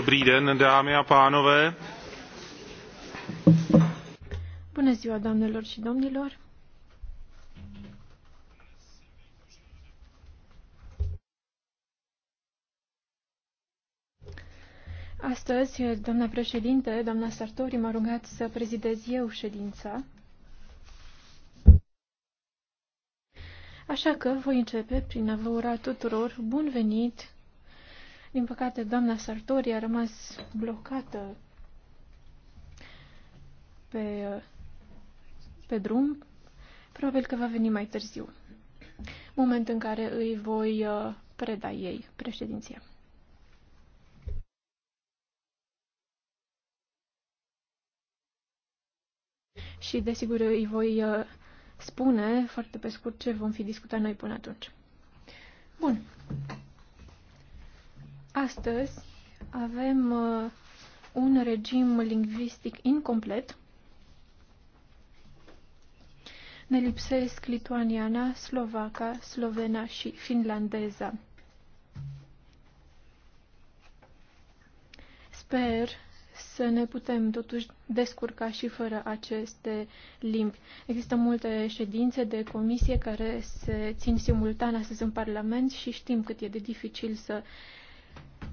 Dobrý den, dámy a pánové. Bună ziua, doamnelor și domnilor. Astăzi, doamna președinte, doamna Sartori, m-a rugat să prezidez eu ședința. Așa că voi începe prin a vă ura tuturor bun venit din păcate, doamna Sartori a rămas blocată pe, pe drum. Probabil că va veni mai târziu. Moment în care îi voi uh, preda ei președinția. și desigur îi voi uh, spune foarte pe scurt ce vom fi discutat noi până atunci. Bun. Astăzi avem uh, un regim lingvistic incomplet. Ne lipsesc lituaniana, slovaca, slovena și finlandeza. Sper să ne putem totuși descurca și fără aceste limbi. Există multe ședințe de comisie care se țin simultan astăzi în Parlament și știm cât e de dificil să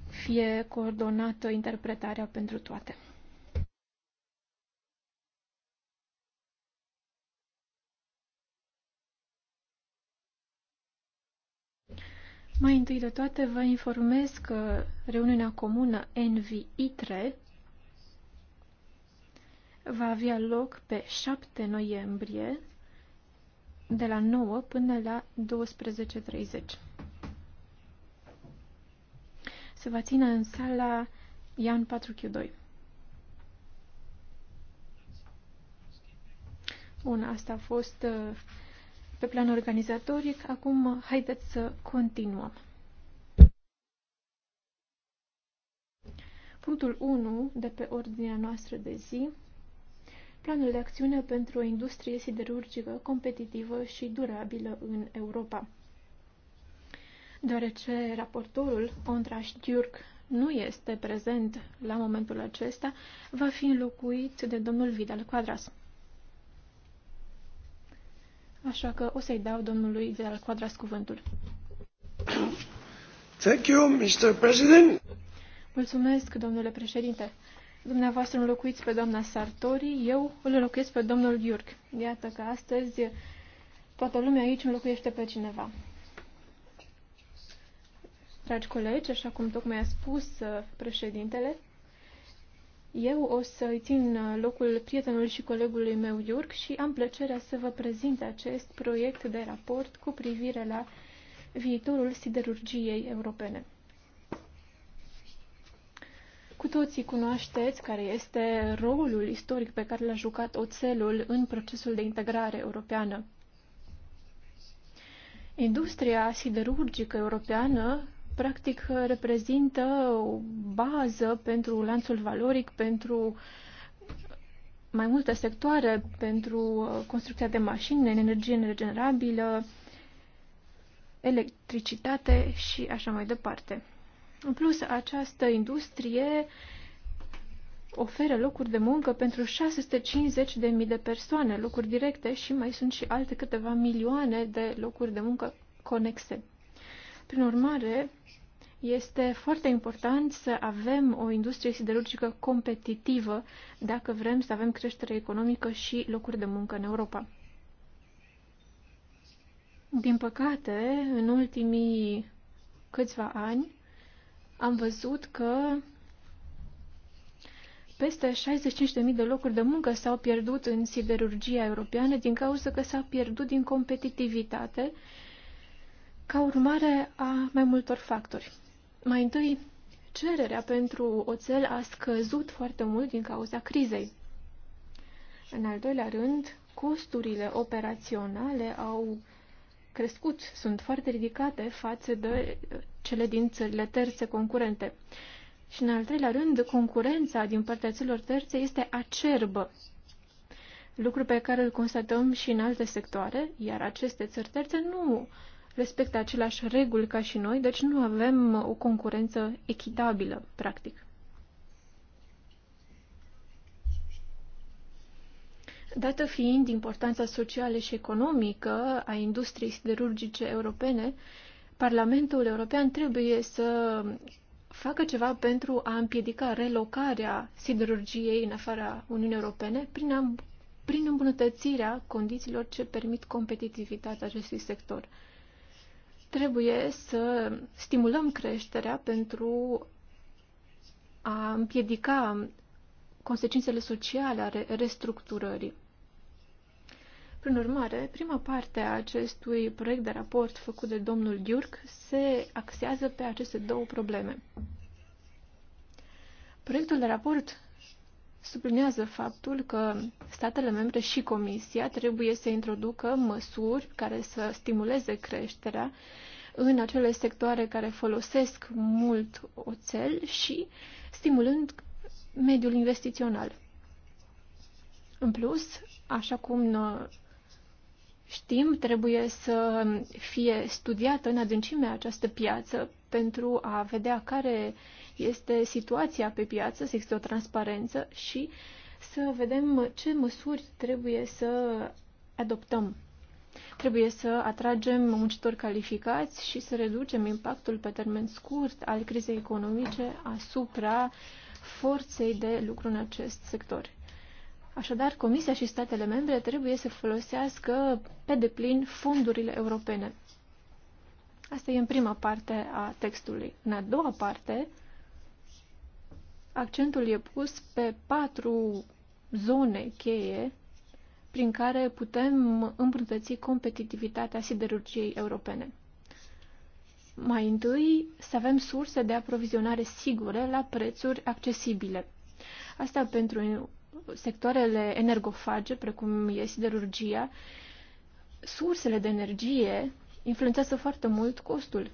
fie coordonată interpretarea pentru toate. Mai întâi de toate vă informez că reuniunea comună NVI3 va avea loc pe 7 noiembrie de la 9 până la 12.30 se va ține în sala Ian 4Q2. Bun, asta a fost uh, pe plan organizatoric. Acum haideți să continuăm. Punctul 1 de pe ordinea noastră de zi, planul de acțiune pentru o industrie siderurgică competitivă și durabilă în Europa. Deoarece raportorul Ondraș Diurc nu este prezent la momentul acesta, va fi înlocuit de domnul Vidal Quadras. Așa că o să-i dau domnului Vidal Quadras cuvântul. Thank you, Mr. President. Mulțumesc, domnule președinte. Dumneavoastră înlocuiți pe doamna Sartori, eu îl înlocuiesc pe domnul Iurc. Iată că astăzi toată lumea aici înlocuiește pe cineva. Dragi colegi, așa cum tocmai a spus uh, președintele, eu o să-i țin uh, locul prietenului și colegului meu, Iurc, și am plăcerea să vă prezint acest proiect de raport cu privire la viitorul siderurgiei europene. Cu toții cunoașteți care este rolul istoric pe care l-a jucat oțelul în procesul de integrare europeană. Industria siderurgică europeană practic uh, reprezintă o bază pentru lanțul valoric, pentru mai multe sectoare, pentru uh, construcția de mașini, energie regenerabilă, electricitate și așa mai departe. În plus, această industrie oferă locuri de muncă pentru 650.000 de persoane, locuri directe și mai sunt și alte câteva milioane de locuri de muncă conexe. Prin urmare, este foarte important să avem o industrie siderurgică competitivă dacă vrem să avem creștere economică și locuri de muncă în Europa. Din păcate, în ultimii câțiva ani am văzut că peste 65.000 de locuri de muncă s-au pierdut în siderurgia europeană din cauza că s au pierdut din competitivitate ca urmare a mai multor factori. Mai întâi, cererea pentru oțel a scăzut foarte mult din cauza crizei. În al doilea rând, costurile operaționale au crescut, sunt foarte ridicate față de cele din țările terțe concurente. Și în al treilea rând, concurența din partea țărilor terțe este acerbă, lucru pe care îl constatăm și în alte sectoare, iar aceste țări terțe nu respectă aceleași reguli ca și noi, deci nu avem o concurență echitabilă, practic. Dată fiind importanța socială și economică a industriei siderurgice europene, Parlamentul European trebuie să facă ceva pentru a împiedica relocarea siderurgiei în afara Uniunii Europene prin, prin îmbunătățirea condițiilor ce permit competitivitatea acestui sector. Trebuie să stimulăm creșterea pentru a împiedica consecințele sociale ale restructurării. Prin urmare, prima parte a acestui proiect de raport făcut de domnul Diurc se axează pe aceste două probleme. Proiectul de raport sublinează faptul că statele membre și Comisia trebuie să introducă măsuri care să stimuleze creșterea în acele sectoare care folosesc mult oțel și stimulând mediul investițional. În plus, așa cum uh, știm, trebuie să fie studiată în adâncime această piață pentru a vedea care este situația pe piață, să există o transparență și să vedem ce măsuri trebuie să adoptăm. Trebuie să atragem muncitori calificați și să reducem impactul pe termen scurt al crizei economice asupra forței de lucru în acest sector. Așadar, Comisia și statele membre trebuie să folosească pe deplin fondurile europene. Asta e în prima parte a textului. În a doua parte, accentul e pus pe patru zone cheie prin care putem îmbunătăți competitivitatea siderurgiei europene. Mai întâi, să avem surse de aprovizionare sigure la prețuri accesibile. Asta pentru sectoarele energofage, precum e siderurgia, sursele de energie influențează foarte mult costul.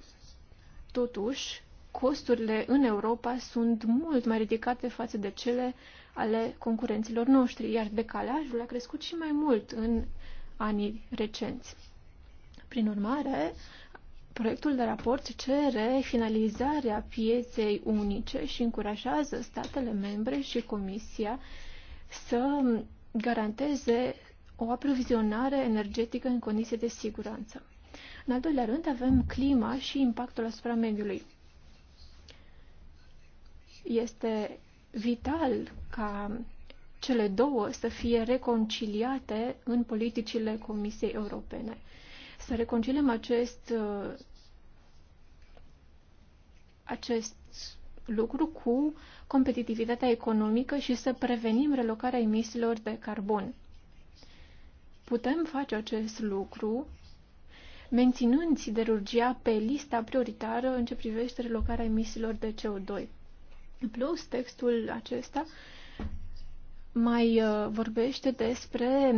Totuși, costurile în Europa sunt mult mai ridicate față de cele ale concurenților noștri, iar decalajul a crescut și mai mult în anii recenți. Prin urmare, proiectul de raport cere finalizarea pieței unice și încurajează statele membre și Comisia să garanteze o aprovizionare energetică în condiții de siguranță. În al doilea rând avem clima și impactul asupra mediului. Este vital ca cele două să fie reconciliate în politicile Comisiei Europene. Să reconciliem acest, acest lucru cu competitivitatea economică și să prevenim relocarea emisiilor de carbon. Putem face acest lucru menținând siderurgia pe lista prioritară în ce privește relocarea emisiilor de CO2. În plus, textul acesta mai uh, vorbește despre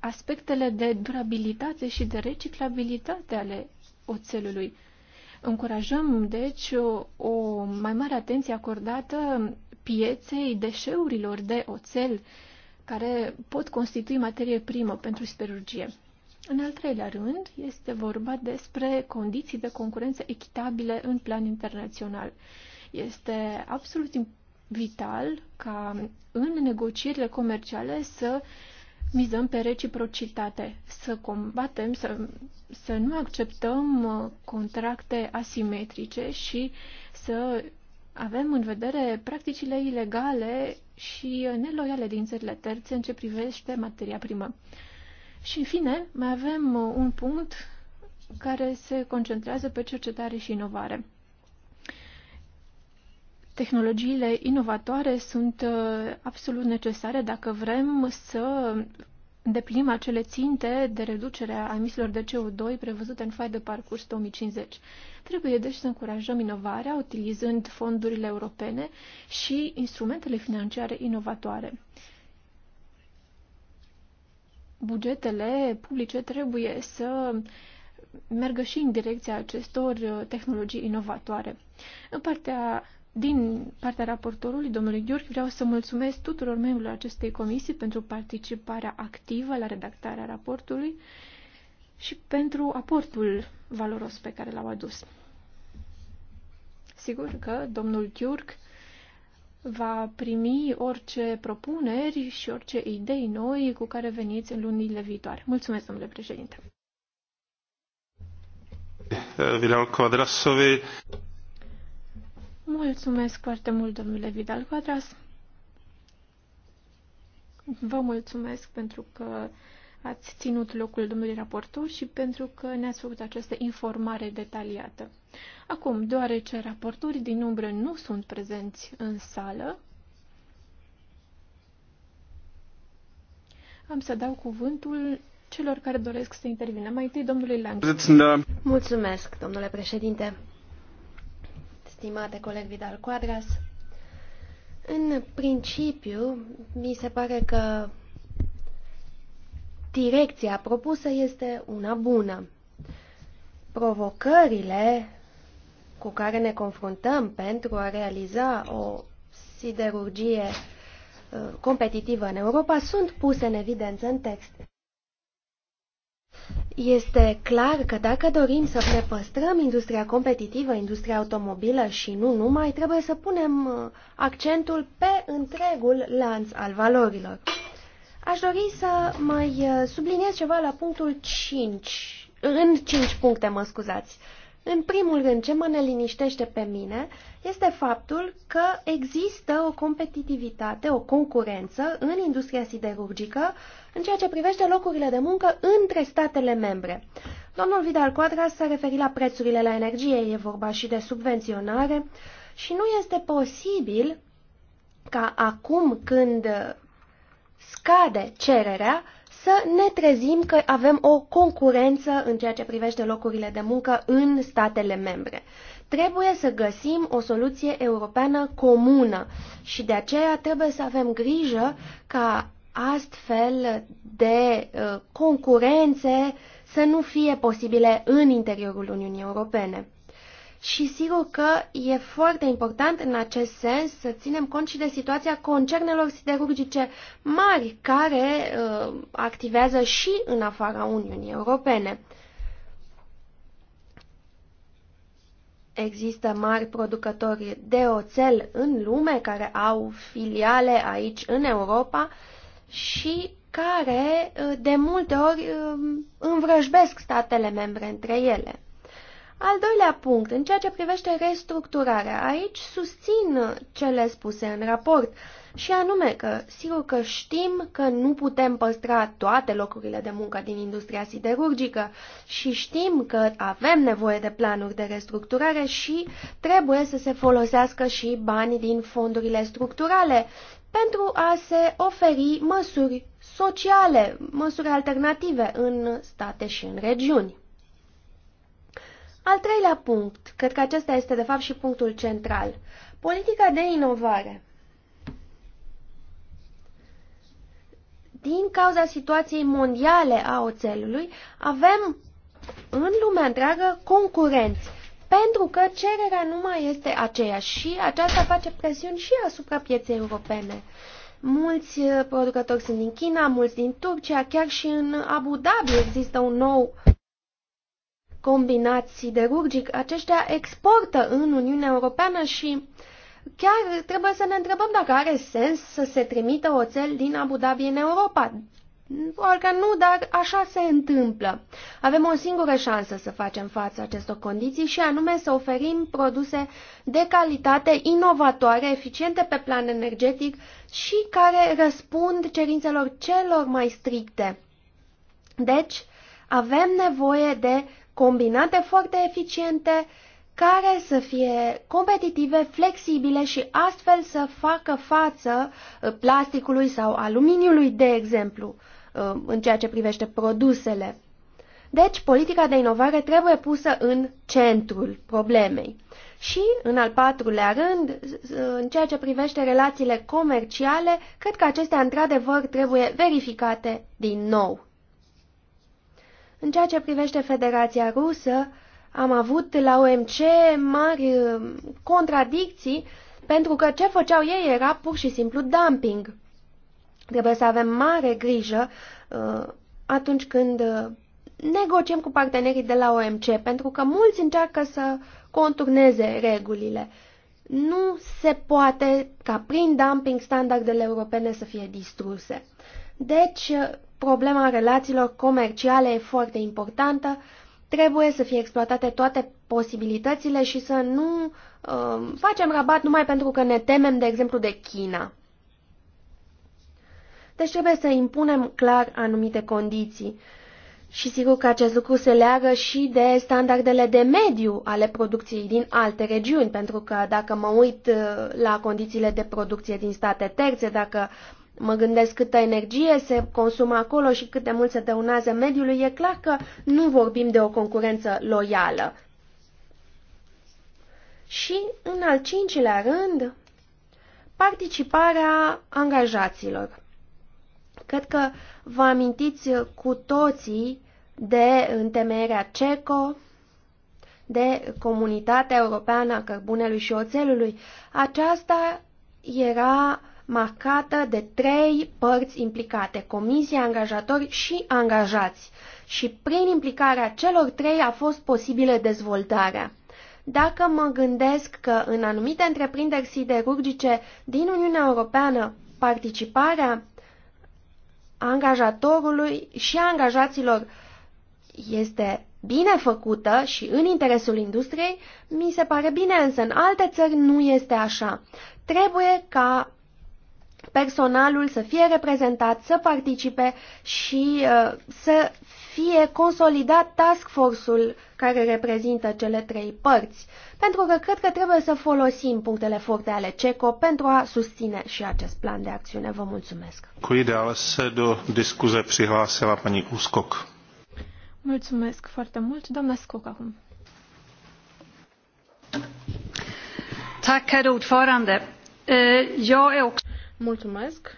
aspectele de durabilitate și de reciclabilitate ale oțelului. Încurajăm, deci, o, o mai mare atenție acordată pieței deșeurilor de oțel, care pot constitui materie primă pentru siderurgie. În al treilea rând, este vorba despre condiții de concurență echitabile în plan internațional. Este absolut vital ca în negocierile comerciale să mizăm pe reciprocitate, să combatem, să, să nu acceptăm uh, contracte asimetrice și să avem în vedere practicile ilegale și neloiale din țările terțe în ce privește materia primă. Și, în fine, mai avem uh, un punct care se concentrează pe cercetare și inovare. Tehnologiile inovatoare sunt uh, absolut necesare dacă vrem să îndeplinim acele ținte de reducere a emisiilor de CO2 prevăzute în fai de parcurs 2050. Trebuie deci să încurajăm inovarea utilizând fondurile europene și instrumentele financiare inovatoare bugetele publice trebuie să mergă și în direcția acestor uh, tehnologii inovatoare. În partea, din partea raportorului, domnului Gheorghe, vreau să mulțumesc tuturor membrilor acestei comisii pentru participarea activă la redactarea raportului și pentru aportul valoros pe care l-au adus. Sigur că domnul Turk va primi orice propuneri și orice idei noi cu care veniți în lunile viitoare. Mulțumesc, domnule președinte. Vidal Quadrasovi. Mulțumesc foarte mult, domnule Vidal Quadras. Vă mulțumesc pentru că ați ținut locul domnului raportor și pentru că ne-ați făcut această informare detaliată. Acum, deoarece raportorii din umbră nu sunt prezenți în sală, am să dau cuvântul celor care doresc să intervină. Mai întâi, domnului Lang. Mulțumesc, domnule președinte. Stimate coleg Vidal Quadras, în principiu, mi se pare că direcția propusă este una bună. Provocările cu care ne confruntăm pentru a realiza o siderurgie uh, competitivă în Europa sunt puse în evidență în text. Este clar că dacă dorim să ne păstrăm industria competitivă, industria automobilă și nu numai, trebuie să punem uh, accentul pe întregul lanț al valorilor. Aș dori să mai uh, subliniez ceva la punctul 5, în 5 puncte, mă scuzați. În primul rând, ce mă neliniștește pe mine este faptul că există o competitivitate, o concurență în industria siderurgică în ceea ce privește locurile de muncă între statele membre. Domnul Vidal Quadras s-a referit la prețurile la energie, e vorba și de subvenționare și nu este posibil ca acum când scade cererea, să ne trezim că avem o concurență în ceea ce privește locurile de muncă în statele membre. Trebuie să găsim o soluție europeană comună și de aceea trebuie să avem grijă ca astfel de uh, concurențe să nu fie posibile în interiorul Uniunii Europene. Și sigur că e foarte important în acest sens să ținem cont și de situația concernelor siderurgice mari care uh, activează și în afara Uniunii Europene. Există mari producători de oțel în lume care au filiale aici în Europa și care uh, de multe ori uh, învrăjbesc statele membre între ele. Al doilea punct, în ceea ce privește restructurarea, aici susțin cele spuse în raport și anume că, sigur că știm că nu putem păstra toate locurile de muncă din industria siderurgică și știm că avem nevoie de planuri de restructurare și trebuie să se folosească și banii din fondurile structurale pentru a se oferi măsuri sociale, măsuri alternative în state și în regiuni. Al treilea punct, cred că acesta este de fapt și punctul central, politica de inovare. Din cauza situației mondiale a oțelului, avem în lumea întreagă concurenți, pentru că cererea nu mai este aceeași și aceasta face presiuni și asupra pieței europene. Mulți eh, producători sunt din China, mulți din Turcia, chiar și în Abu Dhabi există un nou combinat siderurgic. Aceștia exportă în Uniunea Europeană și chiar trebuie să ne întrebăm dacă are sens să se trimită oțel din Abu Dhabi în Europa. Probabil că nu, dar așa se întâmplă. Avem o singură șansă să facem față acestor condiții și anume să oferim produse de calitate, inovatoare, eficiente pe plan energetic și care răspund cerințelor celor mai stricte. Deci, avem nevoie de combinate foarte eficiente, care să fie competitive, flexibile și astfel să facă față uh, plasticului sau aluminiului, de exemplu, uh, în ceea ce privește produsele. Deci, politica de inovare trebuie pusă în centrul problemei. Și, în al patrulea rând, în ceea ce privește relațiile comerciale, cred că acestea, într-adevăr, trebuie verificate din nou. În ceea ce privește Federația Rusă, am avut la OMC mari uh, contradicții pentru că ce făceau ei era pur și simplu dumping. Trebuie să avem mare grijă uh, atunci când uh, negociem cu partenerii de la OMC, pentru că mulți încearcă să conturneze regulile. Nu se poate ca prin dumping standardele europene să fie distruse. Deci, Problema relațiilor comerciale e foarte importantă. Trebuie să fie exploatate toate posibilitățile și să nu uh, facem rabat numai pentru că ne temem, de exemplu, de China. Deci trebuie să impunem clar anumite condiții. Și sigur că acest lucru se leagă și de standardele de mediu ale producției din alte regiuni, pentru că dacă mă uit uh, la condițiile de producție din state terțe, dacă mă gândesc câtă energie se consumă acolo și cât de mult se dăunează mediului, e clar că nu vorbim de o concurență loială. Și, în al cincilea rând, participarea angajaților. Cred că vă amintiți cu toții de întemeierea CECO, de Comunitatea Europeană a Cărbunelui și Oțelului. Aceasta era marcată de trei părți implicate, comisie, angajatori și angajați. Și prin implicarea celor trei a fost posibilă dezvoltarea. Dacă mă gândesc că în anumite întreprinderi siderurgice din Uniunea Europeană participarea angajatorului și a angajaților este bine făcută și în interesul industriei, mi se pare bine, însă în alte țări nu este așa. Trebuie ca personalul să fie reprezentat, să participe și uh, să fie consolidat task force-ul care reprezintă cele trei părți, pentru că cred că trebuie să folosim punctele forte ale CECO pentru a susține și acest plan de acțiune. Vă mulțumesc! Cu dále se do diskuze přihlásila pani Uscoc. Mulțumesc foarte mult, doamna Scoc acum. Tack, herr ordförande. Eh, jag är också Mulțumesc,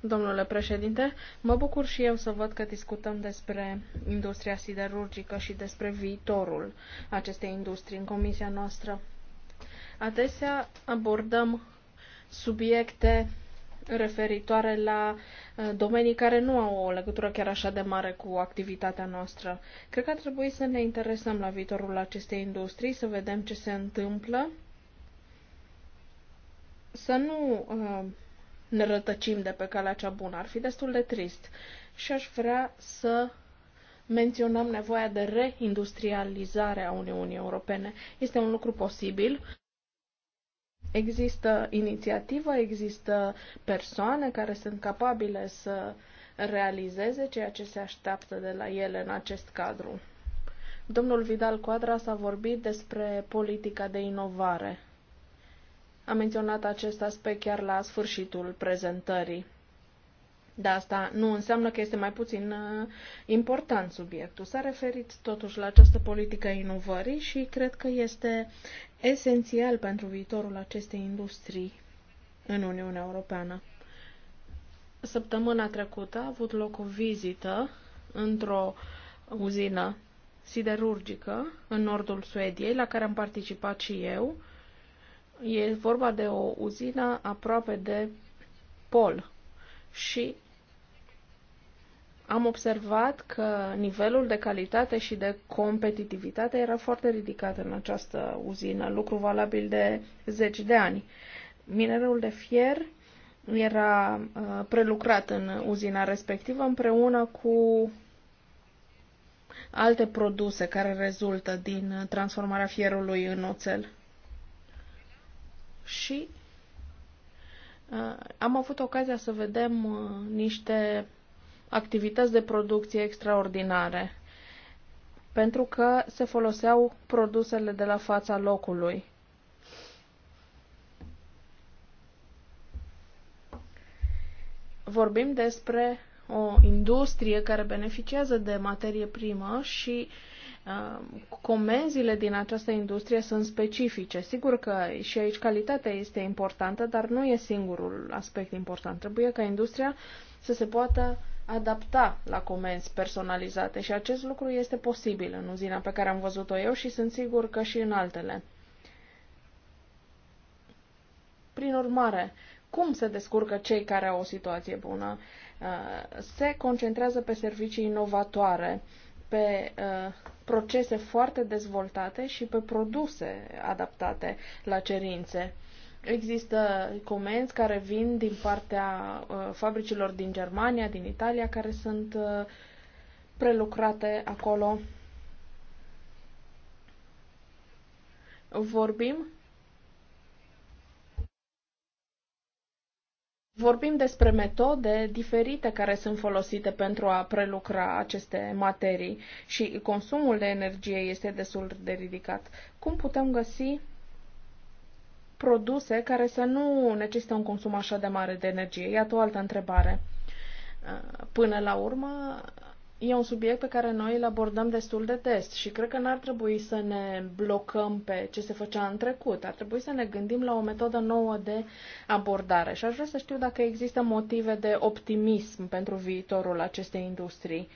domnule președinte. Mă bucur și eu să văd că discutăm despre industria siderurgică și despre viitorul acestei industrii în comisia noastră. Adesea abordăm subiecte referitoare la uh, domenii care nu au o legătură chiar așa de mare cu activitatea noastră. Cred că ar trebui să ne interesăm la viitorul acestei industrii, să vedem ce se întâmplă, să nu uh, ne rătăcim de pe calea cea bună. Ar fi destul de trist. Și aș vrea să menționăm nevoia de reindustrializare a Uniunii Europene. Este un lucru posibil. Există inițiativă, există persoane care sunt capabile să realizeze ceea ce se așteaptă de la ele în acest cadru. Domnul Vidal Coadras a vorbit despre politica de inovare a menționat acest aspect chiar la sfârșitul prezentării. Dar asta nu înseamnă că este mai puțin uh, important subiectul. S-a referit totuși la această politică inovării și cred că este esențial pentru viitorul acestei industrii în Uniunea Europeană. Săptămâna trecută a avut loc o vizită într-o uzină siderurgică în nordul Suediei, la care am participat și eu, E vorba de o uzină aproape de pol și am observat că nivelul de calitate și de competitivitate era foarte ridicat în această uzină, lucru valabil de zeci de ani. Minerul de fier era uh, prelucrat în uzina respectivă împreună cu alte produse care rezultă din transformarea fierului în oțel și uh, am avut ocazia să vedem uh, niște activități de producție extraordinare, pentru că se foloseau produsele de la fața locului. Vorbim despre o industrie care beneficiază de materie primă și uh, comenzile din această industrie sunt specifice. Sigur că și aici calitatea este importantă, dar nu e singurul aspect important. Trebuie ca industria să se poată adapta la comenzi personalizate și acest lucru este posibil în uzina pe care am văzut-o eu și sunt sigur că și în altele. Prin urmare, cum se descurcă cei care au o situație bună? Uh, se concentrează pe servicii inovatoare, pe uh, procese foarte dezvoltate și pe produse adaptate la cerințe. Există comenzi care vin din partea uh, fabricilor din Germania, din Italia, care sunt uh, prelucrate acolo. Vorbim Vorbim despre metode diferite care sunt folosite pentru a prelucra aceste materii și consumul de energie este destul de ridicat. Cum putem găsi produse care să nu necesită un consum așa de mare de energie? Iată o altă întrebare. Până la urmă, E un subiect pe care noi îl abordăm destul de des și cred că n-ar trebui să ne blocăm pe ce se făcea în trecut. Ar trebui să ne gândim la o metodă nouă de abordare și aș vrea să știu dacă există motive de optimism pentru viitorul acestei industrii,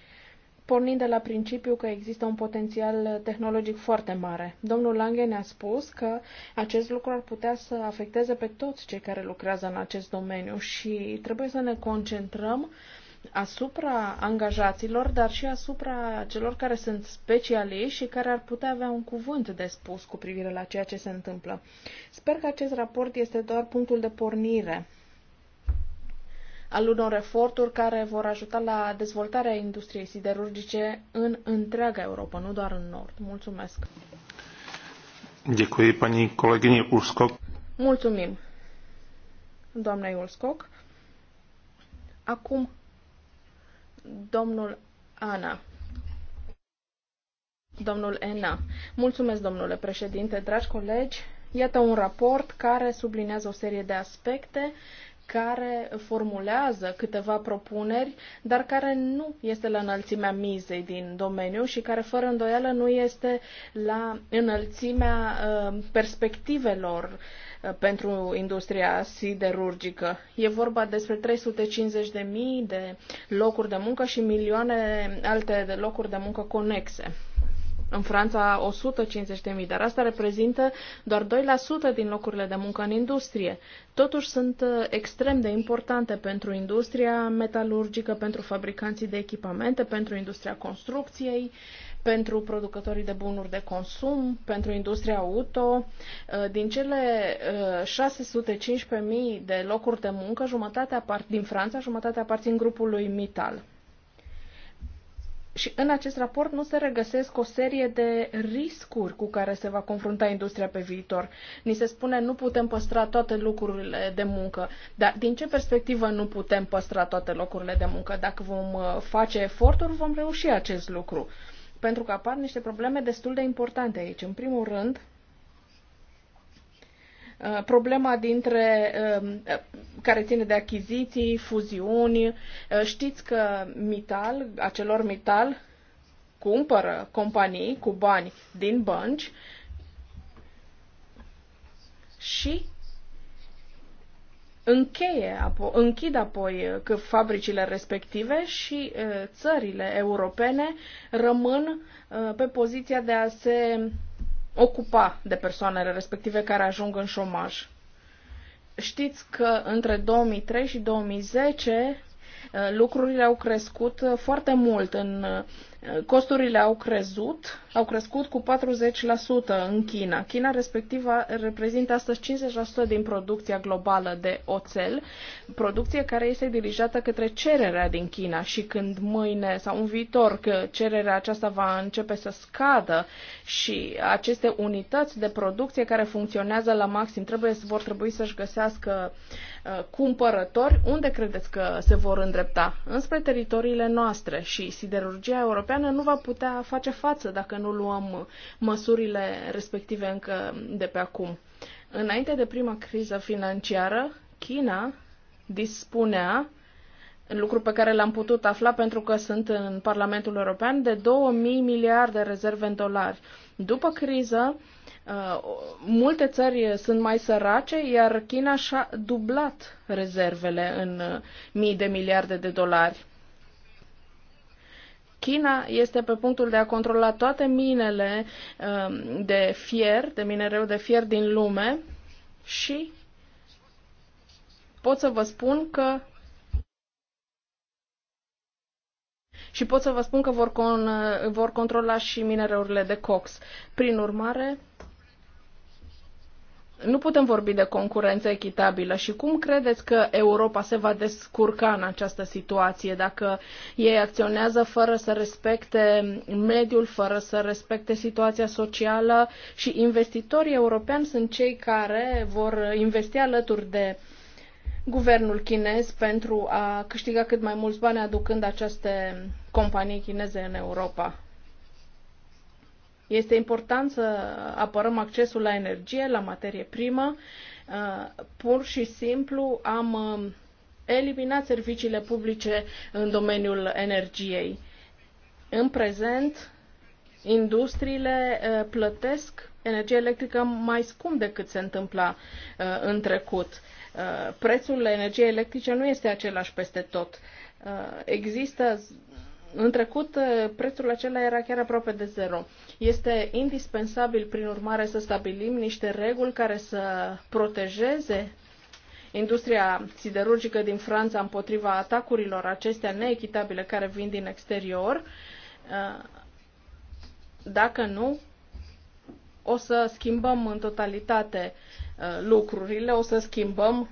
pornind de la principiu că există un potențial tehnologic foarte mare. Domnul Lange ne-a spus că acest lucru ar putea să afecteze pe toți cei care lucrează în acest domeniu și trebuie să ne concentrăm asupra angajaților, dar și asupra celor care sunt specialiști și care ar putea avea un cuvânt de spus cu privire la ceea ce se întâmplă. Sper că acest raport este doar punctul de pornire al unor eforturi care vor ajuta la dezvoltarea industriei siderurgice în întreaga Europa, nu doar în Nord. Mulțumesc! Děkuji paní kolegyně Ulskok. Mulțumim, doamna Ulskok. Acum Domnul Ana. Domnul Ena. Mulțumesc, domnule președinte, dragi colegi. Iată un raport care sublinează o serie de aspecte care formulează câteva propuneri, dar care nu este la înălțimea mizei din domeniu și care fără îndoială nu este la înălțimea uh, perspectivelor uh, pentru industria siderurgică. E vorba despre 350.000 de locuri de muncă și milioane alte de locuri de muncă conexe. În Franța 150.000, dar asta reprezintă doar 2% din locurile de muncă în industrie. Totuși sunt uh, extrem de importante pentru industria metalurgică, pentru fabricanții de echipamente, pentru industria construcției, uh, pentru producătorii de bunuri de consum, pentru industria auto. Uh, din cele 615.000 uh, de locuri de muncă, jumătatea apar din Franța, jumătatea aparțin grupului Mital. Și în acest raport nu se regăsesc o serie de riscuri cu care se va confrunta industria pe viitor. Ni se spune nu putem păstra toate lucrurile de muncă. Dar din ce perspectivă nu putem păstra toate locurile de muncă? Dacă vom uh, face eforturi, vom reuși acest lucru. Uh, pentru că apar niște probleme destul de importante aici. În primul rând, uh, problema dintre um, uh, care ține de achiziții, fuziuni. Uh, știți că Mital, acelor Mital, cumpără companii cu bani din bănci și încheie, apo, închid apoi uh, că fabricile respective și uh, țările europene rămân uh, pe poziția de a se ocupa de persoanele respective care ajung în șomaj. Știți că între 2003 și 2010 Eh, lucrurile au crescut eh, foarte mult. În, eh, costurile au crezut, au crescut cu 40% în China. China respectiv reprezintă astăzi 50% din producția globală de oțel, producție care este dirijată către cererea din China și când mâine sau în viitor că cererea aceasta va începe să scadă și aceste unități de producție care funcționează la maxim trebuie, vor trebui să-și găsească uh, Uh, cumpărători, unde credeți că se vor îndrepta? Înspre teritoriile noastre și siderurgia europeană nu va putea face față dacă nu luăm măsurile respective încă de pe acum. Înainte de prima criză financiară, China dispunea lucru pe care l-am putut afla pentru că sunt în Parlamentul European, de 2000 miliarde rezerve în dolari. După criză, uh, multe țări sunt mai sărace, iar China și-a dublat rezervele în uh, mii de miliarde de dolari. China este pe punctul de a controla toate minele uh, de fier, de minereu de fier din lume și pot să vă spun că Și pot să vă spun că vor, con, vor controla și minereurile de cox. Prin urmare, nu putem vorbi de concurență echitabilă și cum credeți că Europa se va descurca în această situație dacă ei acționează fără să respecte mediul, fără să respecte situația socială și investitorii europeni sunt cei care vor investi alături de uh, guvernul chinez pentru a câștiga cât mai mulți bani aducând aceste companii chineze în Europa. Este important să apărăm accesul la energie, la materie primă. Uh, pur și simplu am uh, eliminat serviciile publice în domeniul energiei. În prezent, industriile uh, plătesc energie electrică mai scump decât se întâmpla în trecut. Uh, prețul la energie electrice nu este același peste tot. Uh, există în trecut, uh, prețul acela era chiar aproape de zero. Este indispensabil, prin urmare, să stabilim niște reguli care să protejeze industria siderurgică din Franța împotriva atacurilor acestea neechitabile care vin din exterior. Dacă nu, o să schimbăm în totalitate Uh, lucrurile, o să schimbăm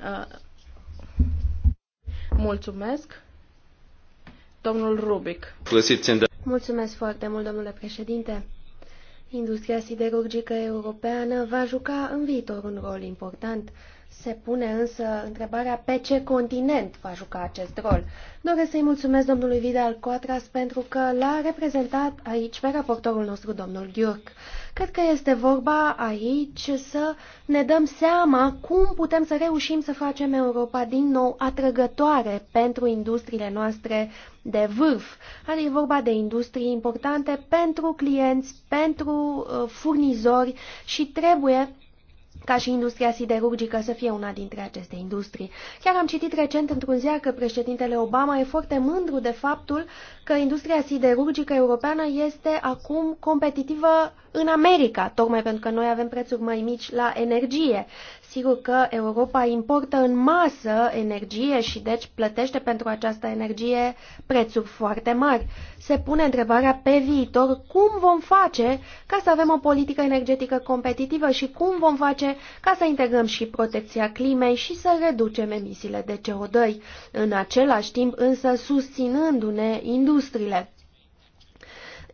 uh, Mulțumesc. Domnul Rubic. Mulțumesc foarte mult, domnule președinte. Industria siderurgică europeană va juca în viitor un rol important se pune însă întrebarea pe ce continent va juca acest rol. Doresc să-i mulțumesc domnului Vidal Coatras pentru că l-a reprezentat aici pe raportorul nostru, domnul Ghiurc. Cred că este vorba aici să ne dăm seama cum putem să reușim să facem Europa din nou atrăgătoare pentru industriile noastre de vârf. Adică e vorba de industrii importante pentru clienți, pentru uh, furnizori și trebuie ca și industria siderurgică să fie una dintre aceste industrii. Chiar am citit recent într-un ziar că președintele Obama e foarte mândru de faptul că industria siderurgică europeană este acum competitivă în America, tocmai pentru că noi avem prețuri mai mici la energie. Sigur că Europa importă în masă energie și deci plătește pentru această energie prețuri foarte mari. Se pune întrebarea pe viitor cum vom face ca să avem o politică energetică competitivă și cum vom face ca să integrăm și protecția climei și să reducem emisiile de CO2, în același timp însă susținându-ne industriile.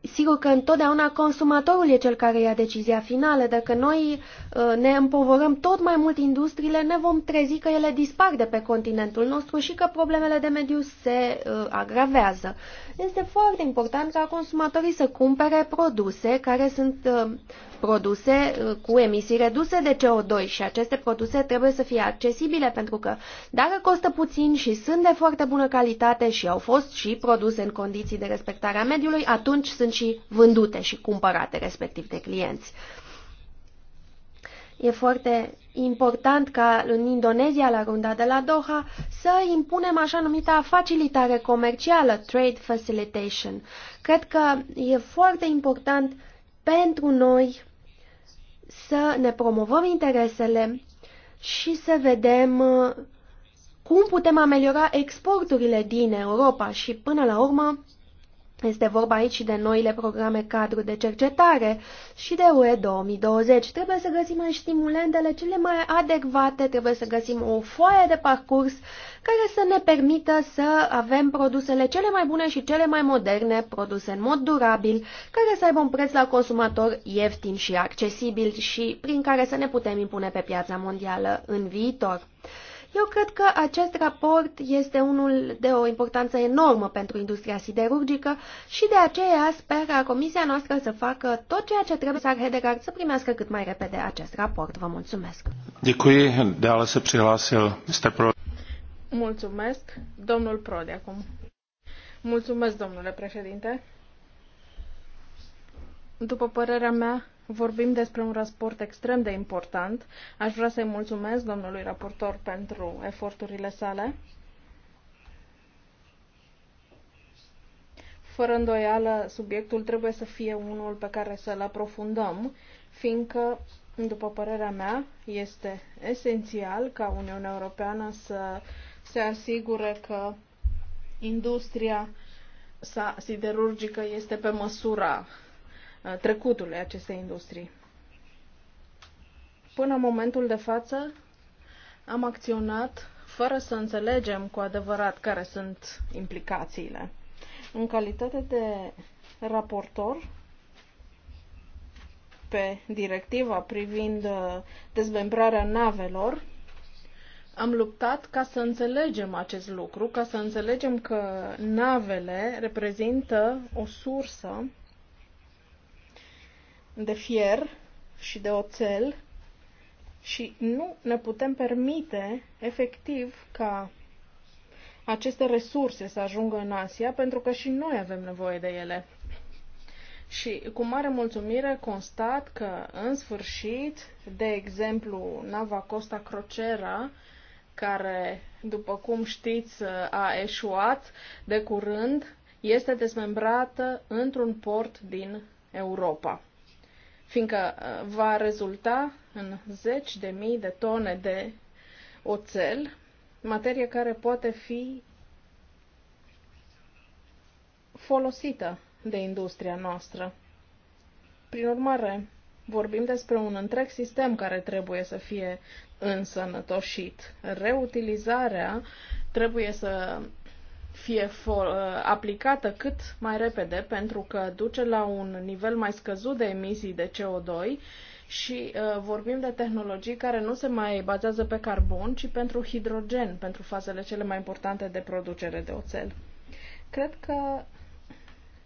Sigur că întotdeauna consumatorul e cel care ia decizia finală. Dacă noi uh, ne împovărăm tot mai mult industriile, ne vom trezi că ele dispar de pe continentul nostru și că problemele de mediu se uh, agravează. Este foarte important ca consumatorii să cumpere produse care sunt uh, produse cu emisii reduse de CO2 și aceste produse trebuie să fie accesibile pentru că dacă costă puțin și sunt de foarte bună calitate și au fost și produse în condiții de respectare a mediului, atunci sunt sunt și vândute și cumpărate respectiv de clienți. E foarte important ca în Indonezia, la runda de la Doha, să impunem așa numita facilitare comercială, trade facilitation. Cred că e foarte important pentru noi să ne promovăm interesele și să vedem uh, cum putem ameliora exporturile din Europa și, până la urmă, este vorba aici și de noile programe cadru de cercetare și de UE 2020. Trebuie să găsim în stimulentele cele mai adecvate, trebuie să găsim o foaie de parcurs care să ne permită să avem produsele cele mai bune și cele mai moderne, produse în mod durabil, care să aibă un preț la consumator ieftin și accesibil și prin care să ne putem impune pe piața mondială în viitor. Eu cred că acest raport este unul de o importanță enormă pentru industria siderurgică și de aceea sper ca comisia noastră să facă tot ceea ce trebuie să Hedegaard să primească cât mai repede acest raport. Vă mulțumesc. se Pro. Mulțumesc. Domnul Prode acum. Mulțumesc, domnule președinte. După părerea mea, Vorbim despre un raport extrem de important. Aș vrea să-i mulțumesc domnului raportor pentru eforturile sale. Fără îndoială, subiectul trebuie să fie unul pe care să-l aprofundăm, fiindcă, după părerea mea, este esențial ca Uniunea Europeană să se asigure că industria sa siderurgică este pe măsura Uh, trecutului acestei industrii. Până în momentul de față am acționat fără să înțelegem cu adevărat care sunt implicațiile. În calitate de raportor pe directiva privind uh, dezmembrarea navelor, am luptat ca să înțelegem acest lucru, ca să înțelegem că navele reprezintă o sursă de fier și de oțel și nu ne putem permite efectiv ca aceste resurse să ajungă în Asia pentru că și noi avem nevoie de ele. Și cu mare mulțumire constat că, în sfârșit, de exemplu, nava Costa Crocera, care, după cum știți, a eșuat de curând, este dezmembrată într-un port din Europa fiindcă uh, va rezulta în zeci de mii de tone de oțel, materie care poate fi folosită de industria noastră. Prin urmare, vorbim despre un întreg sistem care trebuie să fie însănătoșit. Reutilizarea trebuie să fie for, uh, aplicată cât mai repede pentru că duce la un nivel mai scăzut de emisii de CO2 și uh, vorbim de tehnologii care nu se mai bazează pe carbon, ci pentru hidrogen, pentru fazele cele mai importante de producere de oțel. Cred că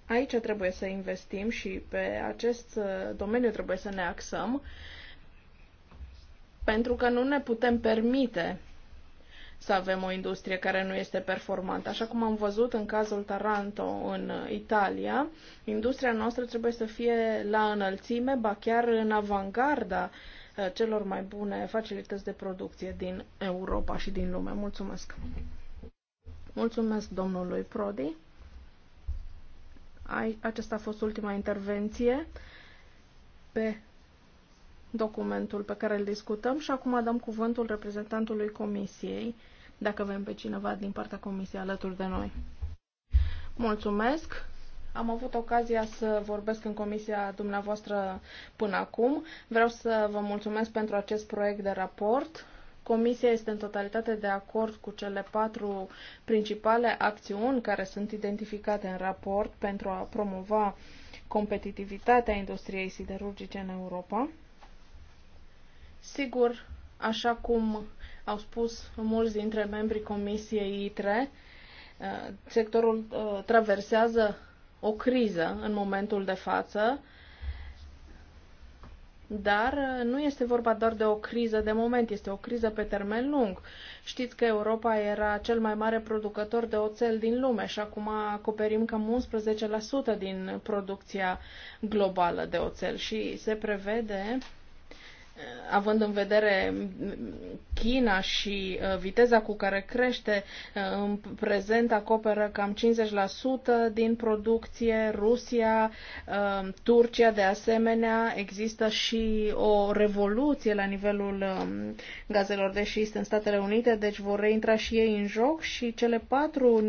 aici trebuie să investim și pe acest uh, domeniu trebuie să ne axăm, pentru că nu ne putem permite să avem o industrie care nu este performantă. Așa cum am văzut în cazul Taranto în Italia, industria noastră trebuie să fie la înălțime, ba chiar în avangarda eh, celor mai bune facilități de producție din Europa și din lume. Mulțumesc! Mulțumesc domnului Prodi. Aceasta a fost ultima intervenție pe documentul pe care îl discutăm și acum dăm cuvântul reprezentantului Comisiei, dacă avem pe cineva din partea Comisiei alături de noi. Mulțumesc! Am avut ocazia să vorbesc în comisia dumneavoastră până acum. Vreau să vă mulțumesc pentru acest proiect de raport. Comisia este în totalitate de acord cu cele patru principale acțiuni care sunt identificate în raport pentru a promova competitivitatea industriei siderurgice în Europa. Sigur, așa cum au spus mulți dintre membrii Comisiei ITRE, uh, sectorul uh, traversează o criză în momentul de față, dar uh, nu este vorba doar de o criză de moment, este o criză pe termen lung. Știți că Europa era cel mai mare producător de oțel din lume și acum acoperim cam 11% din producția globală de oțel și se prevede având în vedere China și uh, viteza cu care crește, uh, în prezent acoperă cam 50% din producție, Rusia, uh, Turcia de asemenea, există și o revoluție la nivelul um, gazelor de șist în Statele Unite, deci vor reintra și ei în joc și cele patru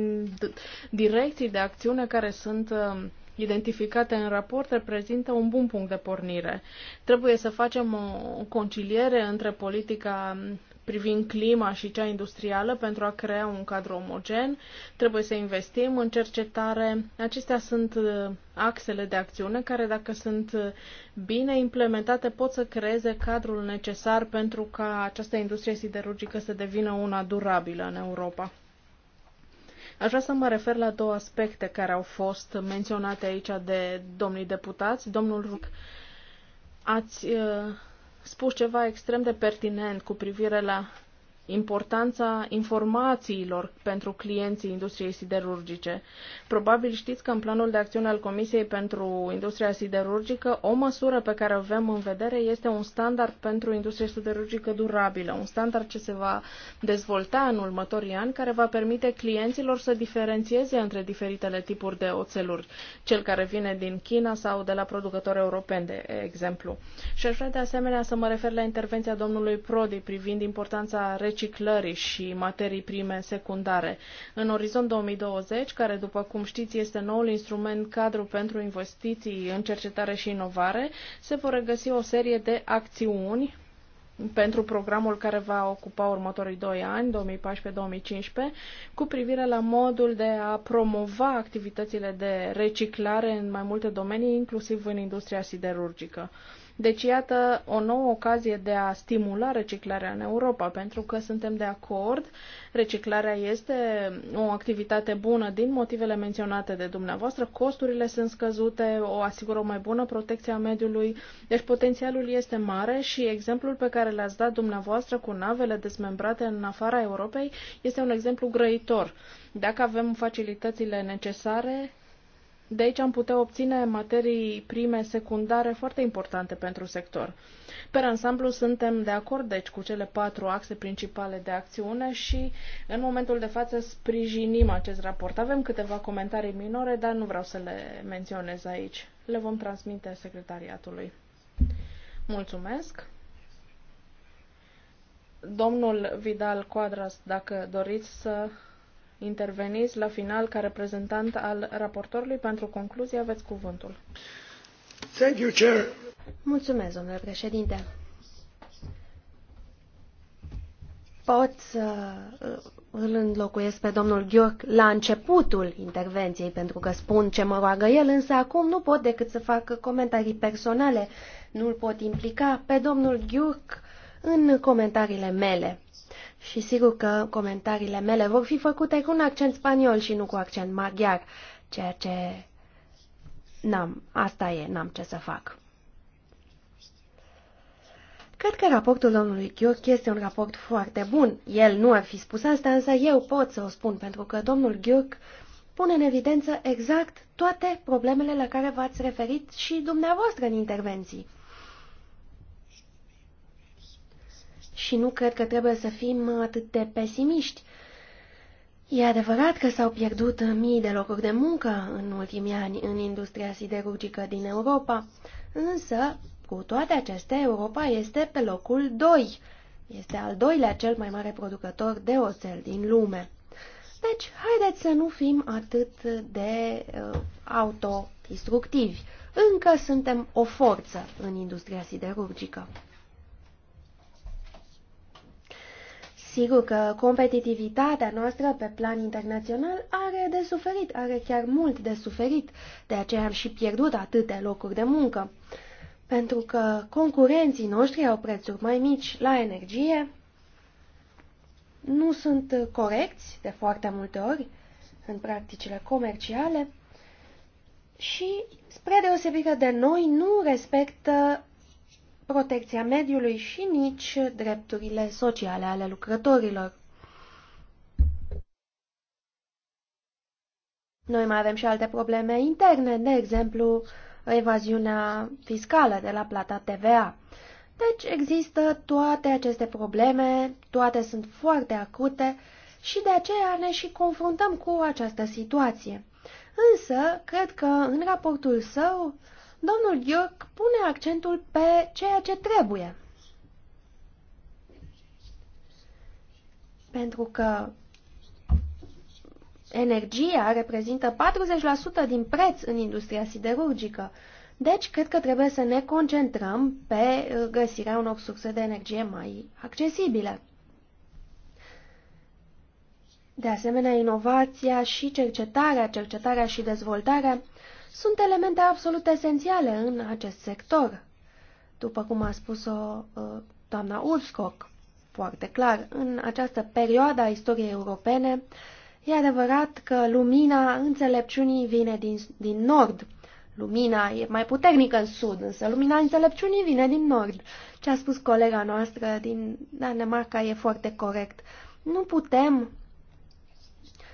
direcții de acțiune care sunt um, identificate în raport reprezintă un bun punct de pornire. Trebuie să facem o conciliere între politica privind clima și cea industrială pentru a crea un cadru omogen. Trebuie să investim în cercetare. Acestea sunt uh, axele de acțiune care, dacă sunt uh, bine implementate, pot să creeze cadrul necesar pentru ca această industrie siderurgică să devină una durabilă în Europa. Aș vrea să mă refer la două aspecte care au fost menționate aici de domnii deputați. Domnul Ruc, ați uh, spus ceva extrem de pertinent cu privire la importanța informațiilor pentru clienții industriei siderurgice. Probabil știți că în planul de acțiune al Comisiei pentru Industria Siderurgică, o măsură pe care o avem în vedere este un standard pentru industria siderurgică durabilă, un standard ce se va dezvolta în următorii ani, care va permite clienților să diferențieze între diferitele tipuri de oțeluri, cel care vine din China sau de la producători europeni, de exemplu. Și aș vrea de asemenea să mă refer la intervenția domnului Prodi privind importanța reciclării și materii prime secundare. În orizont 2020, care după cum știți este noul instrument cadru pentru investiții în cercetare și inovare, se vor regăsi o serie de acțiuni pentru programul care va ocupa următorii doi ani, 2014-2015, cu privire la modul de a promova activitățile de reciclare în mai multe domenii, inclusiv în industria siderurgică. Deci, iată o nouă ocazie de a stimula reciclarea în Europa, pentru că suntem de acord. Reciclarea este o activitate bună din motivele menționate de dumneavoastră. Costurile sunt scăzute, o asigură o mai bună protecție a mediului, deci potențialul este mare și exemplul pe care l-ați dat dumneavoastră cu navele dezmembrate în afara Europei este un exemplu grăitor. Dacă avem facilitățile necesare, de aici am putea obține materii prime secundare foarte importante pentru sector. Pe ansamblu suntem de acord deci cu cele patru axe principale de acțiune și în momentul de față sprijinim acest raport. Avem câteva comentarii minore, dar nu vreau să le menționez aici. Le vom transmite secretariatului. Mulțumesc. Domnul Vidal Quadras, dacă doriți să interveniți la final ca reprezentant al raportorului pentru concluzie. Aveți cuvântul. Thank you, Chair. Mulțumesc, domnule președinte. Pot să uh, îl înlocuiesc pe domnul Gheorghe la începutul intervenției, pentru că spun ce mă roagă el, însă acum nu pot decât să fac comentarii personale. Nu-l pot implica pe domnul Gheorghe în comentariile mele. Și sigur că comentariile mele vor fi făcute cu un accent spaniol și nu cu accent maghiar, ceea ce n-am, asta e, n-am ce să fac. Cred că raportul domnului Gheorghe este un raport foarte bun. El nu ar fi spus asta, însă eu pot să o spun, pentru că domnul Gheorghe pune în evidență exact toate problemele la care v-ați referit și dumneavoastră în intervenții. și nu cred că trebuie să fim atât de pesimiști. E adevărat că s-au pierdut mii de locuri de muncă în ultimii ani în industria siderurgică din Europa, însă, cu toate acestea, Europa este pe locul 2. Este al doilea cel mai mare producător de oțel din lume. Deci, haideți să nu fim atât de uh, autodistructivi. Încă suntem o forță în industria siderurgică. Sigur că competitivitatea noastră pe plan internațional are de suferit, are chiar mult de suferit, de aceea am și pierdut atâtea locuri de muncă. Pentru că concurenții noștri au prețuri mai mici la energie, nu sunt corecți de foarte multe ori în practicile comerciale și, spre deosebire de noi, nu respectă protecția mediului și nici drepturile sociale ale lucrătorilor. Noi mai avem și alte probleme interne, de exemplu, evaziunea fiscală de la plata TVA. Deci există toate aceste probleme, toate sunt foarte acute și de aceea ne și confruntăm cu această situație. Însă, cred că în raportul său, Domnul Gheorg pune accentul pe ceea ce trebuie. Pentru că energia reprezintă 40% din preț în industria siderurgică. Deci, cred că trebuie să ne concentrăm pe uh, găsirea unor surse de energie mai accesibile. De asemenea, inovația și cercetarea, cercetarea și dezvoltarea sunt elemente absolut esențiale în acest sector, după cum a spus-o uh, doamna Urscoc, foarte clar. În această perioadă a istoriei europene, e adevărat că lumina înțelepciunii vine din, din nord. Lumina e mai puternică în sud, însă lumina înțelepciunii vine din nord. Ce a spus colega noastră din Danemarca e foarte corect. Nu putem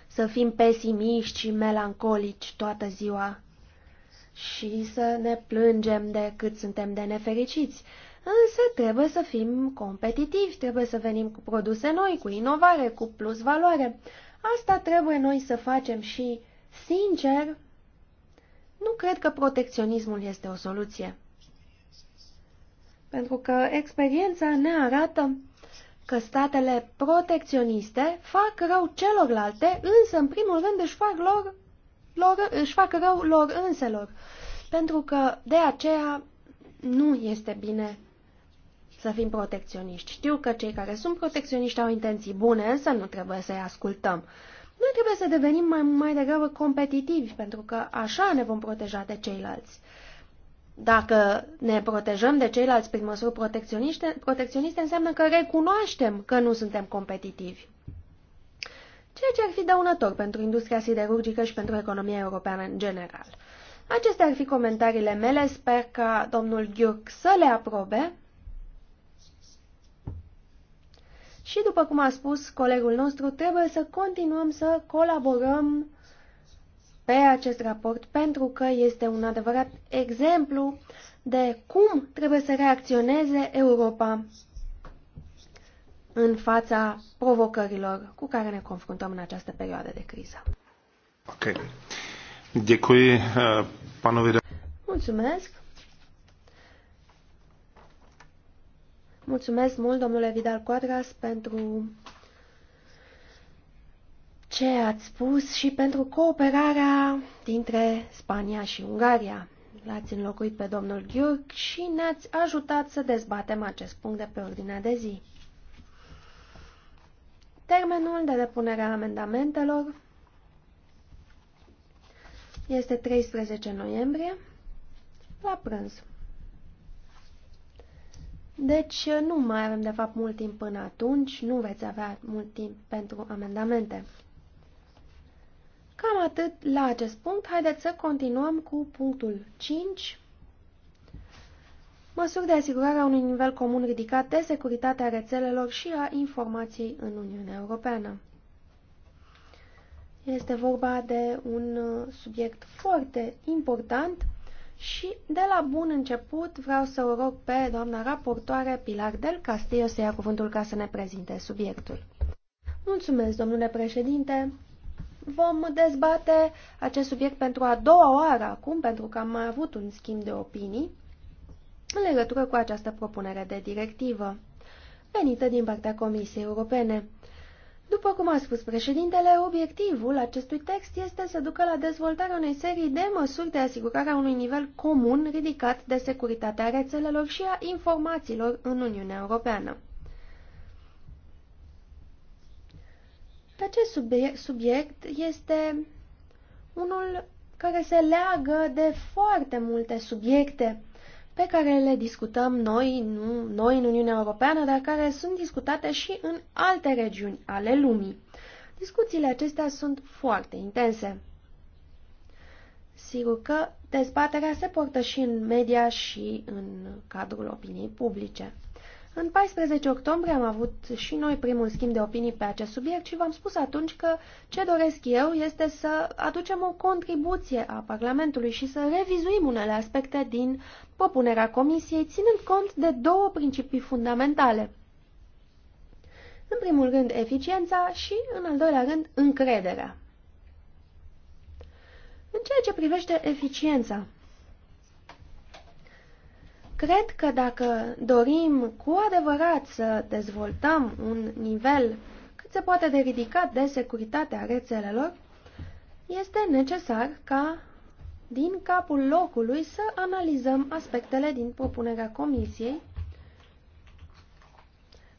să fim pesimiști și melancolici toată ziua și să ne plângem de cât suntem de nefericiți. Însă trebuie să fim competitivi, trebuie să venim cu produse noi, cu inovare, cu plus valoare. Asta trebuie noi să facem și, sincer, nu cred că protecționismul este o soluție. Pentru că experiența ne arată că statele protecționiste fac rău celorlalte, însă în primul rând își fac lor lor, își fac rău lor înselor, pentru că de aceea nu este bine să fim protecționiști. Știu că cei care sunt protecționiști au intenții bune, însă nu trebuie să-i ascultăm. Noi trebuie să devenim mai, mai degrabă competitivi, pentru că așa ne vom proteja de ceilalți. Dacă ne protejăm de ceilalți prin măsuri protecționiste, protecționiste, înseamnă că recunoaștem că nu suntem competitivi ceea ce ar fi dăunător pentru industria siderurgică și pentru economia europeană în general. Acestea ar fi comentariile mele, sper ca domnul Ghiurc să le aprobe. Și după cum a spus colegul nostru, trebuie să continuăm să colaborăm pe acest raport pentru că este un adevărat exemplu de cum trebuie să reacționeze Europa în fața provocărilor cu care ne confruntăm în această perioadă de criză. Ok. Děkuji, eh, panovi. Mulțumesc. Mulțumesc mult, domnule Vidal Quadras, pentru ce ați spus și pentru cooperarea dintre Spania și Ungaria. L-ați înlocuit pe domnul Ghiurc și ne-ați ajutat să dezbatem acest punct de pe ordinea de zi. Termenul de depunere a amendamentelor este 13 noiembrie la prânz. Deci nu mai avem de fapt mult timp până atunci, nu veți avea mult timp pentru amendamente. Cam atât la acest punct, haideți să continuăm cu punctul 5, măsuri de asigurare a unui nivel comun ridicat de securitate a rețelelor și a informației în Uniunea Europeană. Este vorba de un uh, subiect foarte important și de la bun început vreau să o rog pe doamna raportoare Pilar del Castillo să ia cuvântul ca să ne prezinte subiectul. Mulțumesc, domnule președinte! Vom dezbate acest subiect pentru a doua oară acum, pentru că am mai avut un schimb de opinii în legătură cu această propunere de directivă venită din partea Comisiei Europene. După cum a spus președintele, obiectivul acestui text este să ducă la dezvoltarea unei serii de măsuri de asigurare a unui nivel comun ridicat de securitatea rețelelor și a informațiilor în Uniunea Europeană. Pe acest subiect este unul care se leagă de foarte multe subiecte pe care le discutăm noi, nu, noi în Uniunea Europeană, dar care sunt discutate și în alte regiuni ale lumii. Discuțiile acestea sunt foarte intense. Sigur că dezbaterea se poartă și în media și în cadrul opiniei publice. În 14 octombrie am avut și noi primul schimb de opinii pe acest subiect și v-am spus atunci că ce doresc eu este să aducem o contribuție a Parlamentului și să revizuim unele aspecte din propunerea Comisiei, ținând cont de două principii fundamentale. În primul rând, eficiența și, în al doilea rând, încrederea. În ceea ce privește eficiența, Cred că dacă dorim cu adevărat să dezvoltăm un nivel cât se poate de ridicat de securitate a rețelelor, este necesar ca din capul locului să analizăm aspectele din propunerea comisiei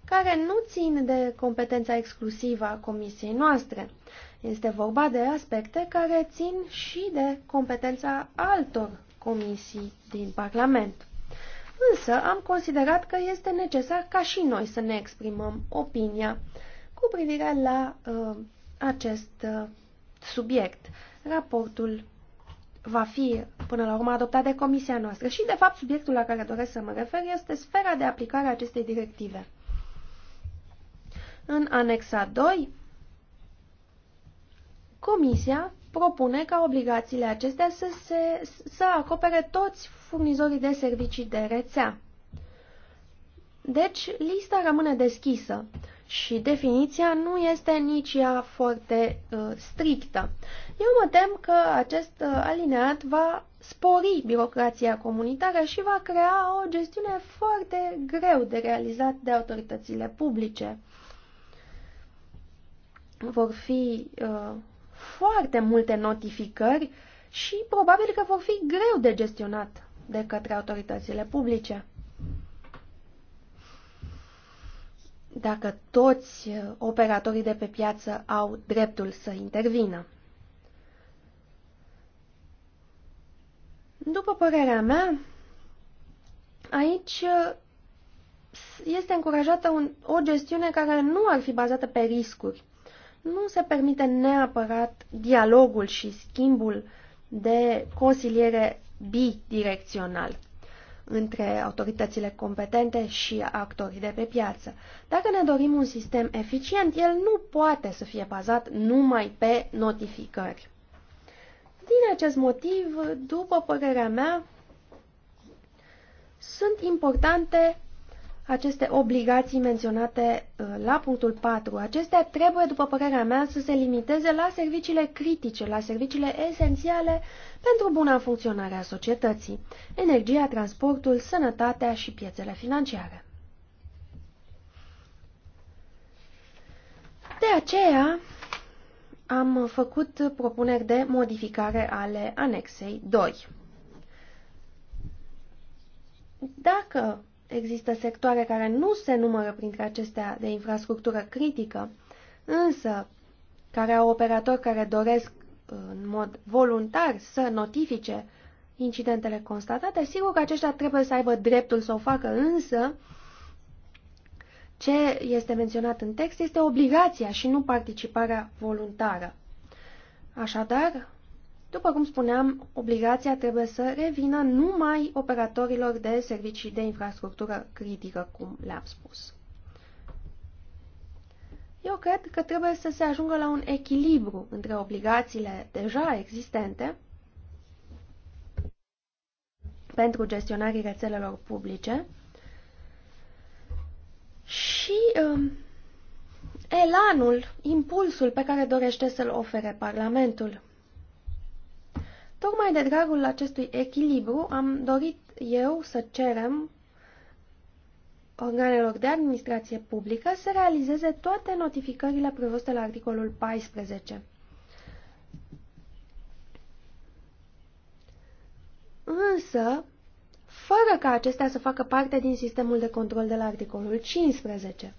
care nu țin de competența exclusivă a comisiei noastre. Este vorba de aspecte care țin și de competența altor comisii din Parlament însă am considerat că este necesar ca și noi să ne exprimăm opinia cu privire la uh, acest uh, subiect. Raportul va fi până la urmă adoptat de comisia noastră și, de fapt, subiectul la care doresc să mă refer este sfera de aplicare a acestei directive. În anexa 2, comisia propune ca obligațiile acestea să, se, să acopere toți furnizorii de servicii de rețea. Deci, lista rămâne deschisă și definiția nu este nici ea foarte uh, strictă. Eu mă tem că acest uh, alineat va spori birocrația comunitară și va crea o gestiune foarte greu de realizat de autoritățile publice. Vor fi uh, foarte multe notificări și probabil că vor fi greu de gestionat de către autoritățile publice. Dacă toți uh, operatorii de pe piață au dreptul să intervină. După părerea mea, aici uh, este încurajată un, o gestiune care nu ar fi bazată pe riscuri, nu se permite neapărat dialogul și schimbul de consiliere bidirecțional între autoritățile competente și actorii de pe piață. Dacă ne dorim un sistem eficient, el nu poate să fie bazat numai pe notificări. Din acest motiv, după părerea mea, sunt importante aceste obligații menționate uh, la punctul 4. Acestea trebuie, după părerea mea, să se limiteze la serviciile critice, la serviciile esențiale pentru buna funcționare a societății, energia, transportul, sănătatea și piețele financiare. De aceea am făcut propuneri de modificare ale anexei 2. Dacă există sectoare care nu se numără printre acestea de infrastructură critică, însă care au operatori care doresc în mod voluntar să notifice incidentele constatate, sigur că aceștia trebuie să aibă dreptul să o facă, însă ce este menționat în text este obligația și nu participarea voluntară. Așadar, după cum spuneam, obligația trebuie să revină numai operatorilor de servicii de infrastructură critică, cum le-am spus. Eu cred că trebuie să se ajungă la un echilibru între obligațiile deja existente pentru gestionarii rețelelor publice și um, elanul, impulsul pe care dorește să-l ofere Parlamentul. Tocmai de dragul acestui echilibru am dorit eu să cerem organelor de administrație publică să realizeze toate notificările prevăzute la articolul 14. Însă, fără ca acestea să facă parte din sistemul de control de la articolul 15.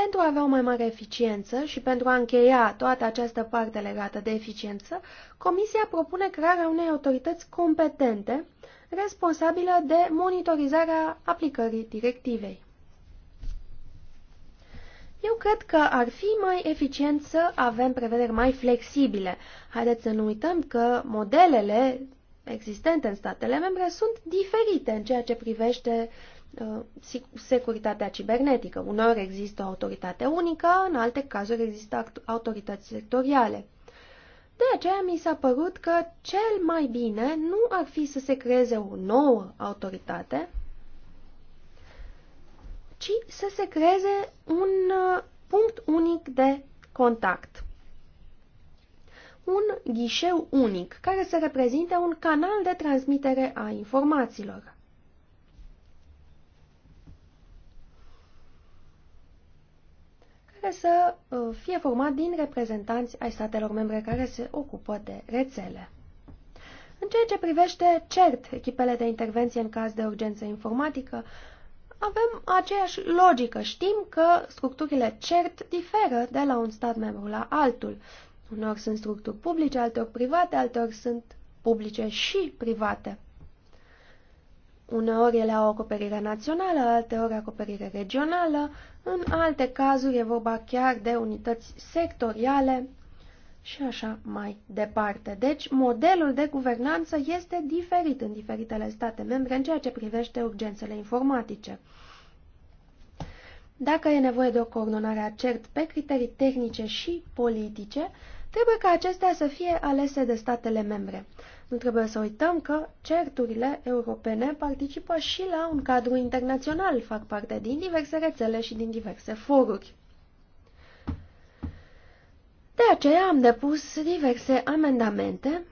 Pentru a avea o mai mare eficiență și pentru a încheia toată această parte legată de eficiență, Comisia propune crearea unei autorități competente responsabilă de monitorizarea aplicării directivei. Eu cred că ar fi mai eficient să avem prevederi mai flexibile. Haideți să nu uităm că modelele existente în statele membre sunt diferite în ceea ce privește Uh, securitatea cibernetică. Uneori există o autoritate unică, în alte cazuri există autorități sectoriale. De aceea mi s-a părut că cel mai bine nu ar fi să se creeze o nouă autoritate, ci să se creeze un uh, punct unic de contact. Un ghișeu unic care să reprezinte un canal de transmitere a informațiilor. care să uh, fie format din reprezentanți ai statelor membre care se ocupă de rețele. În ceea ce privește CERT, echipele de intervenție în caz de urgență informatică, avem aceeași logică. Știm că structurile CERT diferă de la un stat membru la altul. Uneori sunt structuri publice, alteori private, alteori sunt publice și private. Uneori ele au acoperire națională, alteori acoperire regională, în alte cazuri e vorba chiar de unități sectoriale și așa mai departe. Deci, modelul de guvernanță este diferit în diferitele state membre în ceea ce privește urgențele informatice. Dacă e nevoie de o coordonare a CERT pe criterii tehnice și politice, trebuie ca acestea să fie alese de statele membre. Nu trebuie să uităm că certurile europene participă și la un cadru internațional, fac parte din diverse rețele și din diverse foruri. De aceea am depus diverse amendamente,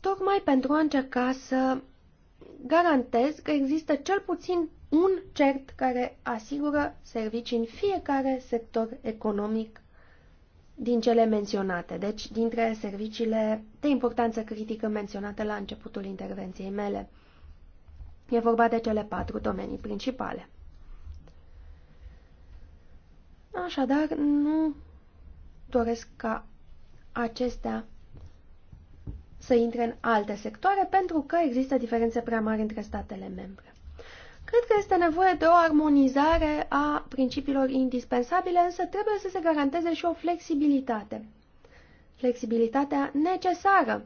tocmai pentru a încerca să garantez că există cel puțin un cert care asigură servicii în fiecare sector economic din cele menționate, deci dintre serviciile de importanță critică menționate la începutul intervenției mele. E vorba de cele patru domenii principale. Așadar, nu doresc ca acestea să intre în alte sectoare pentru că există diferențe prea mari între statele membre. Cred că este nevoie de o armonizare a principiilor indispensabile, însă trebuie să se garanteze și o flexibilitate. Flexibilitatea necesară.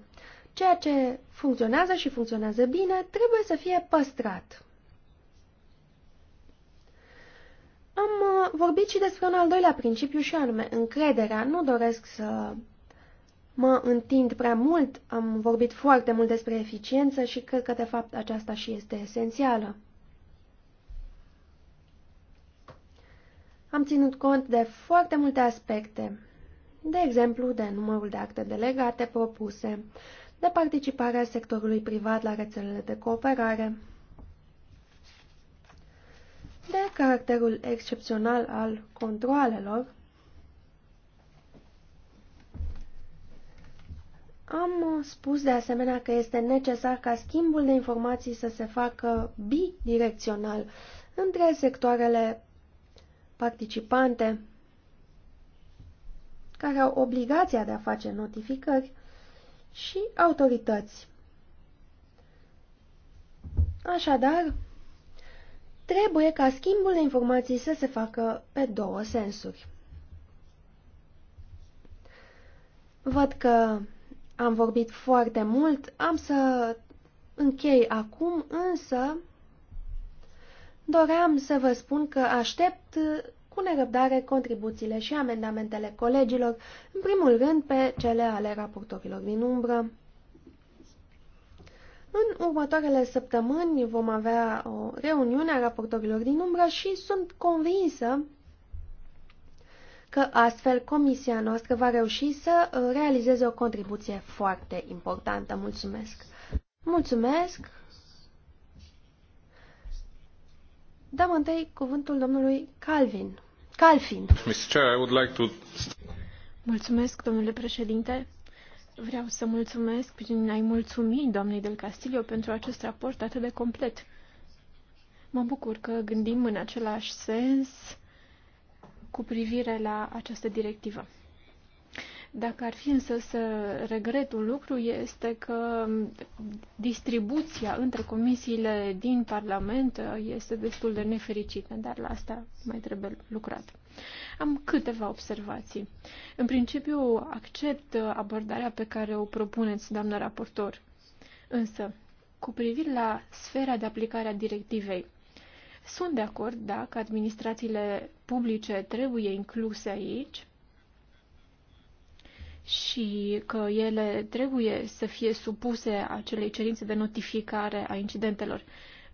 Ceea ce funcționează și funcționează bine trebuie să fie păstrat. Am uh, vorbit și despre un al doilea principiu și anume încrederea. Nu doresc să mă întind prea mult, am vorbit foarte mult despre eficiență și cred că de fapt aceasta și este esențială. Am ținut cont de foarte multe aspecte, de exemplu de numărul de acte delegate propuse, de participarea sectorului privat la rețelele de cooperare, de caracterul excepțional al controalelor, Am spus de asemenea că este necesar ca schimbul de informații să se facă bidirecțional între sectoarele participante care au obligația de a face notificări și autorități. Așadar, trebuie ca schimbul de informații să se facă pe două sensuri. Văd că am vorbit foarte mult, am să închei acum, însă Doream să vă spun că aștept uh, cu nerăbdare contribuțiile și amendamentele colegilor, în primul rând pe cele ale raportorilor din umbră. În următoarele săptămâni vom avea o reuniune a raportorilor din umbră și sunt convinsă că astfel comisia noastră va reuși să uh, realizeze o contribuție foarte importantă. Mulțumesc! Mulțumesc! Dăm întâi cuvântul domnului Calvin. Calvin. Mulțumesc, domnule președinte. Vreau să mulțumesc prin a-i mulțumi doamnei Del Castillo pentru acest raport atât de complet. Mă bucur că gândim în același sens cu privire la această directivă. Dacă ar fi însă să regret un lucru, este că distribuția între comisiile din Parlament uh, este destul de nefericită, dar la asta mai trebuie lucrat. Am câteva observații. În principiu, accept uh, abordarea pe care o propuneți, doamnă raportor. Însă, cu privire la sfera de aplicare a directivei, sunt de acord dacă administrațiile publice trebuie incluse aici, și că ele trebuie să fie supuse acelei cerințe de notificare a incidentelor.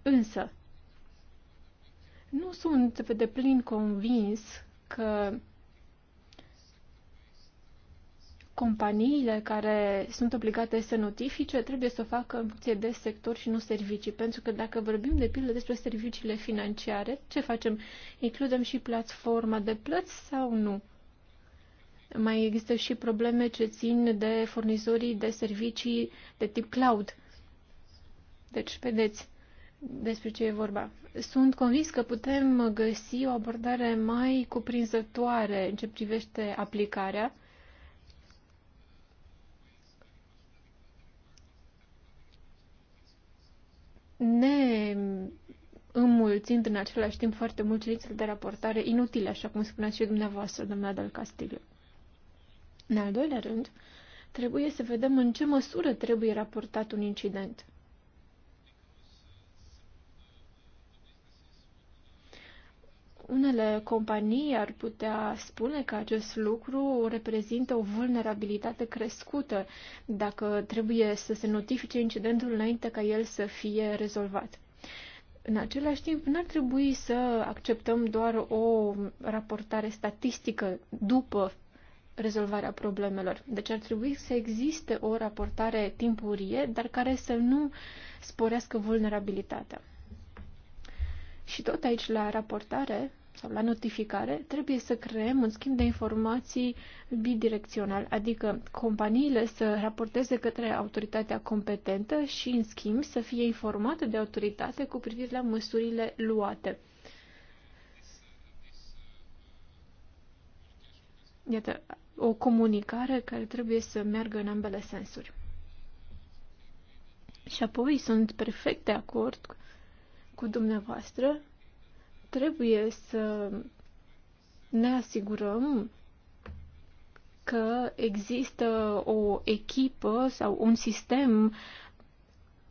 Însă, nu sunt pe deplin convins că companiile care sunt obligate să notifice trebuie să o facă în funcție de sector și nu servicii. Pentru că dacă vorbim de pildă despre serviciile financiare, ce facem? Includem și platforma de plăți sau nu? Mai există și probleme ce țin de furnizorii de servicii de tip cloud. Deci, vedeți despre ce e vorba. Sunt convins că putem găsi o abordare mai cuprinzătoare în ce privește aplicarea. Ne înmulțind în același timp foarte cerințele de raportare inutile, așa cum spuneați și dumneavoastră, domnul Adel Castillo. În al doilea rând, trebuie să vedem în ce măsură trebuie raportat un incident. Unele companii ar putea spune că acest lucru reprezintă o vulnerabilitate crescută dacă trebuie să se notifice incidentul înainte ca el să fie rezolvat. În același timp, n-ar trebui să acceptăm doar o raportare statistică după rezolvarea problemelor. Deci ar trebui să existe o raportare timpurie, dar care să nu sporească vulnerabilitatea. Și tot aici, la raportare sau la notificare, trebuie să creăm un schimb de informații bidirecțional, adică companiile să raporteze către autoritatea competentă și, în schimb, să fie informate de autoritate cu privire la măsurile luate. Iată, o comunicare care trebuie să meargă în ambele sensuri. Și apoi sunt perfect de acord cu dumneavoastră. Trebuie să ne asigurăm că există o echipă sau un sistem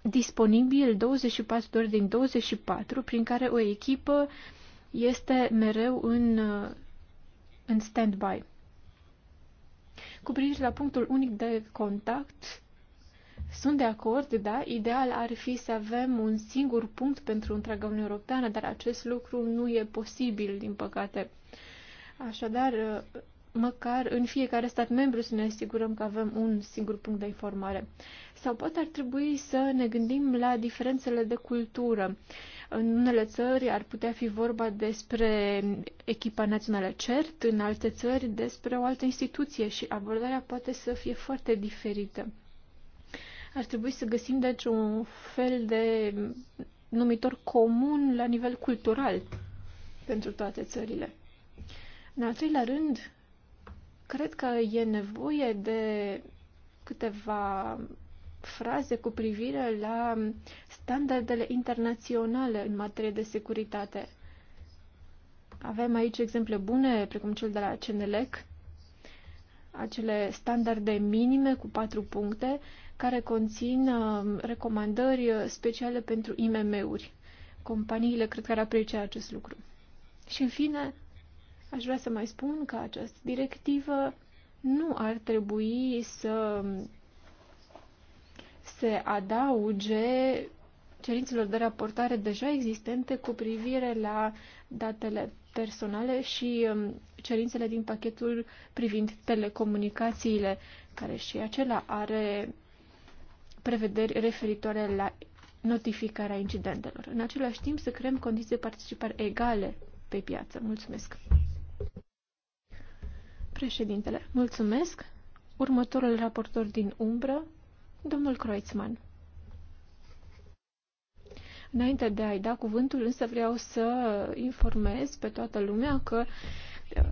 disponibil 24 de ori din 24, prin care o echipă este mereu în, în stand-by. Cu privire la punctul unic de contact, sunt de acord, da, ideal ar fi să avem un singur punct pentru întreaga Uniune Europeană, dar acest lucru nu e posibil, din păcate. Așadar, măcar în fiecare stat membru să ne asigurăm că avem un singur punct de informare. Sau poate ar trebui să ne gândim la diferențele de cultură. În unele țări ar putea fi vorba despre echipa națională CERT, în alte țări despre o altă instituție și abordarea poate să fie foarte diferită. Ar trebui să găsim deci un fel de numitor comun la nivel cultural pentru toate țările. În al treilea rând, Cred că e nevoie de câteva fraze cu privire la standardele internaționale în materie de securitate. Avem aici exemple bune, precum cel de la CNLEC, acele standarde minime cu patru puncte, care conțin uh, recomandări speciale pentru IMM-uri. Companiile cred că ar aprecia acest lucru. Și în fine, Aș vrea să mai spun că această directivă nu ar trebui să se adauge cerințelor de raportare deja existente cu privire la datele personale și um, cerințele din pachetul privind telecomunicațiile, care și acela are prevederi referitoare la notificarea incidentelor. În același timp, să creăm condiții de participare egale pe piață. Mulțumesc! Președintele, mulțumesc. Următorul raportor din umbră, domnul Kreuzmann. Înainte de a-i da cuvântul, însă vreau să informez pe toată lumea că uh,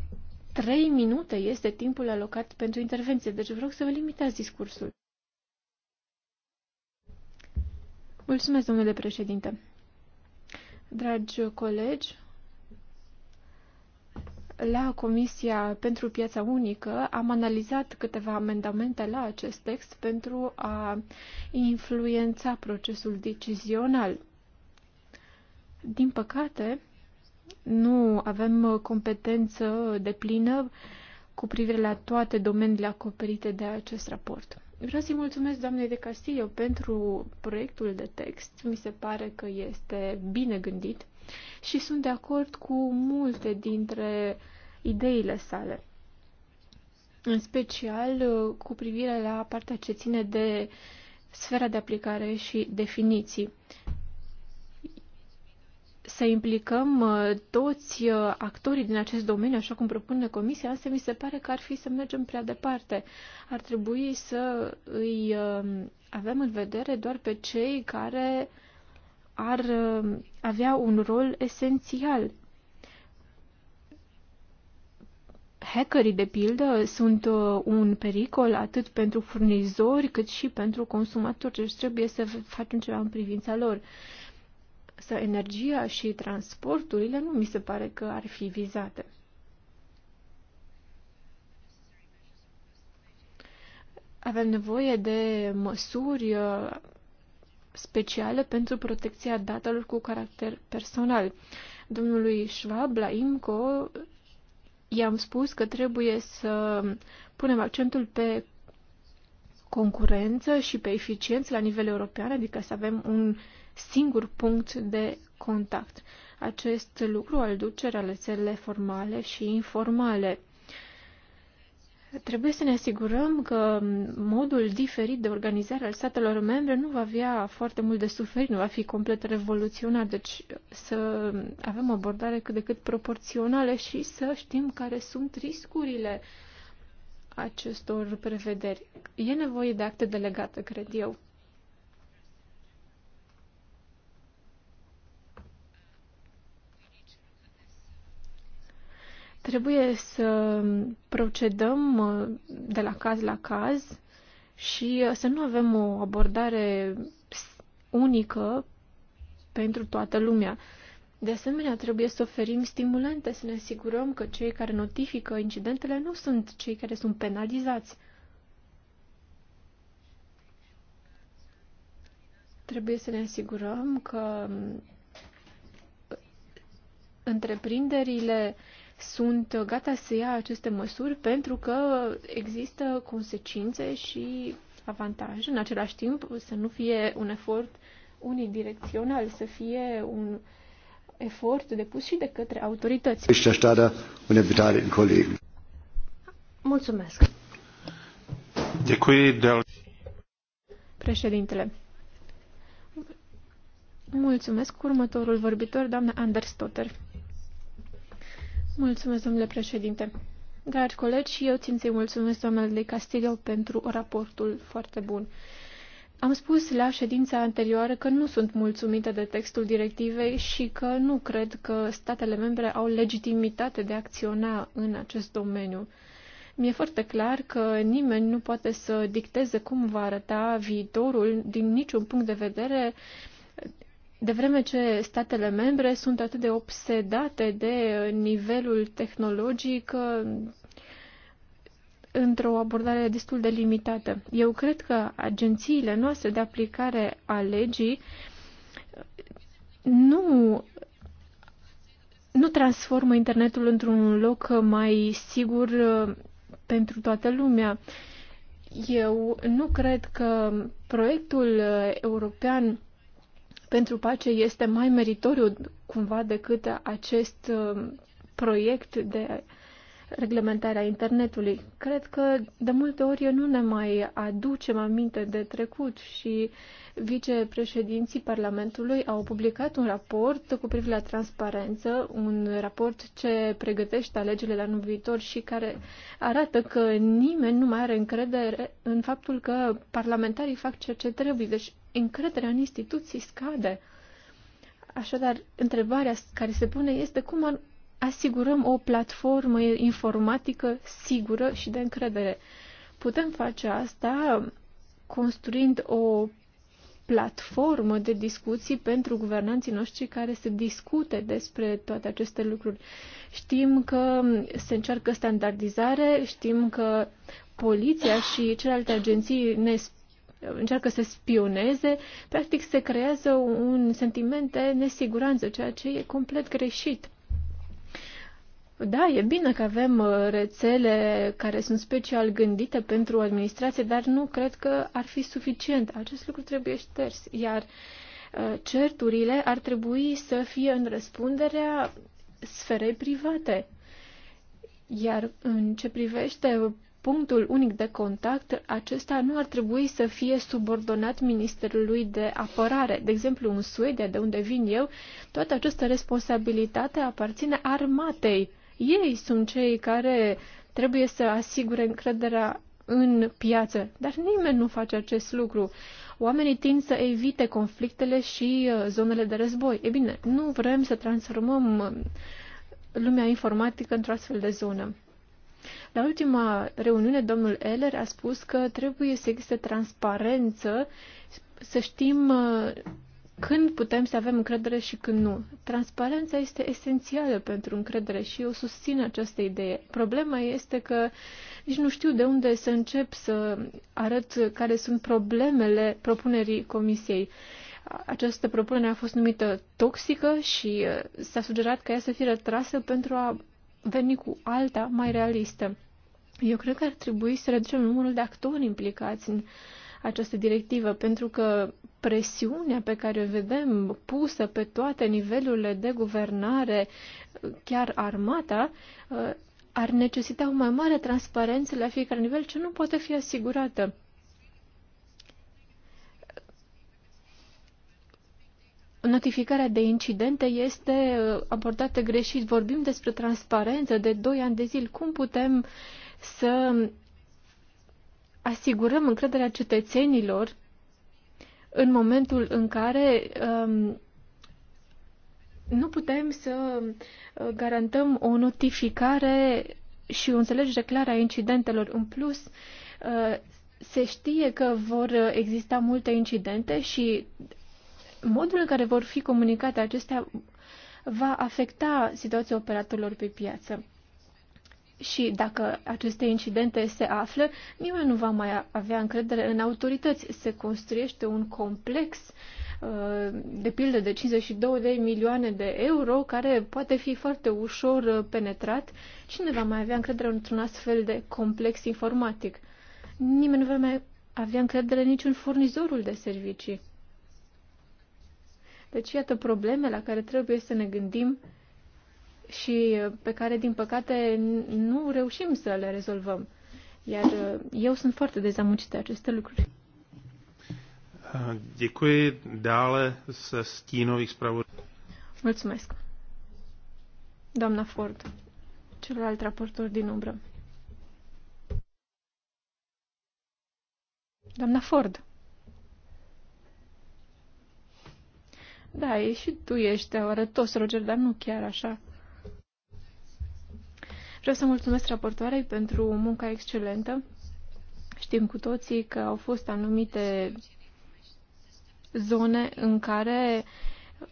trei minute este timpul alocat pentru intervenție, deci vreau să vă limitați discursul. Mulțumesc, domnule președinte. Dragi colegi, la Comisia pentru Piața Unică am analizat câteva amendamente la acest text pentru a influența procesul decizional. Din păcate, nu avem competență de plină cu privire la toate domeniile acoperite de acest raport. Vreau să-i mulțumesc doamnei de Castillo pentru proiectul de text. Mi se pare că este bine gândit și sunt de acord cu multe dintre ideile sale. În special uh, cu privire la partea ce ține de sfera de aplicare și definiții. Să implicăm uh, toți uh, actorii din acest domeniu, așa cum propune Comisia, asta mi se pare că ar fi să mergem prea departe. Ar trebui să îi um, avem în vedere doar pe cei care uh, ar uh, avea un rol esențial. Hackerii, de pildă, sunt uh, un pericol atât pentru furnizori cât și pentru consumatori, deci trebuie să facem ceva în privința lor. Să energia și transporturile nu mi se pare că ar fi vizate. Avem nevoie de măsuri uh, specială pentru protecția datelor cu caracter personal. Domnului Schwab la IMCO i-am spus că trebuie să punem accentul pe concurență și pe eficiență la nivel european, adică să avem un singur punct de contact. Acest lucru al duce rețelele formale și informale. Trebuie să ne asigurăm că modul diferit de organizare al statelor membre nu va avea foarte mult de suferit, nu va fi complet revoluționar, deci să avem o abordare cât de cât proporțională și să știm care sunt riscurile acestor prevederi. E nevoie de acte delegate, cred eu. Trebuie să procedăm uh, de la caz la caz și uh, să nu avem o abordare unică pentru toată lumea. De asemenea, trebuie să oferim stimulente, să ne asigurăm că cei care notifică incidentele nu sunt cei care sunt penalizați. Trebuie să ne asigurăm că uh, întreprinderile sunt gata să ia aceste măsuri pentru că există consecințe și avantaje. În același timp, să nu fie un efort unidirecțional, să fie un efort depus și de către autorități. Mulțumesc. Děkuji dal... Președintele. Mulțumesc următorul vorbitor, doamna Anders Stotter. Mulțumesc, domnule președinte. Dragi colegi, și eu țin să-i mulțumesc doamnelui Castillo pentru raportul foarte bun. Am spus la ședința anterioară că nu sunt mulțumită de textul directivei și că nu cred că statele membre au legitimitate de a acționa în acest domeniu. Mi-e foarte clar că nimeni nu poate să dicteze cum va arăta viitorul din niciun punct de vedere uh, de vreme ce statele membre sunt atât de obsedate de nivelul tehnologic într-o abordare destul de limitată. Eu cred că agențiile noastre de aplicare a legii nu nu transformă internetul într-un loc mai sigur uh, pentru toată lumea. Eu nu cred că proiectul uh, european pentru pace este mai meritoriu cumva decât acest uh, proiect de reglementarea internetului. Cred că de multe ori nu ne mai aducem aminte de trecut și vicepreședinții Parlamentului au publicat un raport cu privire la transparență, un raport ce pregătește alegerile la anul viitor și care arată că nimeni nu mai are încredere în faptul că parlamentarii fac ceea ce trebuie. Deci încrederea în instituții scade. Așadar, întrebarea care se pune este cum ar asigurăm o platformă informatică sigură și de încredere. Putem face asta construind o platformă de discuții pentru guvernanții noștri care să discute despre toate aceste lucruri. Știm că se încearcă standardizare, știm că poliția și celelalte agenții ne încearcă să spioneze, practic se creează un sentiment de nesiguranță, ceea ce e complet greșit. Da, e bine că avem uh, rețele care sunt special gândite pentru administrație, dar nu cred că ar fi suficient. Acest lucru trebuie șters, iar uh, certurile ar trebui să fie în răspunderea sferei private. Iar în ce privește punctul unic de contact, acesta nu ar trebui să fie subordonat Ministerului de Apărare. De exemplu, în Suedia, de unde vin eu, toată această responsabilitate aparține armatei. Ei sunt cei care trebuie să asigure încrederea în piață, dar nimeni nu face acest lucru. Oamenii tind să evite conflictele și uh, zonele de război. E bine, nu vrem să transformăm uh, lumea informatică într-o astfel de zonă. La ultima reuniune, domnul Eller a spus că trebuie să existe transparență, să știm uh, când putem să avem încredere și când nu. Transparența este esențială pentru încredere și eu susțin această idee. Problema este că nici nu știu de unde să încep să arăt care sunt problemele propunerii comisiei. Această propunere a fost numită toxică și uh, s-a sugerat ca ea să fie retrasă pentru a veni cu alta mai realistă. Eu cred că ar trebui să reducem numărul de actori implicați în această directivă, pentru că presiunea pe care o vedem pusă pe toate nivelurile de guvernare, chiar armata, uh, ar necesita o mai mare transparență la fiecare nivel, ce nu poate fi asigurată. Notificarea de incidente este uh, abordată greșit. Vorbim despre transparență de 2 ani de zile. Cum putem să asigurăm încrederea cetățenilor în momentul în care um, nu putem să uh, garantăm o notificare și o înțelegere clară a incidentelor. În plus, uh, se știe că vor exista multe incidente și modul în care vor fi comunicate acestea va afecta situația operatorilor pe piață și dacă aceste incidente se află, nimeni nu va mai avea încredere în autorități. Se construiește un complex uh, de pildă de 52 de milioane de euro care poate fi foarte ușor uh, penetrat. Cine va mai avea încredere într-un astfel de complex informatic? Nimeni nu va mai avea încredere niciun furnizorul de servicii. Deci, iată probleme la care trebuie să ne gândim și uh, pe care, din păcate, nu reușim să le rezolvăm. Iar uh, eu sunt foarte dezamăgită de aceste lucruri. Uh, děkuji dále se stínových zpravodajů. Mulțumesc. Doamna Ford, celălalt raportor din umbră. Doamna Ford. Da, e și tu ești arătos, Roger, dar nu chiar așa. Vreau să mulțumesc raportoarei pentru munca excelentă. Știm cu toții că au fost anumite zone în care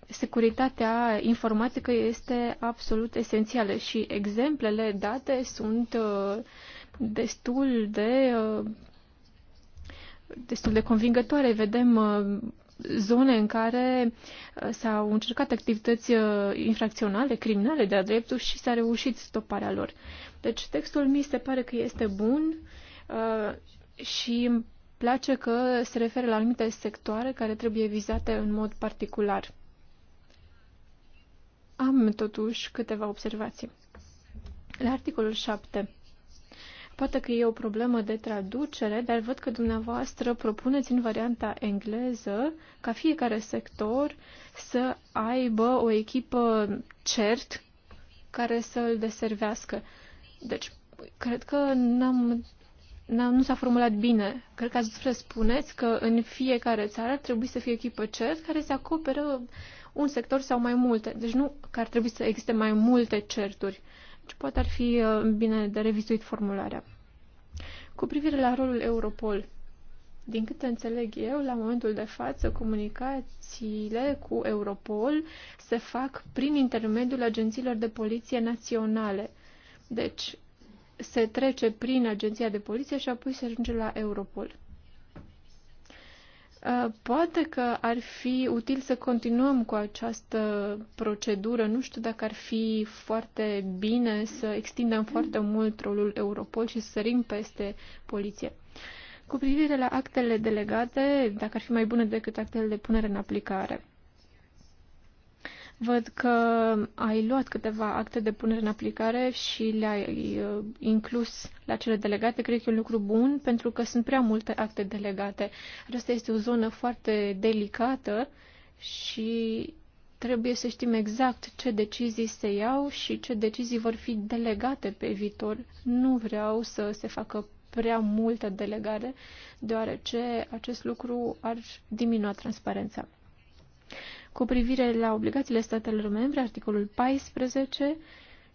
securitatea informatică este absolut esențială și exemplele date sunt uh, destul de uh, destul de convingătoare. Vedem uh, zone în care uh, s-au încercat activități uh, infracționale, criminale de-a dreptul și s-a reușit stoparea lor. Deci textul mi se pare că este bun uh, și îmi place că se referă la anumite sectoare care trebuie vizate în mod particular. Am totuși câteva observații. La articolul 7 Poate că e o problemă de traducere, dar văd că dumneavoastră propuneți în varianta engleză ca fiecare sector să aibă o echipă cert care să îl deservească. Deci, cred că n-am, n-am, nu s-a formulat bine. Cred că ați să spuneți că în fiecare țară ar trebui să fie echipă cert care să acoperă un sector sau mai multe. Deci nu că ar trebui să existe mai multe certuri. Uh, deci poate ar fi uh, bine de revizuit formularea. Cu privire la rolul Europol, din câte înțeleg eu, la momentul de față, comunicațiile cu Europol se fac prin intermediul agențiilor de poliție naționale. Deci, se trece prin agenția de poliție și apoi se ajunge la Europol. Uh, poate că ar fi util să continuăm cu această procedură. Nu știu dacă ar fi foarte bine să extindem foarte mult rolul Europol și să sărim peste poliție. Cu privire la actele delegate, dacă ar fi mai bune decât actele de punere în aplicare. Văd că ai luat câteva acte de punere în aplicare și le-ai uh, inclus la cele delegate. Cred că e un lucru bun pentru că sunt prea multe acte delegate. Aceasta este o zonă foarte delicată și trebuie să știm exact ce decizii se iau și ce decizii vor fi delegate pe viitor. Nu vreau să se facă prea multă delegare, deoarece acest lucru ar diminua transparența. Cu privire la obligațiile statelor membre, articolul 14,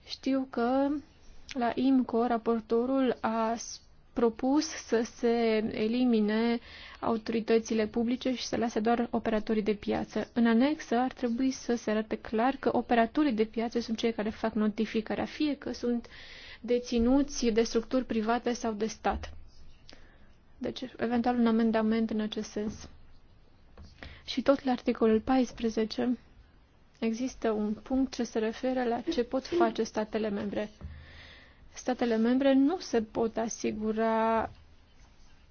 știu că la IMCO raportorul a propus să se elimine autoritățile publice și să lase doar operatorii de piață. În anexă ar trebui să se arate clar că operatorii de piață sunt cei care fac notificarea, fie că sunt deținuți de structuri private sau de stat. Deci, eventual un amendament în acest sens. Și tot la articolul 14 există un punct ce se referă la ce pot face statele membre. Statele membre nu se pot asigura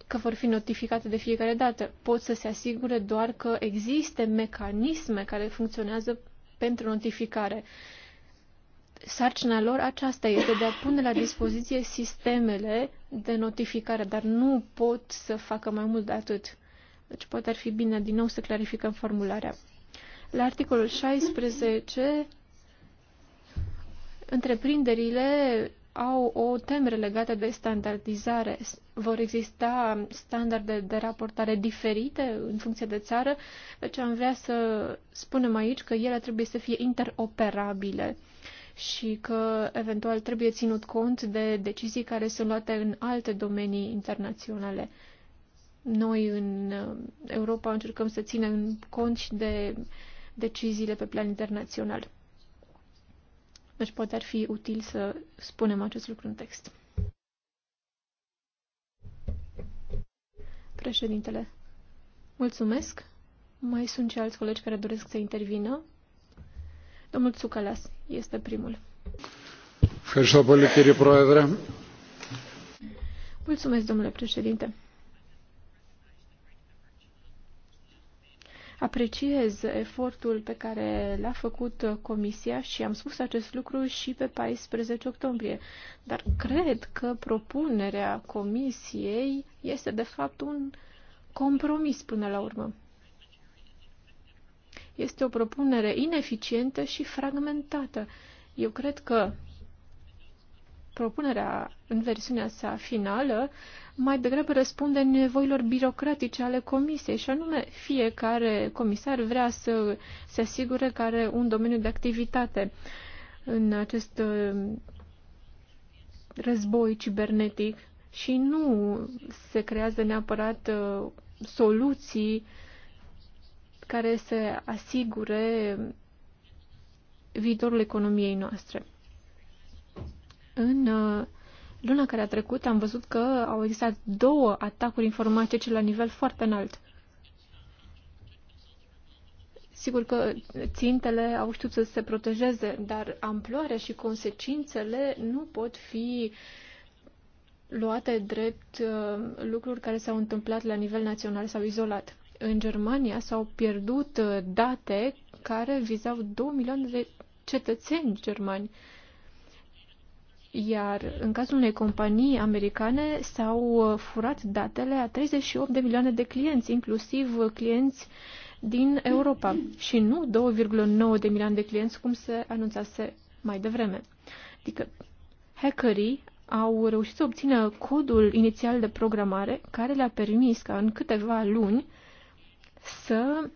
că vor fi notificate de fiecare dată. Pot să se asigure doar că există mecanisme care funcționează pentru notificare. Sarcina lor aceasta este de a pune la dispoziție sistemele de notificare, dar nu pot să facă mai mult de atât. Deci poate ar fi bine din nou să clarificăm formularea. La articolul 16, întreprinderile au o temere legată de standardizare. Vor exista standarde de raportare diferite în funcție de țară, deci am vrea să spunem aici că ele trebuie să fie interoperabile și că eventual trebuie ținut cont de decizii care sunt luate în alte domenii internaționale. Noi în uh, Europa încercăm să ținem cont și de deciziile pe plan internațional. Deci poate ar fi util să spunem acest lucru în text. Președintele, mulțumesc. Mai sunt și alți colegi care doresc să intervină. Domnul Tsukalas este primul. Mulțumesc, domnule președinte. Apreciez efortul pe care l-a făcut Comisia și am spus acest lucru și pe 14 octombrie, dar cred că propunerea Comisiei este de fapt un compromis până la urmă. Este o propunere ineficientă și fragmentată. Eu cred că propunerea în versiunea sa finală mai degrabă răspunde nevoilor birocratice ale comisiei și anume fiecare comisar vrea să se asigure că are un domeniu de activitate în acest uh, război cibernetic și nu se creează neapărat uh, soluții care să asigure viitorul economiei noastre. În uh, Luna care a trecut am văzut că au existat două atacuri informatice la nivel foarte înalt. Sigur că țintele au știut să se protejeze, dar amploarea și consecințele nu pot fi luate drept uh, lucruri care s-au întâmplat la nivel național sau izolat. În Germania s-au pierdut uh, date care vizau 2 milioane de cetățeni germani. Uh, iar în cazul unei companii americane s-au uh, furat datele a 38 de milioane de clienți, inclusiv uh, clienți din Europa și nu 2,9 de milioane de clienți, cum se anunțase mai devreme. Adică hackerii au reușit să obțină codul inițial de programare care le-a permis ca în câteva luni să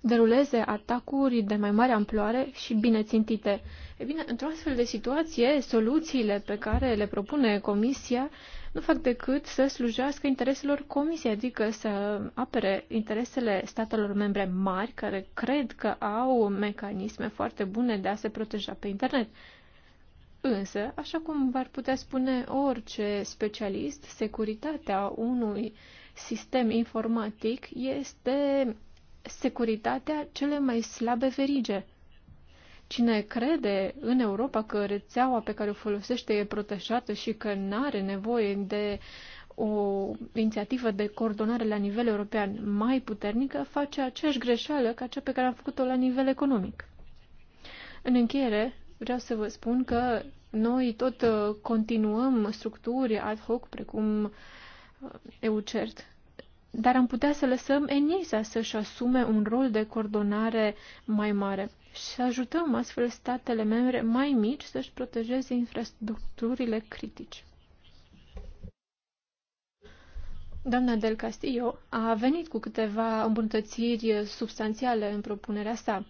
deruleze atacuri de mai mare amploare și bine țintite. E bine, într-o astfel de situație, soluțiile pe care le propune Comisia nu fac decât să slujească intereselor Comisiei, adică să apere interesele statelor membre mari care cred că au mecanisme foarte bune de a se proteja pe internet. Însă, așa cum v-ar putea spune orice specialist, securitatea unui sistem informatic este securitatea cele mai slabe verige. Cine crede în Europa că rețeaua pe care o folosește e protejată și că nu are nevoie de o inițiativă de coordonare la nivel european mai puternică, face aceeași greșeală ca cea pe care am făcut-o la nivel economic. În încheiere, vreau să vă spun că noi tot uh, continuăm structuri ad hoc precum uh, EUCERT dar am putea să lăsăm ENISA să-și asume un rol de coordonare mai mare și să ajutăm astfel statele membre mai mici să-și protejeze infrastructurile critice. Doamna Del Castillo a venit cu câteva îmbunătățiri substanțiale în propunerea sa,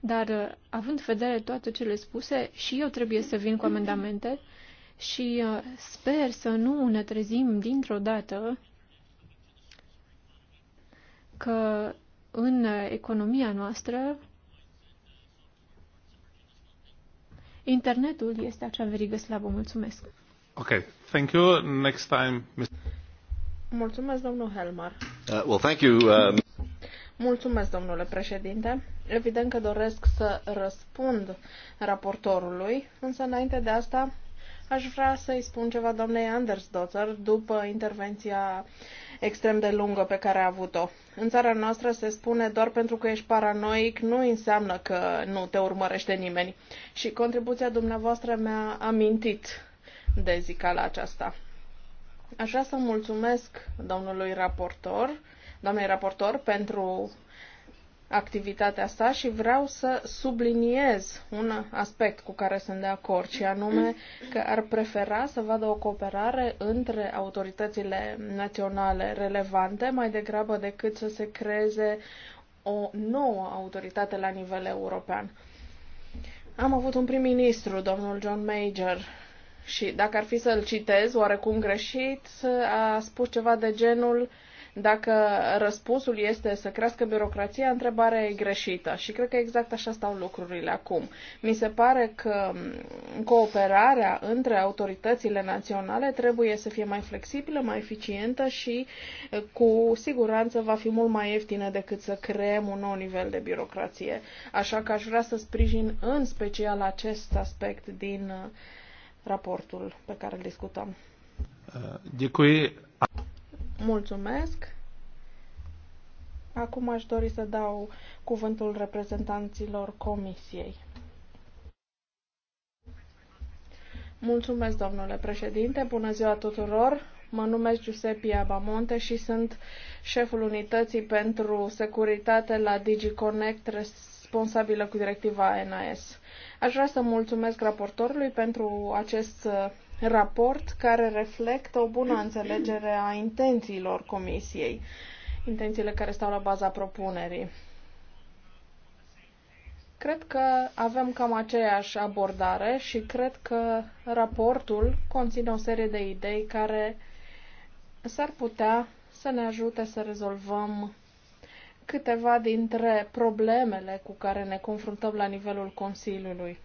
dar având vedere toate cele spuse, și eu trebuie să vin cu amendamente și uh, sper să nu ne trezim dintr-o dată că în economia noastră internetul este acea verigă slabă. Mulțumesc! Ok, thank you. Next time, Mr. Mulțumesc, domnul Helmar. Uh, well, thank you. Um... Mulțumesc, domnule președinte. Evident că doresc să răspund raportorului, însă înainte de asta Aș vrea să-i spun ceva doamnei Andersdotter după intervenția extrem de lungă pe care a avut-o. În țara noastră se spune doar pentru că ești paranoic nu înseamnă că nu te urmărește nimeni. Și contribuția dumneavoastră mi-a amintit de zicala aceasta. Aș vrea să mulțumesc domnului raportor, doamnei raportor pentru activitatea sa și vreau să subliniez un aspect cu care sunt de acord și anume că ar prefera să vadă o cooperare între autoritățile naționale relevante mai degrabă decât să se creeze o nouă autoritate la nivel european. Am avut un prim-ministru, domnul John Major, și dacă ar fi să-l citez oarecum greșit, a spus ceva de genul uh, dacă răspunsul este să crească birocrația, întrebarea e greșită și cred că exact așa stau lucrurile acum. Mi se pare că cooperarea între autoritățile naționale trebuie să fie mai flexibilă, mai eficientă și cu siguranță va fi mult mai ieftină decât să creăm un nou nivel de birocrație. Așa că aș vrea să sprijin în special acest aspect din raportul pe care îl discutăm. Uh, děkuji. Mulțumesc. Acum aș dori să dau cuvântul reprezentanților comisiei. Mulțumesc, domnule președinte. Bună ziua tuturor. Mă numesc Giuseppe Abamonte și sunt șeful unității pentru securitate la DigiConnect, responsabilă cu directiva NAS. Aș vrea să mulțumesc raportorului pentru acest raport care reflectă o bună înțelegere a intențiilor Comisiei, intențiile care stau la baza propunerii. Cred că avem cam aceeași abordare și cred că raportul conține o serie de idei care s-ar putea să ne ajute să rezolvăm câteva dintre problemele cu care ne confruntăm la nivelul Consiliului.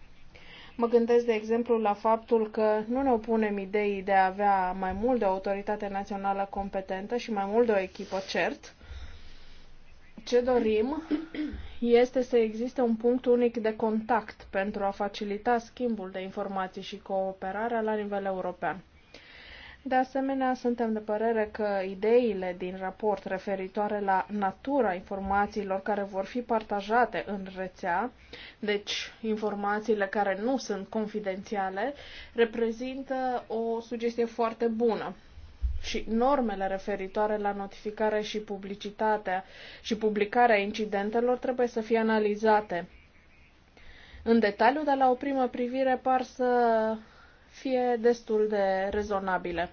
Mă gândesc, de exemplu, la faptul că nu ne opunem ideii de a avea mai mult de o autoritate națională competentă și mai mult de o echipă CERT. Ce dorim este să existe un punct unic de contact pentru a facilita schimbul de informații și cooperarea la nivel european. De asemenea, suntem de părere că ideile din raport referitoare la natura informațiilor care vor fi partajate în rețea, deci informațiile care nu sunt confidențiale, reprezintă o sugestie foarte bună și normele referitoare la notificare și publicitatea și publicarea incidentelor trebuie să fie analizate. În detaliu, dar la o primă privire par să fie destul de rezonabile.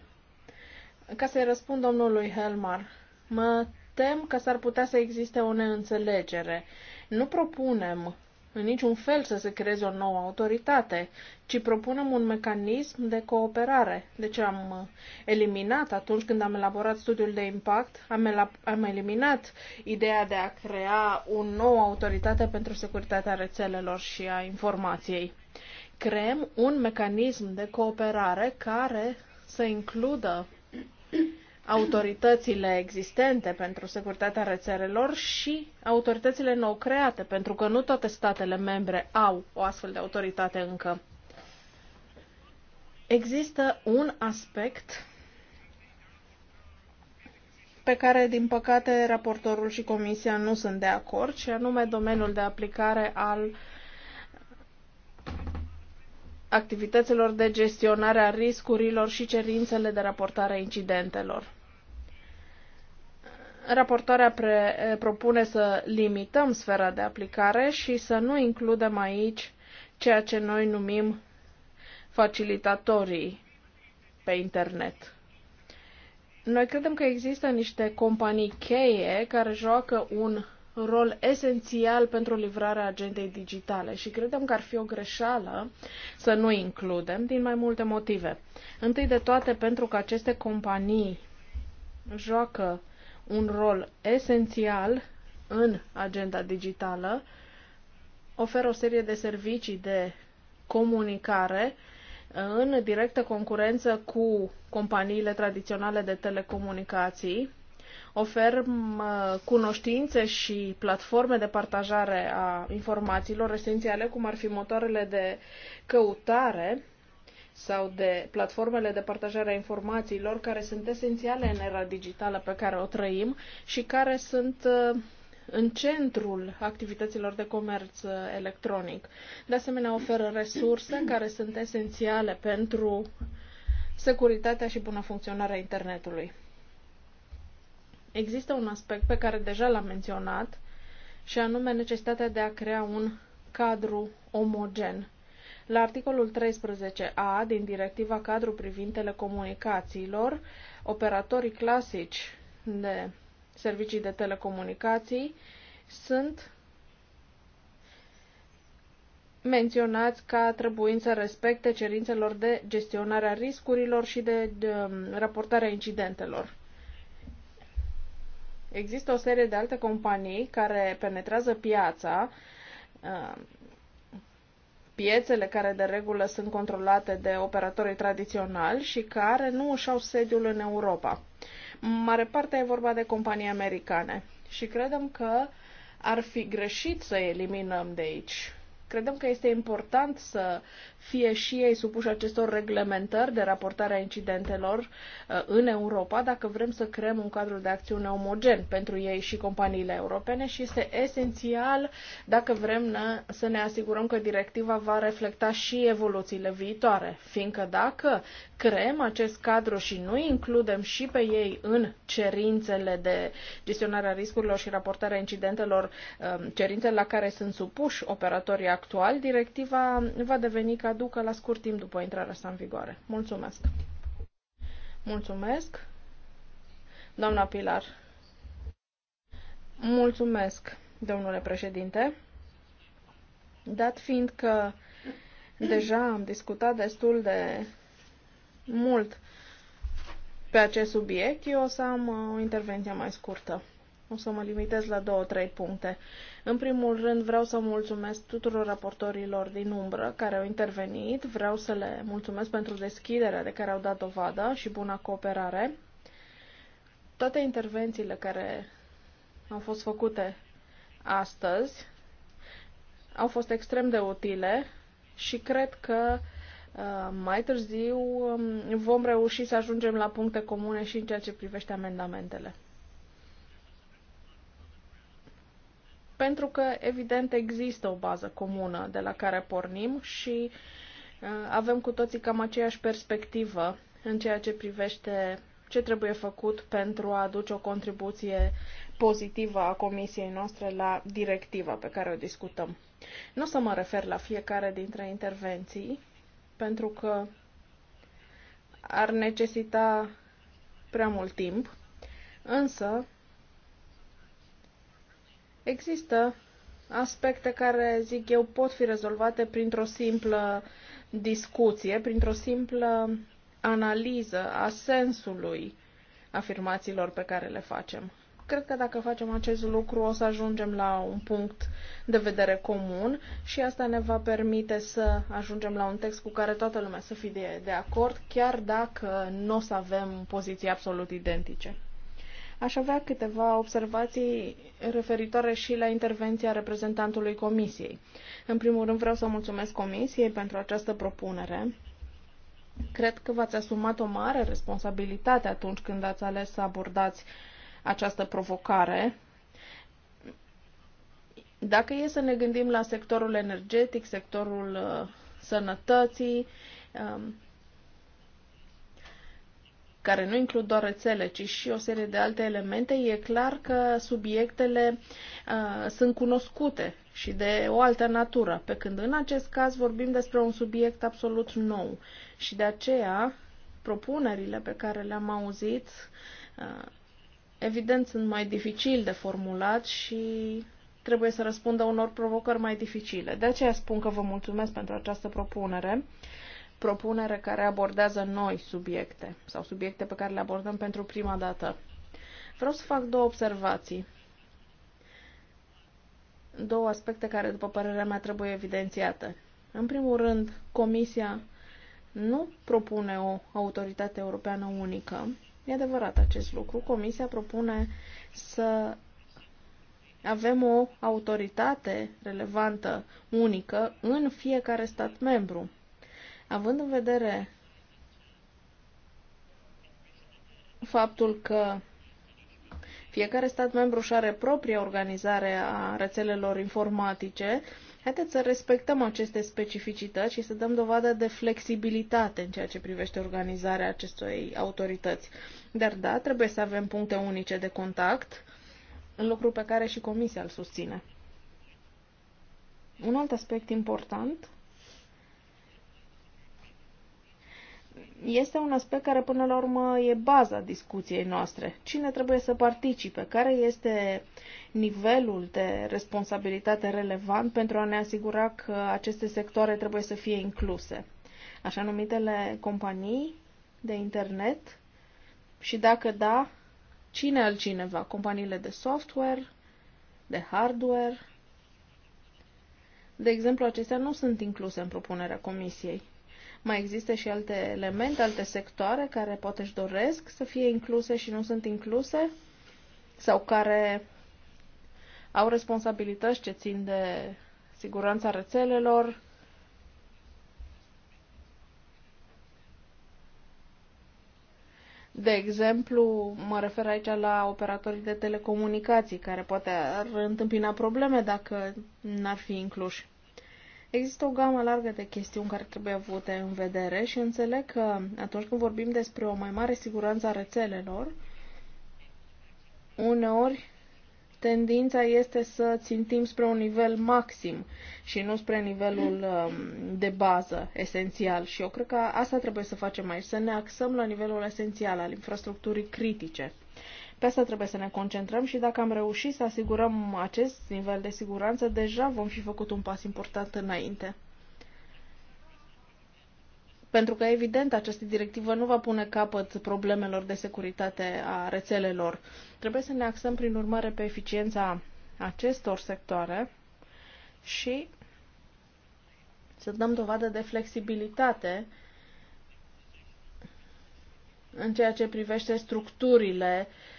Ca să-i răspund domnului Helmar, mă tem că s-ar putea să existe o neînțelegere. Nu propunem în niciun fel să se creeze o nouă autoritate, ci propunem un mecanism de cooperare. Deci am eliminat, atunci când am elaborat studiul de impact, am, am eliminat ideea de a crea o nouă autoritate pentru securitatea rețelelor și a informației creăm un mecanism de cooperare care să includă autoritățile existente pentru securitatea rețelelor și autoritățile nou create, pentru că nu toate statele membre au o astfel de autoritate încă. Există un aspect pe care, din păcate, raportorul și Comisia nu sunt de acord, și anume domeniul de aplicare al uh, activităților de gestionare a riscurilor și cerințele de raportare a incidentelor. Raportarea pre- propune să limităm sfera de aplicare și să nu includem aici ceea ce noi numim facilitatorii pe internet. Noi credem că există niște companii cheie care joacă un rol esențial pentru livrarea agendei digitale și credem că ar fi o greșeală să nu includem din mai multe motive. Întâi de toate pentru că aceste companii joacă un rol esențial în agenda digitală, oferă o serie de servicii de comunicare în directă concurență cu companiile tradiționale de telecomunicații, ofer cunoștințe și platforme de partajare a informațiilor esențiale, cum ar fi motoarele de căutare sau de platformele de partajare a informațiilor care sunt esențiale în era digitală pe care o trăim și care sunt uh, în centrul activităților de comerț uh, electronic. De asemenea, oferă resurse care sunt esențiale pentru securitatea și bună funcționarea internetului. Există un aspect pe care deja l-am menționat și anume necesitatea de a crea un cadru omogen. La articolul 13a din directiva cadru privind telecomunicațiilor, operatorii clasici de servicii de telecomunicații sunt menționați ca trebuind să respecte cerințelor de gestionare a riscurilor și de, de raportarea incidentelor. Există o serie de alte companii care penetrează piața, uh, piețele care de regulă sunt controlate de operatorii tradiționali și care nu își au sediul în Europa. Mare parte e vorba de companii americane și credem că ar fi greșit să eliminăm de aici. Credem că este important să fie și ei supuși acestor reglementări de raportare a incidentelor uh, în Europa, dacă vrem să creăm un cadru de acțiune omogen pentru ei și companiile europene și este esențial dacă vrem să ne asigurăm că directiva va reflecta și evoluțiile viitoare, fiindcă dacă creăm acest cadru și nu includem și pe ei în cerințele de gestionare a riscurilor și raportarea incidentelor, um, cerințele la care sunt supuși operatorii actuali, directiva va deveni cadru Aducă la scurt timp după intrarea sa în vigoare. Mulțumesc! Mulțumesc! Doamna Pilar. Mulțumesc, domnule președinte. Dat fiind că deja am discutat destul de mult pe acest subiect, eu o să am o intervenție mai scurtă. O să mă limitez la două, trei puncte. În primul rând vreau să mulțumesc tuturor raportorilor din umbră care au intervenit, vreau să le mulțumesc pentru deschiderea de care au dat dovadă și buna cooperare. Toate intervențiile care au fost făcute astăzi au fost extrem de utile și cred că uh, mai târziu um, vom reuși să ajungem la puncte comune și în ceea ce privește amendamentele. pentru că, evident, există o bază comună de la care pornim și uh, avem cu toții cam aceeași perspectivă în ceea ce privește ce trebuie făcut pentru a aduce o contribuție pozitivă a comisiei noastre la directiva pe care o discutăm. Nu o să mă refer la fiecare dintre intervenții, pentru că ar necesita prea mult timp, însă Există aspecte care, zic eu, pot fi rezolvate printr-o simplă discuție, printr-o simplă analiză a sensului afirmațiilor pe care le facem. Cred că dacă facem acest lucru o să ajungem la un punct de vedere comun și asta ne va permite să ajungem la un text cu care toată lumea să fie de, de acord, chiar dacă nu o să avem poziții absolut identice. Aș avea câteva observații referitoare și la intervenția reprezentantului Comisiei. În primul rând vreau să mulțumesc Comisiei pentru această propunere. Cred că v-ați asumat o mare responsabilitate atunci când ați ales să abordați această provocare. Dacă e să ne gândim la sectorul energetic, sectorul uh, sănătății, um, care nu includ doar rețele, ci și o serie de alte elemente, e clar că subiectele uh, sunt cunoscute și de o altă natură, pe când în acest caz vorbim despre un subiect absolut nou. Și de aceea, propunerile pe care le-am auzit, uh, evident, sunt mai dificil de formulat și trebuie să răspundă unor provocări mai dificile. De aceea spun că vă mulțumesc pentru această propunere propunere care abordează noi subiecte sau subiecte pe care le abordăm pentru prima dată. Vreau să fac două observații. Două aspecte care, după părerea mea, trebuie evidențiate. În primul rând, Comisia nu propune o autoritate europeană unică. E adevărat acest lucru. Comisia propune să avem o autoritate relevantă unică în fiecare stat membru. Având în vedere faptul că fiecare stat membru și are propria organizare a rețelelor informatice, haideți să respectăm aceste specificități și să dăm dovadă de flexibilitate în ceea ce privește organizarea acestei autorități. Dar da, trebuie să avem puncte unice de contact, lucru pe care și Comisia îl susține. Un alt aspect important este un aspect care până la urmă e baza discuției noastre. Cine trebuie să participe? Care este nivelul de responsabilitate relevant pentru a ne asigura că aceste sectoare trebuie să fie incluse? Așa numitele companii de internet și dacă da, cine altcineva? Companiile de software, de hardware? De exemplu, acestea nu sunt incluse în propunerea comisiei. Mai există și alte elemente, alte sectoare care poate își doresc să fie incluse și nu sunt incluse sau care au responsabilități ce țin de siguranța rețelelor, De exemplu, mă refer aici la operatorii de telecomunicații, care poate ar întâmpina probleme dacă n-ar fi incluși. Există o gamă largă de chestiuni care trebuie avute în vedere și înțeleg că atunci când vorbim despre o mai mare siguranță a rețelelor, uneori tendința este să țintim spre un nivel maxim și nu spre nivelul um, de bază esențial. Și eu cred că asta trebuie să facem aici, să ne axăm la nivelul esențial al infrastructurii critice. Pe asta trebuie să ne concentrăm și dacă am reușit să asigurăm acest nivel de siguranță, deja vom fi făcut un pas important înainte. Pentru că, evident, această directivă nu va pune capăt problemelor de securitate a rețelelor. Trebuie să ne axăm, prin urmare, pe eficiența acestor sectoare și să dăm dovadă de flexibilitate în ceea ce privește structurile uh,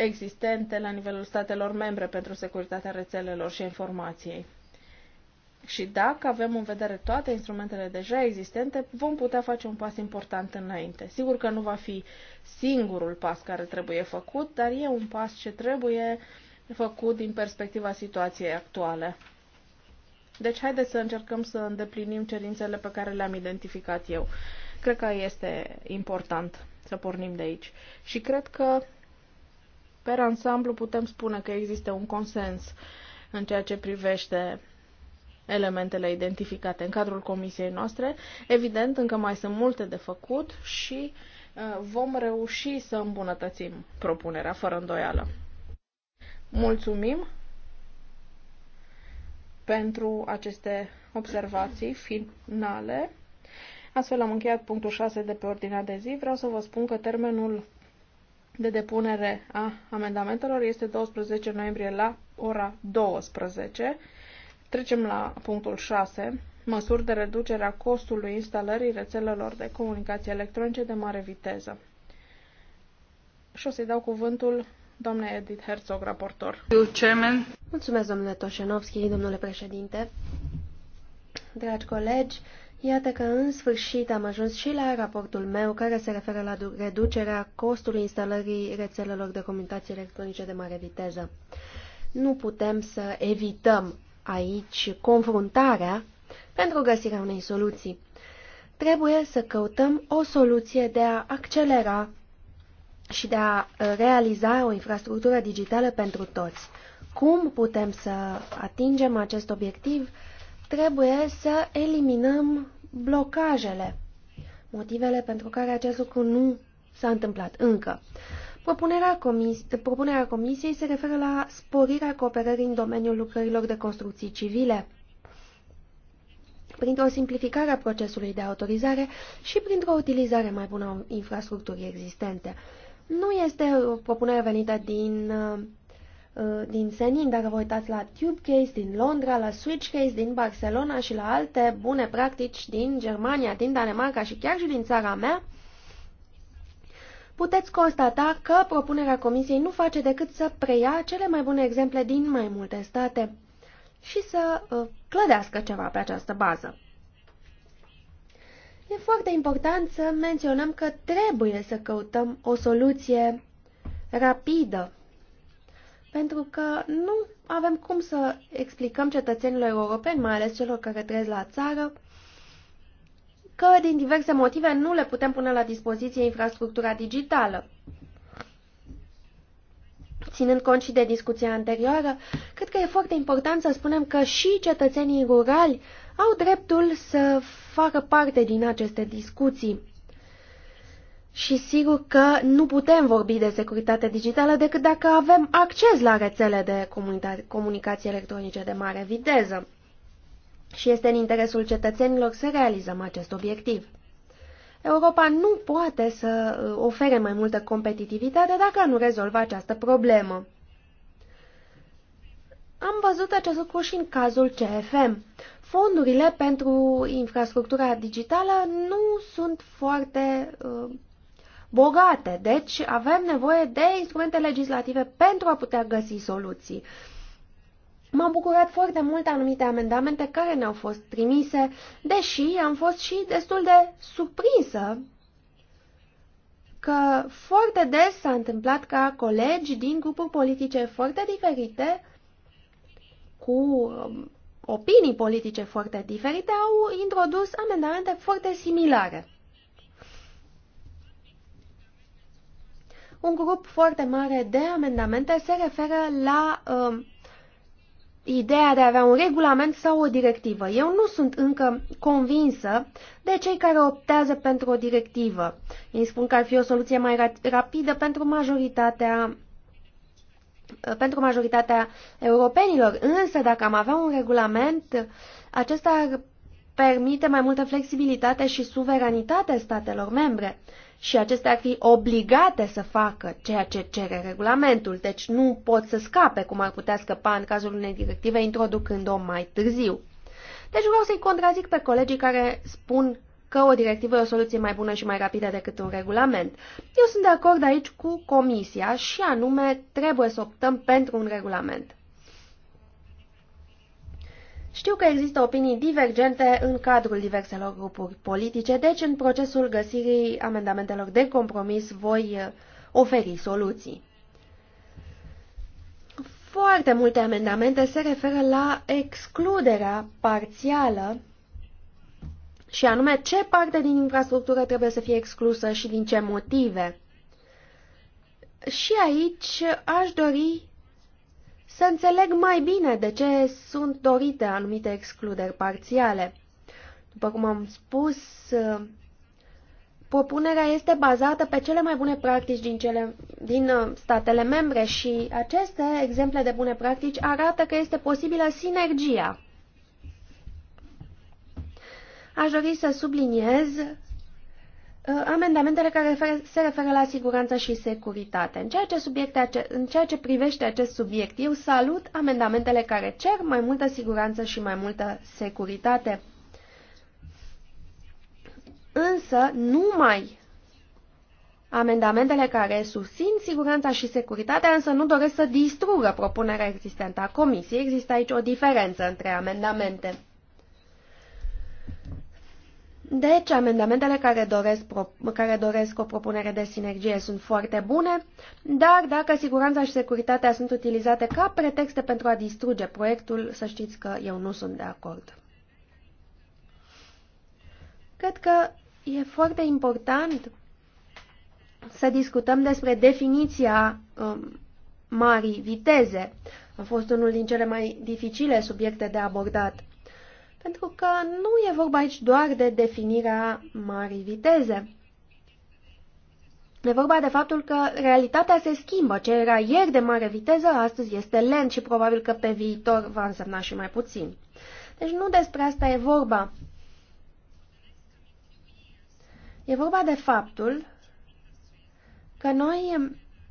existente la nivelul statelor membre pentru securitatea rețelelor și informației. Și dacă avem în vedere toate instrumentele deja existente, vom putea face un pas important înainte. Sigur că nu va fi singurul pas care trebuie făcut, dar e un pas ce trebuie făcut din perspectiva situației actuale. Deci haideți să încercăm să îndeplinim cerințele pe care le-am identificat eu. Cred că este important să pornim de aici. Și cred că Per ansamblu putem spune că există un consens în ceea ce privește elementele identificate în cadrul comisiei noastre. Evident, încă mai sunt multe de făcut și uh, vom reuși să îmbunătățim propunerea, fără îndoială. Mulțumim pentru aceste observații finale. Astfel am încheiat punctul 6 de pe ordinea de zi. Vreau să vă spun că termenul de depunere a amendamentelor este 12 noiembrie la ora 12. Trecem la punctul 6. Măsuri de reducere a costului instalării rețelelor de comunicații electronice de mare viteză. Și o să-i dau cuvântul doamnei Edith Herzog, raportor. Mulțumesc, domnule Toșenovski, domnule președinte. Dragi colegi, Iată că în sfârșit am ajuns și la raportul meu care se referă la reducerea costului instalării rețelelor de comunicații electronice de mare viteză. Nu putem să evităm aici confruntarea pentru găsirea unei soluții. Trebuie să căutăm o soluție de a accelera și de a ă, realiza o infrastructură digitală pentru toți. Cum putem să atingem acest obiectiv? Trebuie să eliminăm blocajele, motivele pentru care acest lucru nu s-a întâmplat încă. Propunerea, comis propunerea Comisiei se referă la sporirea cooperării în domeniul lucrărilor de construcții civile, printr-o simplificare a procesului de autorizare și printr-o utilizare mai bună a infrastructurii existente. Nu este o propunere venită din uh, Uh, din Senin, dacă vă uitați la Tubecase din Londra, la Switchcase din Barcelona și la alte bune practici din Germania, din Danemarca și chiar și din țara mea, puteți constata că propunerea Comisiei nu face decât să preia cele mai bune exemple din mai multe state și să uh, clădească ceva pe această bază. E foarte important să menționăm că trebuie să căutăm o soluție rapidă pentru că nu avem cum să explicăm cetățenilor europeni, mai ales celor care trăiesc la țară, că din diverse motive nu le putem pune la dispoziție infrastructura digitală. Ținând cont și de discuția anterioară, cred că e foarte important să spunem că și cetățenii rurali au dreptul să facă parte din aceste discuții. Și sigur că nu putem vorbi de securitate digitală decât dacă avem acces la rețele de comunicații electronice de mare viteză. Și este în interesul cetățenilor să realizăm acest obiectiv. Europa nu poate să uh, ofere mai multă competitivitate dacă nu rezolvă această problemă. Am văzut acest lucru și în cazul CFM. Fondurile pentru infrastructura digitală nu sunt foarte uh, bogate. Deci avem nevoie de instrumente legislative pentru a putea găsi soluții. M-am bucurat foarte mult anumite amendamente care ne-au fost trimise, deși am fost și destul de surprinsă că foarte des s-a întâmplat ca colegi din grupuri politice foarte diferite, cu um, opinii politice foarte diferite, au introdus amendamente foarte similare. un grup foarte mare de amendamente se referă la uh, ideea de a avea un regulament sau o directivă. Eu nu sunt încă convinsă de cei care optează pentru o directivă. Îmi spun că ar fi o soluție mai rapidă pentru majoritatea uh, pentru majoritatea europenilor, însă dacă am avea un regulament, acesta ar permite mai multă flexibilitate și suveranitate statelor membre și acestea ar fi obligate să facă ceea ce cere regulamentul, deci nu pot să scape cum ar putea scăpa în cazul unei directive introducând-o mai târziu. Deci vreau să-i contrazic pe colegii care spun că o directivă e o soluție mai bună și mai rapidă decât un regulament. Eu sunt de acord aici cu Comisia și anume trebuie să optăm pentru un regulament. Știu că există opinii divergente în cadrul diverselor grupuri politice, deci în procesul găsirii amendamentelor de compromis voi uh, oferi soluții. Foarte multe amendamente se referă la excluderea parțială și anume ce parte din infrastructură trebuie să fie exclusă și din ce motive. Și aici aș dori să înțeleg mai bine de ce sunt dorite anumite excluderi parțiale. După cum am spus, propunerea este bazată pe cele mai bune practici din, cele, din uh, statele membre și aceste exemple de bune practici arată că este posibilă sinergia. Aș dori să subliniez Uh, amendamentele care se referă la siguranță și securitate. În ceea, ce subiecte, în ceea ce privește acest subiect, eu salut amendamentele care cer mai multă siguranță și mai multă securitate. Însă, numai amendamentele care susțin siguranța și securitatea, însă nu doresc să distrugă propunerea existentă a Comisiei. Există aici o diferență între amendamente. Deci, amendamentele care doresc, care doresc o propunere de sinergie sunt foarte bune, dar dacă siguranța și securitatea sunt utilizate ca pretexte pentru a distruge proiectul, să știți că eu nu sunt de acord. Cred că e foarte important să discutăm despre definiția um, marii viteze. A fost unul din cele mai dificile subiecte de abordat pentru că nu e vorba aici doar de definirea marii viteze. E vorba de faptul că realitatea se schimbă. Ce era ieri de mare viteză, astăzi este lent și probabil că pe viitor va însemna și mai puțin. Deci nu despre asta e vorba. E vorba de faptul că noi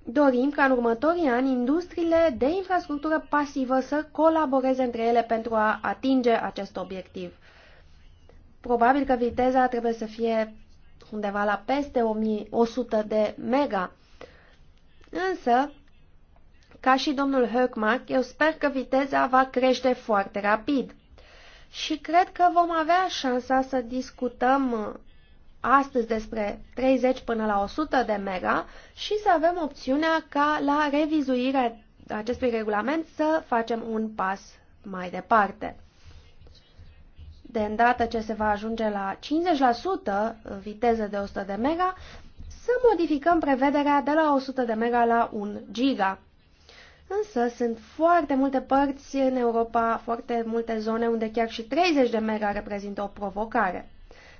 Dorim ca în următorii ani industriile de infrastructură pasivă să colaboreze între ele pentru a atinge acest obiectiv. Probabil că viteza trebuie să fie undeva la peste 1100 de mega. Însă, ca și domnul Höckmark, eu sper că viteza va crește foarte rapid. Și cred că vom avea șansa să discutăm astăzi despre 30 până la 100 de mega și să avem opțiunea ca la revizuirea acestui regulament să facem un pas mai departe. De îndată ce se va ajunge la 50% viteză de 100 de mega, să modificăm prevederea de la 100 de mega la 1 giga. Însă sunt foarte multe părți în Europa, foarte multe zone unde chiar și 30 de mega reprezintă o provocare.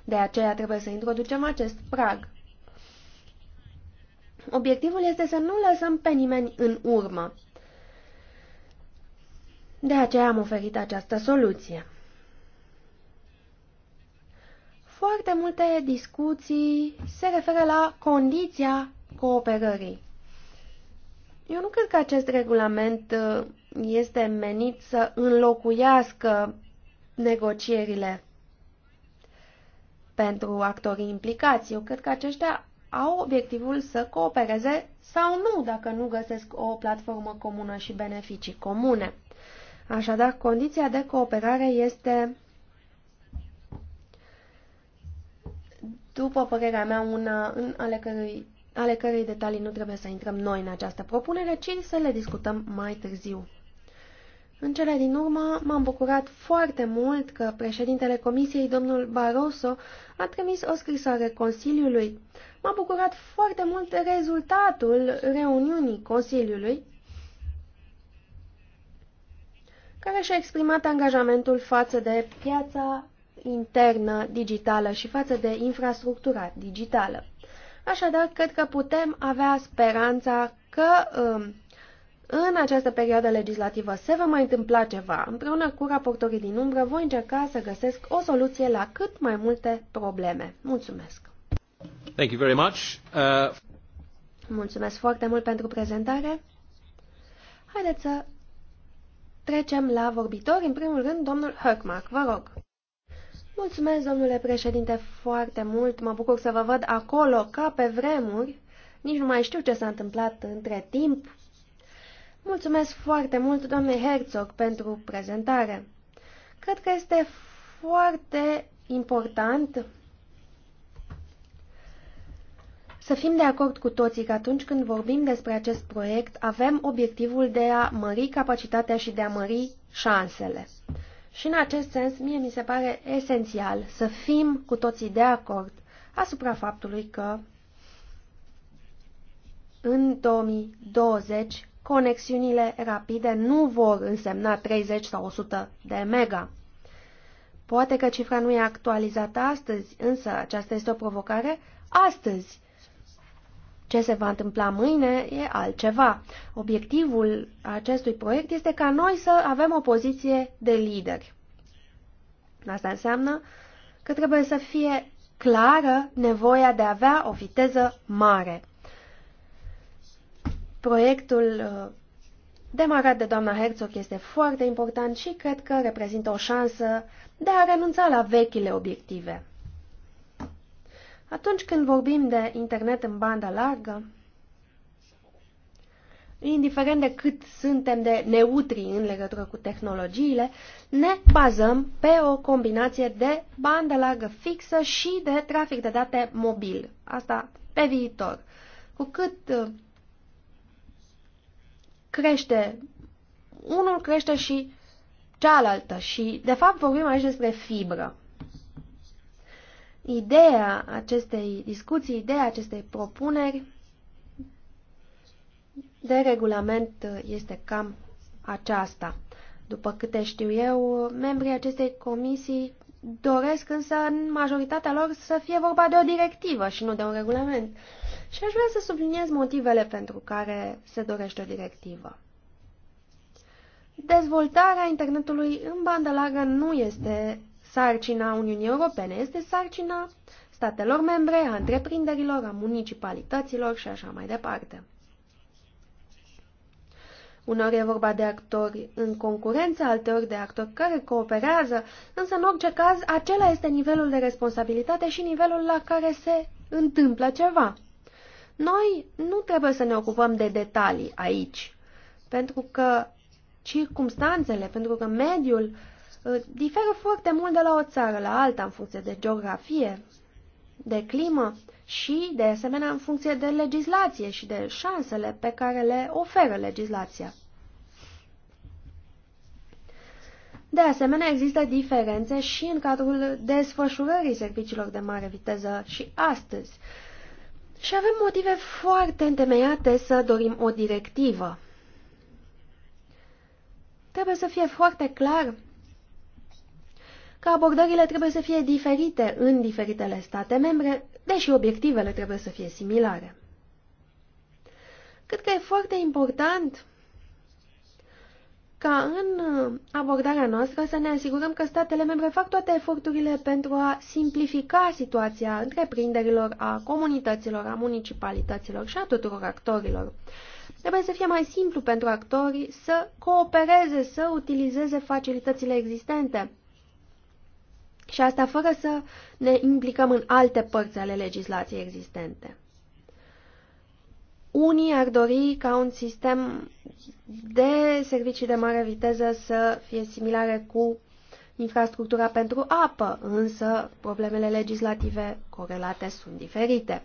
De aceea trebuie să introducem acest prag. Obiectivul este să nu lăsăm pe nimeni în urmă. De aceea am oferit această soluție. Foarte multe discuții se referă la condiția cooperării. Eu nu cred că acest regulament uh, este menit să înlocuiască negocierile pentru actorii implicați. Eu cred că aceștia au obiectivul să coopereze sau nu dacă nu găsesc o platformă comună și beneficii comune. Așadar, condiția de cooperare este, după părerea mea, una în ale cărui, ale cărei detalii nu trebuie să intrăm noi în această propunere, ci să le discutăm mai târziu. În cele din urmă, m-am bucurat foarte mult că președintele Comisiei, domnul Barroso, a trimis o scrisoare Consiliului. M-a bucurat foarte mult rezultatul reuniunii Consiliului, care și-a exprimat angajamentul față de piața internă digitală și față de infrastructura digitală. Așadar, cred că putem avea speranța că... Uh, în această perioadă legislativă se va mai întâmpla ceva. Împreună cu raportorii din umbră voi încerca să găsesc o soluție la cât mai multe probleme. Mulțumesc! Thank you very much. Uh... Mulțumesc foarte mult pentru prezentare. Haideți să trecem la vorbitori. În primul rând, domnul Hökmark, vă rog. Mulțumesc, domnule președinte, foarte mult. Mă bucur să vă văd acolo, ca pe vremuri. Nici nu mai știu ce s-a întâmplat între timp. Mulțumesc foarte mult, doamne Herzog, pentru prezentare. Cred că este foarte important să fim de acord cu toții că atunci când vorbim despre acest proiect, avem obiectivul de a mări capacitatea și de a mări șansele. Și în acest sens, mie mi se pare esențial să fim cu toții de acord asupra faptului că în 2020 conexiunile rapide nu vor însemna 30 sau 100 de mega. Poate că cifra nu e actualizată astăzi, însă aceasta este o provocare astăzi. Ce se va întâmpla mâine e altceva. Obiectivul acestui proiect este ca noi să avem o poziție de lideri. Asta înseamnă că trebuie să fie clară nevoia de a avea o viteză mare. Proiectul uh, demarat de doamna Herzog este foarte important și cred că reprezintă o șansă de a renunța la vechile obiective. Atunci când vorbim de internet în bandă largă, indiferent de cât suntem de neutri în legătură cu tehnologiile, ne bazăm pe o combinație de bandă largă fixă și de trafic de date mobil. Asta pe viitor. Cu cât uh, crește, unul crește și cealaltă și, de fapt, vorbim aici despre fibră. Ideea acestei discuții, ideea acestei propuneri de regulament este cam aceasta. După câte știu eu, membrii acestei comisii doresc însă în majoritatea lor să fie vorba de o directivă și nu de un regulament. Și aș vrea să subliniez motivele pentru care se dorește o directivă. Dezvoltarea internetului în bandă largă nu este sarcina Uniunii Europene, este sarcina statelor membre, a întreprinderilor, a municipalităților și așa mai departe. Uneori e vorba de actori în concurență, alteori de actori care cooperează, însă în orice caz acela este nivelul de responsabilitate și nivelul la care se întâmplă ceva. Noi nu trebuie să ne ocupăm de detalii aici, pentru că circumstanțele, pentru că mediul uh, diferă foarte mult de la o țară la alta în funcție de geografie, de climă, și, de asemenea, în funcție de legislație și de șansele pe care le oferă legislația. De asemenea, există diferențe și în cadrul desfășurării serviciilor de mare viteză și astăzi. Și avem motive foarte întemeiate să dorim o directivă. Trebuie să fie foarte clar că abordările trebuie să fie diferite în diferitele state membre deși obiectivele trebuie să fie similare. Cred că e foarte important ca în uh, abordarea noastră să ne asigurăm că statele membre fac toate eforturile pentru a simplifica situația întreprinderilor, a comunităților, a municipalităților și a tuturor actorilor. Trebuie să fie mai simplu pentru actorii să coopereze, să utilizeze facilitățile existente și asta fără să ne implicăm în alte părți ale legislației existente. Unii ar dori ca un sistem de servicii de mare viteză să fie similare cu infrastructura pentru apă, însă problemele legislative corelate sunt diferite.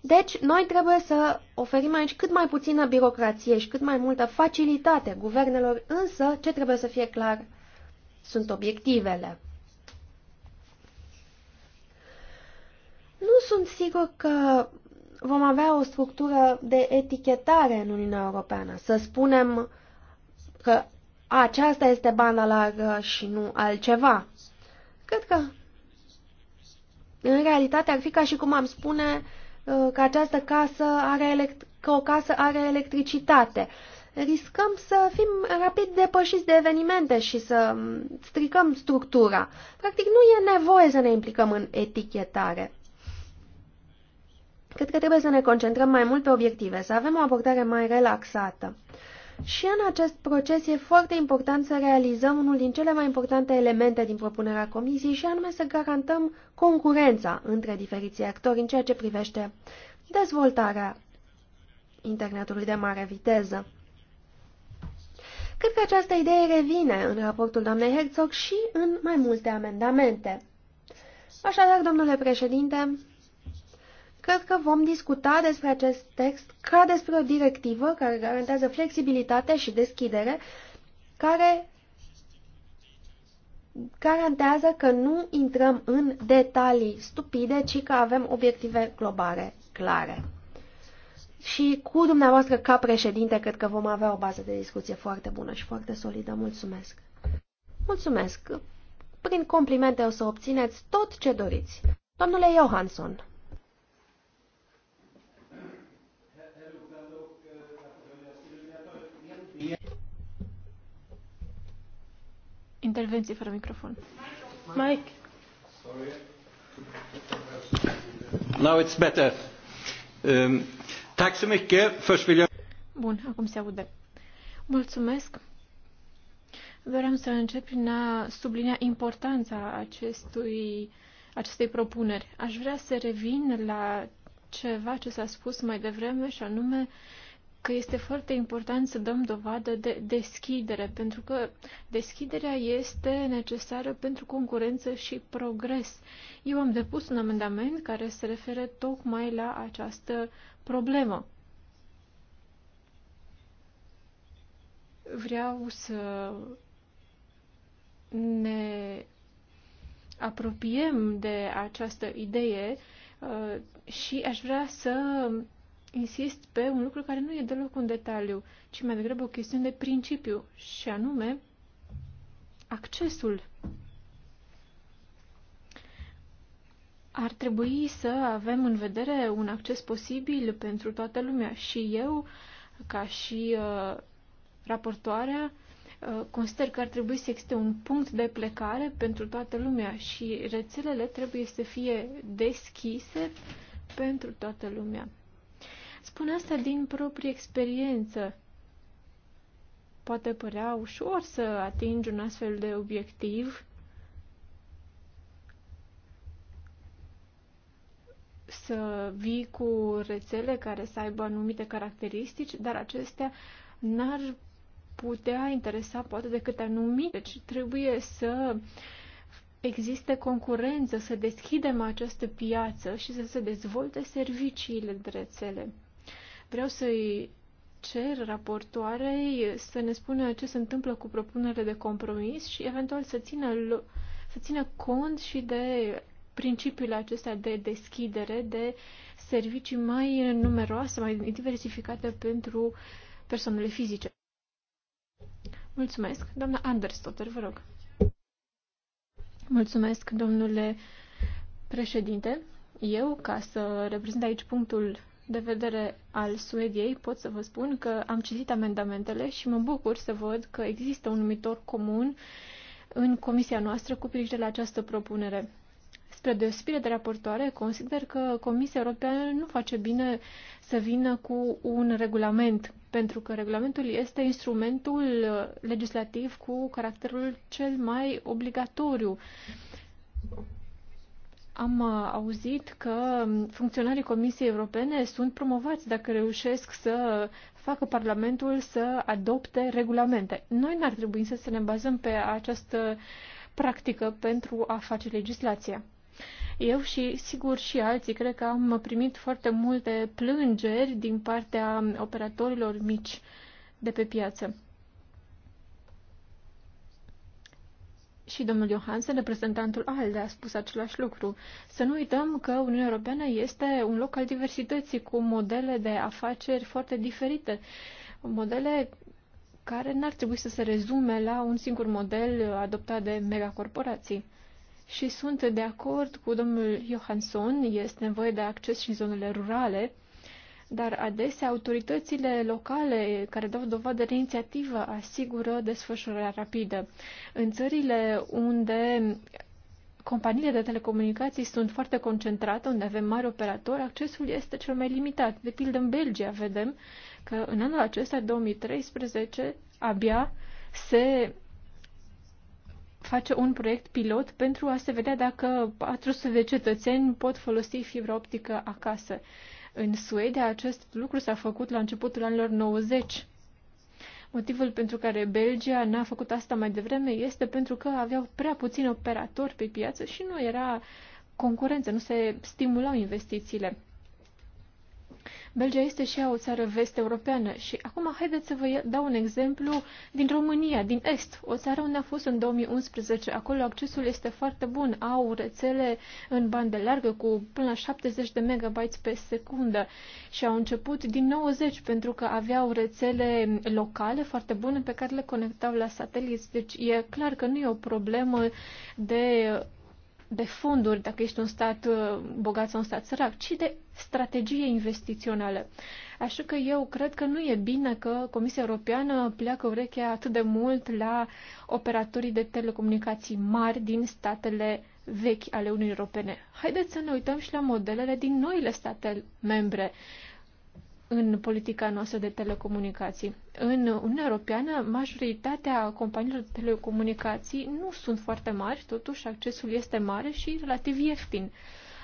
Deci, noi trebuie să oferim aici cât mai puțină birocrație și cât mai multă facilitate guvernelor, însă ce trebuie să fie clar sunt obiectivele. Nu sunt sigur că vom avea o structură de etichetare în Uniunea Europeană. Să spunem că aceasta este banda largă și nu altceva. Cred că în realitate ar fi ca și cum am spune uh, că această casă are că o casă are electricitate. Riscăm să fim rapid depășiți de evenimente și să mm, stricăm structura. Practic nu e nevoie să ne implicăm în etichetare. Cred că trebuie să ne concentrăm mai mult pe obiective, să avem o abordare mai relaxată. Și în acest proces e foarte important să realizăm unul din cele mai importante elemente din propunerea comisiei și anume să garantăm concurența între diferiții actori în ceea ce privește dezvoltarea internetului de mare viteză. Cred că această idee revine în raportul doamnei Herzog și în mai multe amendamente. Așadar, domnule președinte, Cred că vom discuta despre acest text ca despre o directivă care garantează flexibilitate și deschidere, care garantează că nu intrăm în detalii stupide, ci că avem obiective globale clare. Și cu dumneavoastră ca președinte, cred că vom avea o bază de discuție foarte bună și foarte solidă. Mulțumesc! Mulțumesc! Prin complimente o să obțineți tot ce doriți. Domnule Johansson! Intervenție fără microfon. Mike. Now it's better. Um, tack så mycket. Först vill jag... Bun, acum se aude. Mulțumesc. Vreau să încep prin a sublinia importanța acestui, acestei propuneri. Aș vrea să revin la ceva ce s-a spus mai devreme și anume uh, că este foarte important să dăm dovadă de deschidere, pentru că deschiderea este necesară pentru concurență și progres. Eu am depus un amendament care se referă tocmai la această problemă. Vreau să ne apropiem de această idee uh, și aș vrea să insist pe un lucru care nu e deloc un detaliu, ci mai degrabă o chestiune de principiu, și anume accesul. Ar trebui să avem în vedere un acces posibil pentru toată lumea și eu, ca și uh, raportoarea, uh, consider că ar trebui să existe un punct de plecare pentru toată lumea și rețelele trebuie să fie deschise pentru toată lumea. Spun asta din proprie experiență. Poate părea ușor să atingi un astfel de obiectiv, să vii cu rețele care să aibă anumite caracteristici, dar acestea n-ar putea interesa poate decât anumite. Deci trebuie să existe concurență, să deschidem această piață și să se dezvolte serviciile de rețele. Vreau să-i cer raportoarei să ne spună ce se întâmplă cu propunerile de compromis și eventual să țină, să țină cont și de principiul acesta de deschidere, de servicii mai numeroase, mai diversificate pentru persoanele fizice. Mulțumesc, doamna Anderstotter, vă rog. Mulțumesc, domnule președinte. Eu, ca să reprezint aici punctul de vedere al Suediei, pot să vă spun că am citit amendamentele și mă bucur să văd că există un numitor comun în comisia noastră cu privire la această propunere. Spre deosebire de raportoare, consider că Comisia Europeană nu face bine să vină cu un regulament, pentru că regulamentul este instrumentul legislativ cu caracterul cel mai obligatoriu am uh, auzit că um, funcționarii Comisiei Europene sunt promovați dacă reușesc să facă Parlamentul să adopte regulamente. Noi n-ar trebui să ne bazăm pe această practică pentru a face legislația. Eu și, sigur, și alții, cred că am primit foarte multe plângeri din partea operatorilor mici de pe piață. Și domnul Johansen, reprezentantul ALDE, a spus același lucru. Să nu uităm că Uniunea Europeană este un loc al diversității, cu modele de afaceri foarte diferite. Modele care n-ar trebui să se rezume la un singur model adoptat de megacorporații. Și sunt de acord cu domnul Johansson, este nevoie de acces și în zonele rurale, dar adesea autoritățile locale care dau dovadă de inițiativă asigură desfășurarea rapidă. În țările unde companiile de telecomunicații sunt foarte concentrate, unde avem mari operatori, accesul este cel mai limitat. De pildă în Belgia vedem că în anul acesta, 2013, abia se face un proiect pilot pentru a se vedea dacă 400 de cetățeni pot folosi fibra optică acasă. În Suedia acest lucru s-a făcut la începutul anilor 90. Motivul pentru care Belgia n-a făcut asta mai devreme este pentru că aveau prea puțini operatori pe piață și nu era concurență, nu se stimulau investițiile. Belgia este și ea o țară vest-europeană și acum haideți să vă dau un exemplu din România, din Est, o țară unde a fost în 2011. Acolo accesul este foarte bun, au rețele în bandă largă cu până la 70 de megabytes pe secundă și au început din 90 pentru că aveau rețele locale foarte bune pe care le conectau la sateliți. Deci e clar că nu e o problemă de de fonduri, dacă ești un stat uh, bogat sau un stat sărac, ci de strategie investițională. Așa că eu cred că nu e bine că Comisia Europeană pleacă urechea atât de mult la operatorii de telecomunicații mari din statele vechi ale Uniunii Europene. Haideți să ne uităm și la modelele din noile state membre în politica noastră de telecomunicații. În Uniunea Europeană, majoritatea companiilor de telecomunicații nu sunt foarte mari, totuși accesul este mare și relativ ieftin.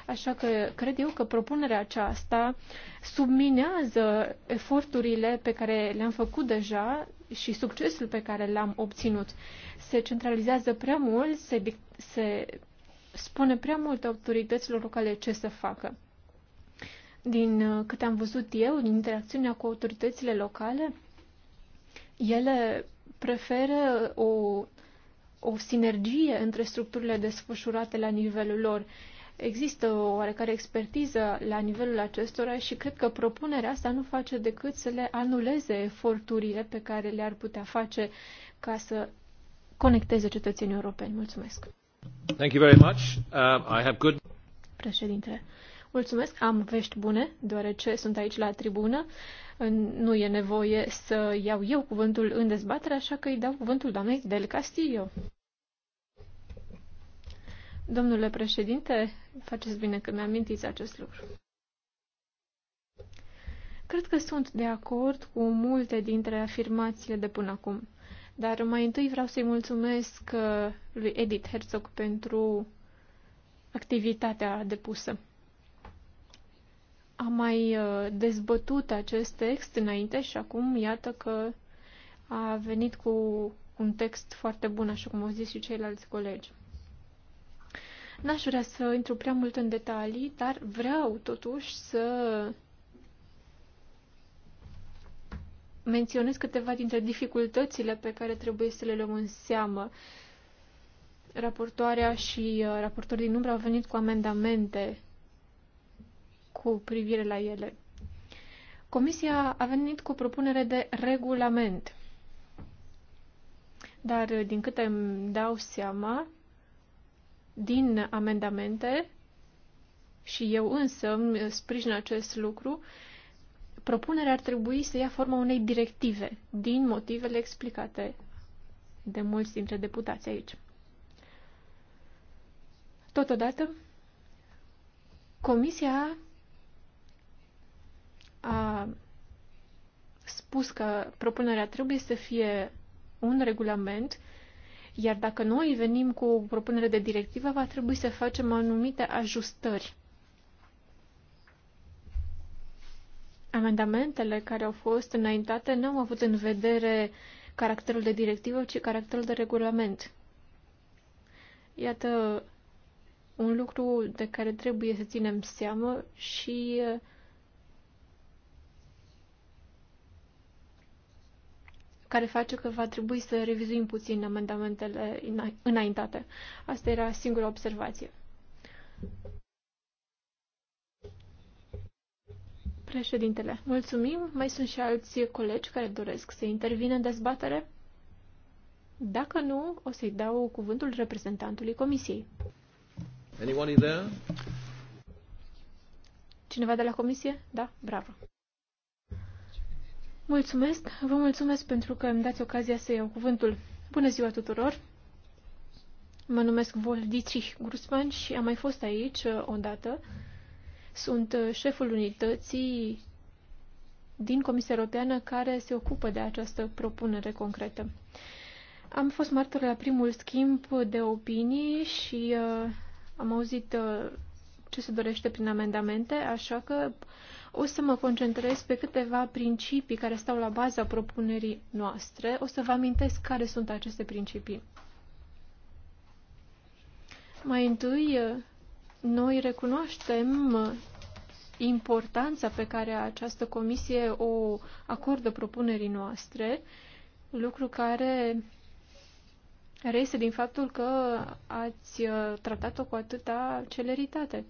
Așa că cred eu că propunerea aceasta subminează eforturile pe care le-am făcut deja și succesul pe care l-am obținut. Se centralizează prea mult, se, se spune prea mult autorităților locale ce să facă. Din uh, câte am văzut eu, din interacțiunea cu autoritățile locale, ele preferă o, o sinergie între structurile desfășurate la nivelul lor. Există o oarecare expertiză la nivelul acestora și cred că propunerea asta nu face decât să le anuleze eforturile pe care le-ar putea face ca să conecteze cetățenii europeni. Mulțumesc. Thank you very much. Uh, I have good... Președintele. Mulțumesc, am vești bune, deoarece sunt aici la tribună. Nu e nevoie să iau eu cuvântul în dezbatere, așa că îi dau cuvântul doamnei Del Castillo. Domnule președinte, faceți bine că mi-amintiți acest lucru. Cred că sunt de acord cu multe dintre afirmațiile de până acum, dar mai întâi vreau să-i mulțumesc uh, lui Edith Herzog pentru activitatea depusă am mai uh, dezbătut acest text înainte și acum iată că a venit cu un text foarte bun, așa cum au zis și ceilalți colegi. N-aș vrea să intru prea mult în detalii, dar vreau totuși să menționez câteva dintre dificultățile pe care trebuie să le luăm în seamă. Raportoarea și uh, raportorii din umbră au venit cu amendamente cu privire la ele. Comisia a venit cu propunere de regulament. Dar, din câte îmi dau seama, din amendamente, și eu însă sprijin acest lucru, propunerea ar trebui să ia forma unei directive, din motivele explicate de mulți dintre deputați aici. Totodată, Comisia a spus că propunerea trebuie să fie un regulament, iar dacă noi venim cu o propunere de directivă, va trebui să facem anumite ajustări. Amendamentele care au fost înaintate nu au avut în vedere caracterul de directivă, ci caracterul de regulament. Iată un lucru de care trebuie să ținem seamă și uh, care face că va trebui să revizuim puțin amendamentele înaintate. Asta era singura observație. Președintele, mulțumim. Mai sunt și alți colegi care doresc să intervină în dezbatere? Dacă nu, o să-i dau cuvântul reprezentantului comisiei. Cineva de la comisie? Da, bravo. Mulțumesc, vă mulțumesc pentru că îmi dați ocazia să iau cuvântul. Bună ziua tuturor! Mă numesc Voldicich Grusman și am mai fost aici uh, odată. Sunt uh, șeful unității din Comisia Europeană care se ocupă de această propunere concretă. Am fost martor la primul schimb de opinii și uh, am auzit uh, ce se dorește prin amendamente, așa că o să mă concentrez pe câteva principii care stau la baza propunerii noastre. O să vă amintesc care sunt aceste principii. Mai întâi, noi recunoaștem importanța pe care această comisie o acordă propunerii noastre, lucru care reiese din faptul că ați tratat-o cu atâta celeritate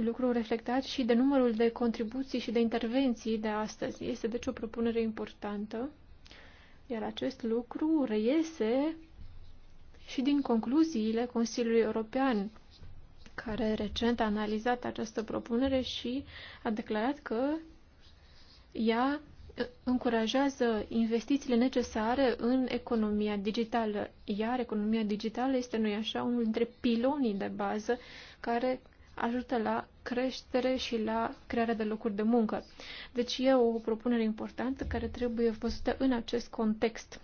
lucru reflectat și de numărul de contribuții și de intervenții de astăzi. Este deci o propunere importantă, iar acest lucru reiese și din concluziile Consiliului European, care recent a analizat această propunere și a declarat că ea încurajează investițiile necesare în economia digitală, iar economia digitală este, nu-i așa, unul dintre pilonii de bază care ajută la creștere și la crearea de locuri de muncă. Deci e o propunere importantă care trebuie văzută în acest context.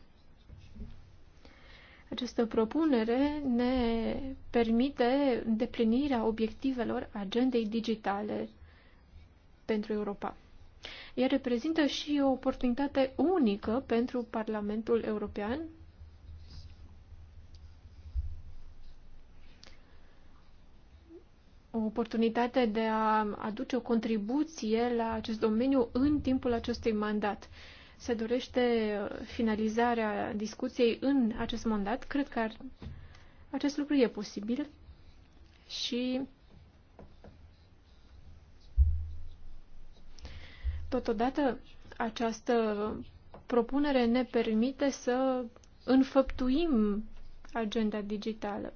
Această propunere ne permite îndeplinirea obiectivelor agendei digitale pentru Europa. Ea reprezintă și o oportunitate unică pentru Parlamentul European o oportunitate de a aduce o contribuție la acest domeniu în timpul acestui mandat. Se dorește uh, finalizarea discuției în acest mandat. Cred că ar, acest lucru e posibil și totodată această propunere ne permite să înfăptuim agenda digitală.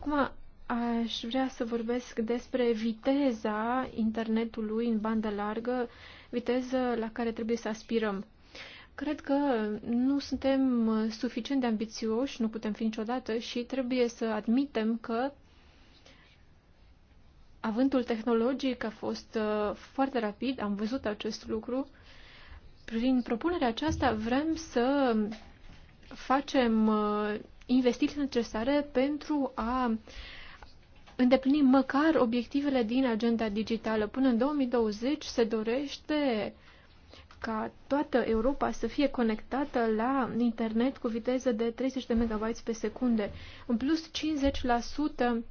Acum aș vrea să vorbesc despre viteza internetului în bandă largă, viteză la care trebuie să aspirăm. Cred că nu suntem suficient de ambițioși, nu putem fi niciodată și trebuie să admitem că avântul tehnologic a fost uh, foarte rapid, am văzut acest lucru. Prin propunerea aceasta vrem să facem uh, investiții necesare pentru a îndeplini măcar obiectivele din agenda digitală. Până în 2020 se dorește ca toată Europa să fie conectată la internet cu viteză de 30 de MB pe secunde. În plus, 50%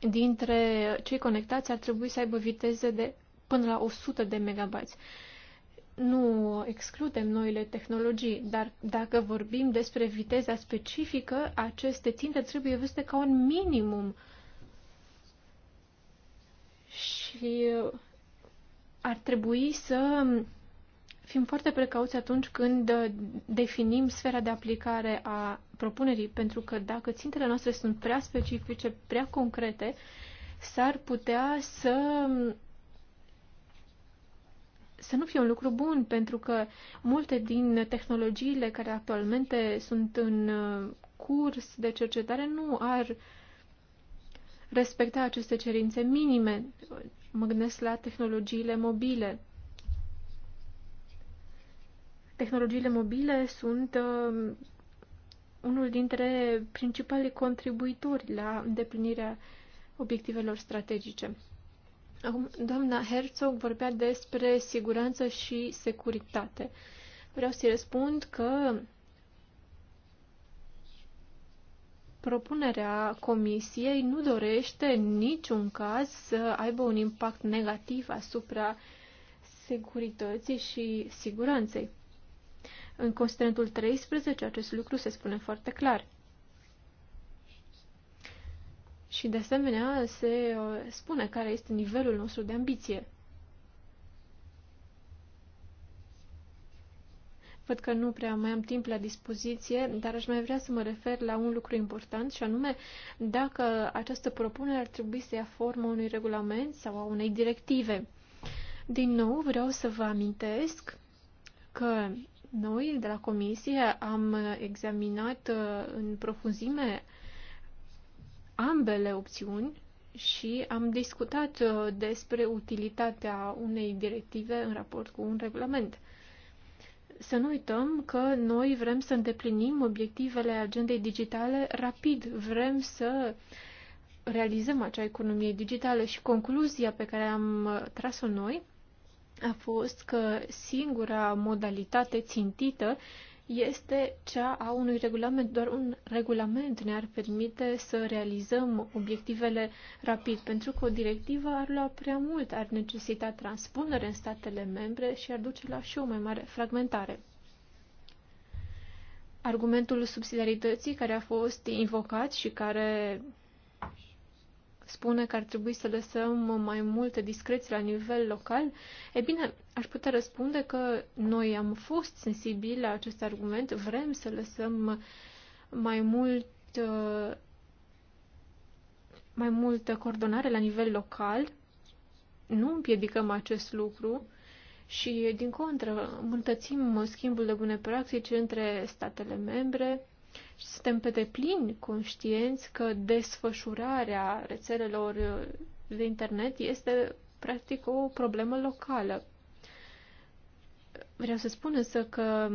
dintre cei conectați ar trebui să aibă viteze de până la 100 de megabytes nu excludem noile tehnologii, dar dacă vorbim despre viteza specifică, aceste ținte trebuie văzute ca un minimum. Și ar trebui să fim foarte precauți atunci când definim sfera de aplicare a propunerii, pentru că dacă țintele noastre sunt prea specifice, prea concrete, s-ar putea să să nu fie un lucru bun, pentru că multe din tehnologiile care actualmente sunt în uh, curs de cercetare nu ar respecta aceste cerințe minime. Mă gândesc la tehnologiile mobile. Tehnologiile mobile sunt uh, unul dintre principalii contribuitori la îndeplinirea obiectivelor strategice. Acum, doamna Herzog vorbea despre siguranță și securitate. Vreau să-i răspund că propunerea comisiei nu dorește în niciun caz să aibă un impact negativ asupra securității și siguranței. În considerentul 13 acest lucru se spune foarte clar. Și de asemenea se uh, spune care este nivelul nostru de ambiție. Văd că nu prea mai am timp la dispoziție, dar aș mai vrea să mă refer la un lucru important și anume dacă această propunere ar trebui să ia formă unui regulament sau a unei directive. Din nou vreau să vă amintesc că noi de la comisie am examinat uh, în profunzime ambele opțiuni și am discutat uh, despre utilitatea unei directive în raport cu un regulament. Să nu uităm că noi vrem să îndeplinim obiectivele agendei digitale rapid, vrem să realizăm acea economie digitală și concluzia pe care am uh, tras-o noi a fost că singura modalitate țintită este cea a unui regulament. Doar un regulament ne-ar permite să realizăm obiectivele rapid, pentru că o directivă ar lua prea mult, ar necesita transpunere în statele membre și ar duce la și o mai mare fragmentare. Argumentul subsidiarității care a fost invocat și care spune că ar trebui să lăsăm mai multe discreții la nivel local, e bine, aș putea răspunde că noi am fost sensibili la acest argument, vrem să lăsăm mai mult mai multă coordonare la nivel local, nu împiedicăm acest lucru și, din contră, îmbunătățim schimbul de bune practici între statele membre, și suntem pe deplin conștienți că desfășurarea rețelelor de internet este practic o problemă locală. Vreau să spun însă că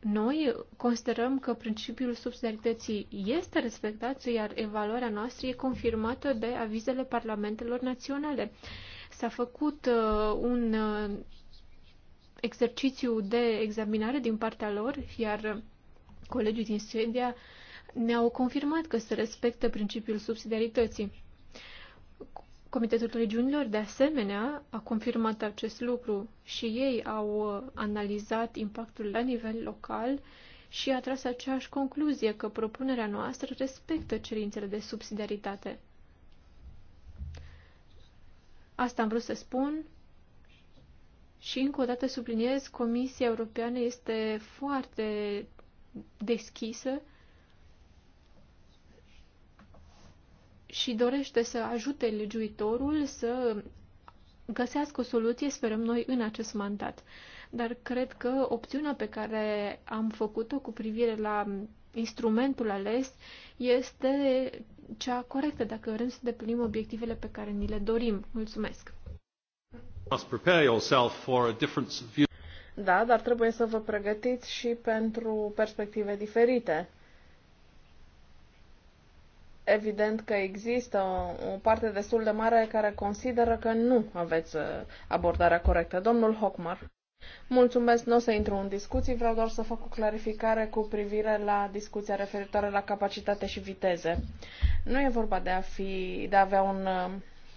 noi considerăm că principiul subsidiarității este respectat, iar evaluarea noastră e confirmată de avizele parlamentelor naționale. S-a făcut uh, un uh, exercițiu de examinare din partea lor, iar Colegii din Suedia ne-au confirmat că se respectă principiul subsidiarității. Comitetul Regiunilor, de asemenea, a confirmat acest lucru și ei au analizat impactul la nivel local și a tras aceeași concluzie că propunerea noastră respectă cerințele de subsidiaritate. Asta am vrut să spun și încă o dată subliniez, Comisia Europeană este foarte deschisă și dorește să ajute legiuitorul să găsească o soluție, sperăm noi, în acest mandat. Dar cred că opțiunea pe care am făcut-o cu privire la instrumentul ales este cea corectă dacă vrem să deplinim obiectivele pe care ni le dorim. Mulțumesc! Da, dar trebuie să vă pregătiți și pentru perspective diferite. Evident că există o, parte destul de mare care consideră că nu aveți uh, abordarea corectă. Domnul Hockmar. Mulțumesc, nu o să intru în discuții, vreau doar să fac o clarificare cu privire la discuția referitoare la capacitate și viteze. Nu e vorba de a, fi, de a avea un uh,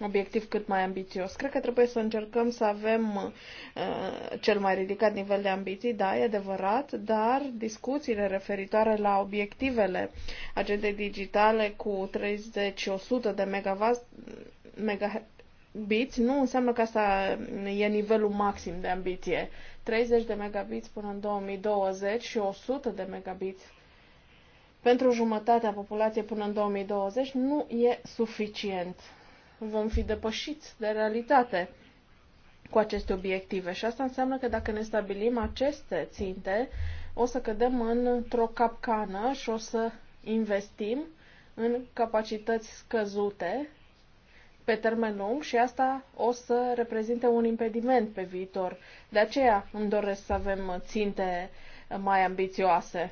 obiectiv cât mai ambițios. Cred că trebuie să încercăm să avem uh, cel mai ridicat nivel de ambiții, da, e adevărat, dar discuțiile referitoare la obiectivele agendei digitale cu 30 100 de megawatt, megabits nu înseamnă că asta e nivelul maxim de ambiție. 30 de megabits până în 2020 și 100 de megabits pentru jumătatea populației până în 2020 nu e suficient vom fi depășiți de realitate cu aceste obiective. Și asta înseamnă că dacă ne stabilim aceste ținte, o să cădem într-o capcană și o să investim în capacități scăzute pe termen lung și asta o să reprezinte un impediment pe viitor. De aceea îmi doresc să avem ținte mai ambițioase.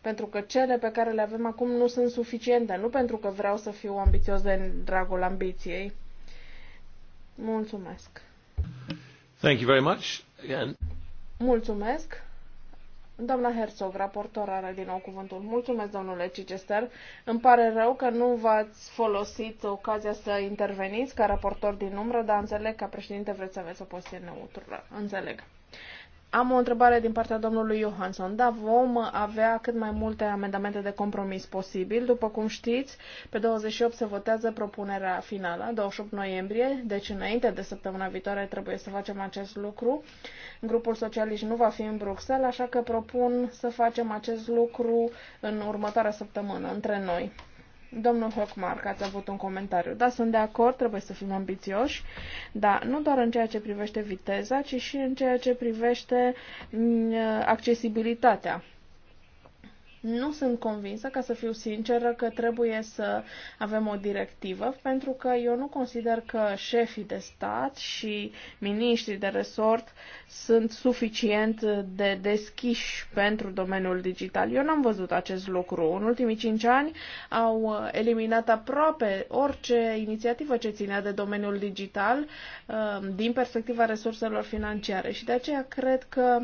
Pentru că cele pe care le avem acum nu sunt suficiente, nu pentru că vreau să fiu ambițios de dragul ambiției. Mulțumesc. Thank you very much. Again. Mulțumesc. Doamna Herzog, raportor, are din nou cuvântul. Mulțumesc, domnule Cicester. Îmi pare rău că nu v-ați folosit ocazia să interveniți ca raportor din umbră, dar înțeleg că președinte vreți să aveți o poziție neutră. Înțeleg. Am o întrebare din partea domnului Johansson. Da, vom avea cât mai multe amendamente de compromis posibil. După cum știți, pe 28 se votează propunerea finală, 28 noiembrie, deci înainte de săptămâna viitoare trebuie să facem acest lucru. Grupul Socialist nu va fi în Bruxelles, așa că propun să facem acest lucru în următoarea săptămână, între noi. Domnul Hockmark ați avut un comentariu. Da, sunt de acord, trebuie să fim ambițioși, dar nu doar în ceea ce privește viteza, ci și în ceea ce privește mm, accesibilitatea. Nu sunt convinsă, ca să fiu sinceră, că trebuie să avem o directivă, pentru că eu nu consider că șefii de stat și miniștrii de resort sunt suficient de deschiși pentru domeniul digital. Eu n-am văzut acest lucru. În ultimii cinci ani au eliminat aproape orice inițiativă ce ținea de domeniul digital uh, din perspectiva resurselor financiare și de aceea cred că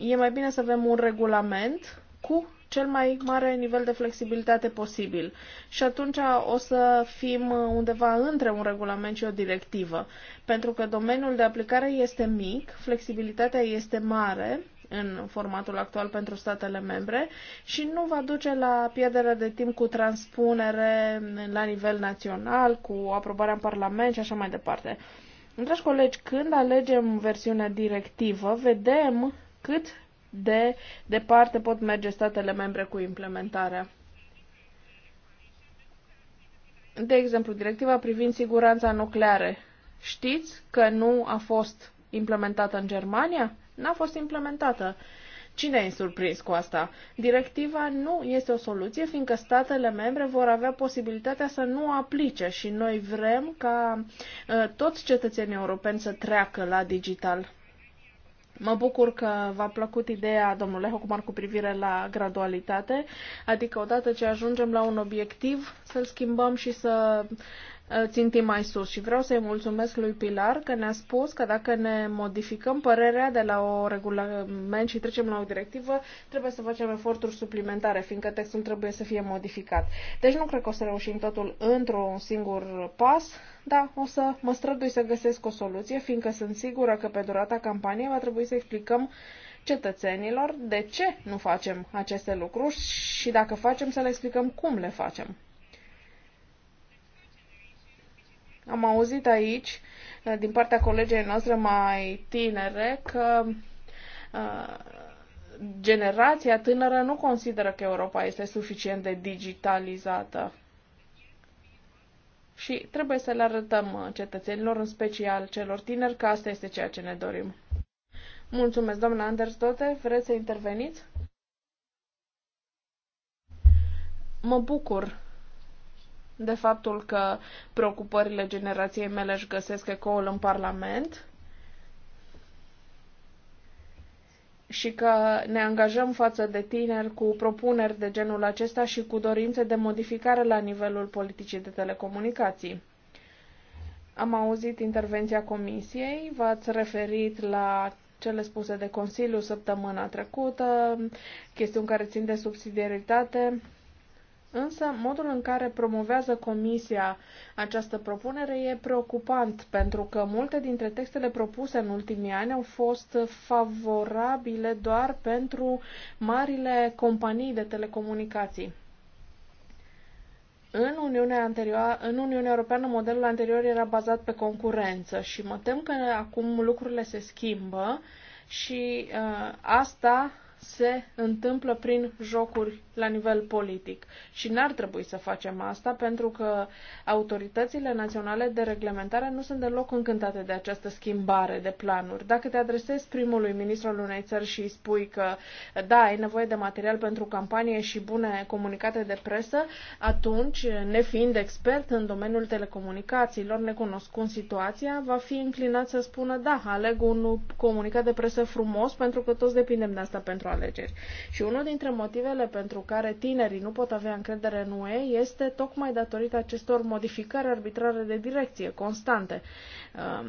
e mai bine să avem un regulament cu cel mai mare nivel de flexibilitate posibil. Și atunci o să fim undeva între un regulament și o directivă, pentru că domeniul de aplicare este mic, flexibilitatea este mare în formatul actual pentru statele membre și nu va duce la pierderea de timp cu transpunere la nivel național, cu aprobarea în Parlament și așa mai departe. Dragi colegi, când alegem versiunea directivă, vedem cât de departe pot merge statele membre cu implementarea. De exemplu, directiva privind siguranța nucleară. Știți că nu a fost implementată în Germania? N-a fost implementată. Cine e surprins cu asta? Directiva nu este o soluție, fiindcă statele membre vor avea posibilitatea să nu o aplice și noi vrem ca uh, toți cetățenii europeni să treacă la digital. Mă bucur că v-a plăcut ideea, domnule Hocumar, cu privire la gradualitate, adică odată ce ajungem la un obiectiv, să-l schimbăm și să Uh, țintim mai sus și vreau să-i mulțumesc lui Pilar că ne-a spus că dacă ne modificăm părerea de la o regulament și trecem la o directivă, trebuie să facem eforturi suplimentare, fiindcă textul trebuie să fie modificat. Deci nu cred că o să reușim totul într-un singur pas, da, o să mă strădui să găsesc o soluție, fiindcă sunt sigură că pe durata campaniei va trebui să explicăm cetățenilor de ce nu facem aceste lucruri și dacă facem să le explicăm cum le facem. Am auzit aici, uh, din partea colegei noastre mai tinere, că uh, generația tânără nu consideră că Europa este suficient de digitalizată. Și trebuie să le arătăm uh, cetățenilor, în special celor tineri, că asta este ceea ce ne dorim. Mulțumesc, doamna Anders Dote. Vreți să interveniți? Mă bucur de faptul că preocupările generației mele își găsesc ecoul în Parlament și că ne angajăm față de tineri cu propuneri de genul acesta și cu dorințe de modificare la nivelul politicii de telecomunicații. Am auzit intervenția Comisiei, v-ați referit la cele spuse de Consiliu săptămâna trecută, chestiuni care țin de subsidiaritate, Însă, modul în care promovează Comisia această propunere e preocupant, pentru că multe dintre textele propuse în ultimii ani au fost favorabile doar pentru marile companii de telecomunicații. În Uniunea, anterioară, în Uniunea Europeană, modelul anterior era bazat pe concurență și mă tem că acum lucrurile se schimbă și uh, asta se întâmplă prin jocuri la nivel politic. Și n-ar trebui să facem asta pentru că autoritățile naționale de reglementare nu sunt deloc încântate de această schimbare de planuri. Dacă te adresezi primului ministru al unei țări și îi spui că da, ai nevoie de material pentru campanie și bune comunicate de presă, atunci, nefiind expert în domeniul telecomunicațiilor, necunoscând situația, va fi înclinat să spună da, aleg un comunicat de presă frumos pentru că toți depindem de asta pentru alegeri. Și unul dintre motivele pentru care tinerii nu pot avea încredere în UE este tocmai datorită acestor modificări arbitrare de direcție, constante. Um,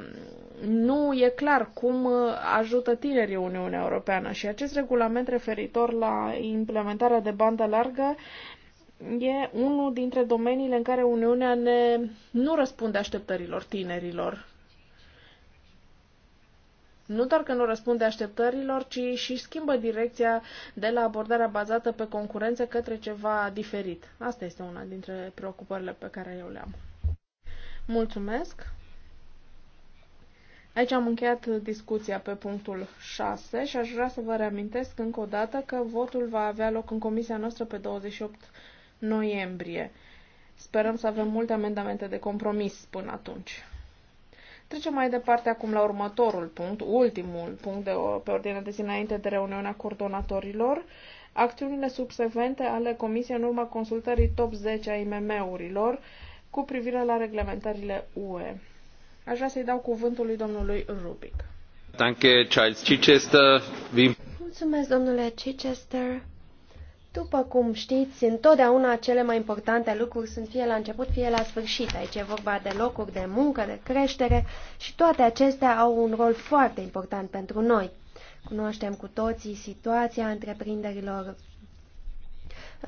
nu e clar cum ajută tinerii Uniunea Europeană și acest regulament referitor la implementarea de bandă largă e unul dintre domeniile în care Uniunea ne nu răspunde așteptărilor tinerilor nu doar că nu răspunde așteptărilor, ci și schimbă direcția de la abordarea bazată pe concurență către ceva diferit. Asta este una dintre preocupările pe care eu le-am. Mulțumesc! Aici am încheiat discuția pe punctul 6 și aș vrea să vă reamintesc încă o dată că votul va avea loc în comisia noastră pe 28 noiembrie. Sperăm să avem multe amendamente de compromis până atunci. Trecem mai departe acum la următorul punct, ultimul punct de, pe ordine de zi înainte de reuniunea coordonatorilor, acțiunile subsecvente ale Comisiei în urma consultării top 10 a IMM-urilor cu privire la reglementările UE. Aș vrea să-i dau cuvântul lui domnului Rubic. Mulțumesc, domnule Chichester. După cum știți, întotdeauna cele mai importante lucruri sunt fie la început, fie la sfârșit. Aici e vorba de locuri de muncă, de creștere și toate acestea au un rol foarte important pentru noi. Cunoaștem cu toții situația întreprinderilor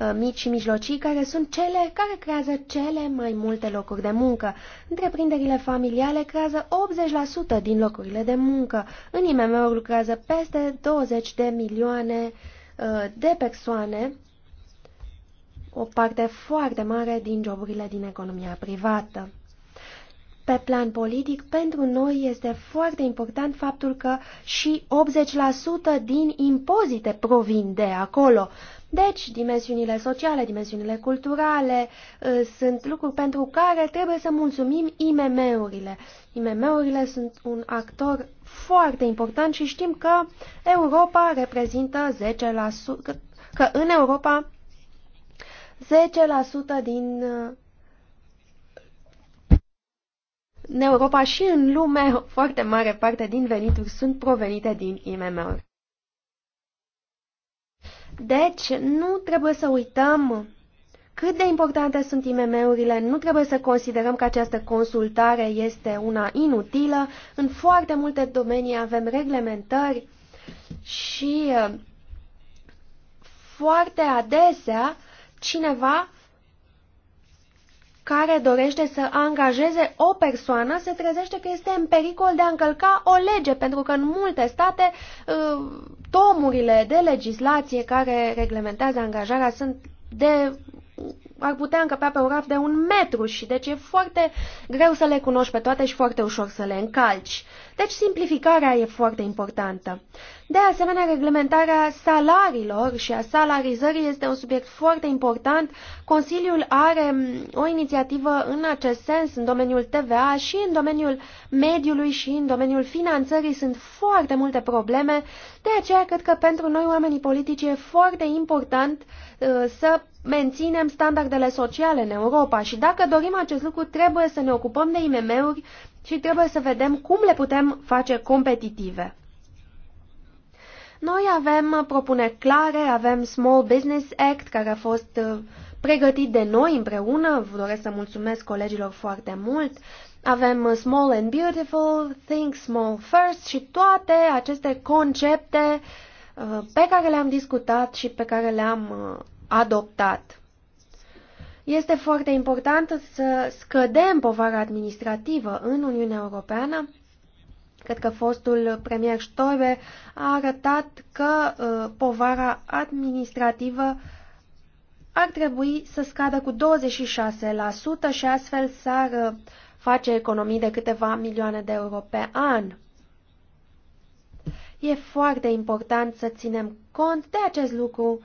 uh, mici și mijlocii, care sunt cele care creează cele mai multe locuri de muncă. Întreprinderile familiale creează 80% din locurile de muncă. În IMM-uri lucrează peste 20 de milioane uh, Uh, de persoane o parte foarte mare din joburile din economia privată. Pe plan politic, pentru noi este foarte important faptul că și 80% din impozite provin de acolo. Deci, dimensiunile sociale, dimensiunile culturale uh, sunt lucruri pentru care trebuie să mulțumim IMM-urile. IMM-urile sunt un actor foarte important și știm că Europa reprezintă 10%, că în Europa 10% din uh, în Europa și în lume o foarte mare parte din venituri sunt provenite din IMM-uri. Deci, nu trebuie să uităm cât de importante sunt IMM-urile, nu trebuie să considerăm că această consultare este una inutilă. În foarte multe domenii avem reglementări și eh, foarte adesea cineva care dorește să angajeze o persoană se trezește că este în pericol de a încălca o lege, pentru că în multe state uh, tomurile de legislație care reglementează angajarea sunt de ar putea încăpea pe un raft de un metru și deci e foarte greu să le cunoști pe toate și foarte ușor să le încalci. Deci simplificarea e foarte importantă. De asemenea, reglementarea salariilor și a salarizării este un subiect foarte important. Consiliul are o inițiativă în acest sens în domeniul TVA și în domeniul mediului și în domeniul finanțării sunt foarte multe probleme. De aceea, cred că pentru noi, oamenii politici, e foarte important uh, să menținem standardele sociale în Europa și dacă dorim acest lucru, trebuie să ne ocupăm de IMM-uri, și trebuie să vedem cum le putem face competitive. Noi avem propuneri clare, avem Small Business Act care a fost uh, pregătit de noi împreună, vă doresc să mulțumesc colegilor foarte mult, avem uh, Small and Beautiful, Think Small First și toate aceste concepte uh, pe care le-am discutat și pe care le-am adoptat. Este foarte important să scădem povara administrativă în Uniunea Europeană. Cred că fostul premier Stoibe a arătat că uh, povara administrativă ar trebui să scadă cu 26% și astfel s-ar uh, face economii de câteva milioane de euro pe an. E foarte important să ținem cont de acest lucru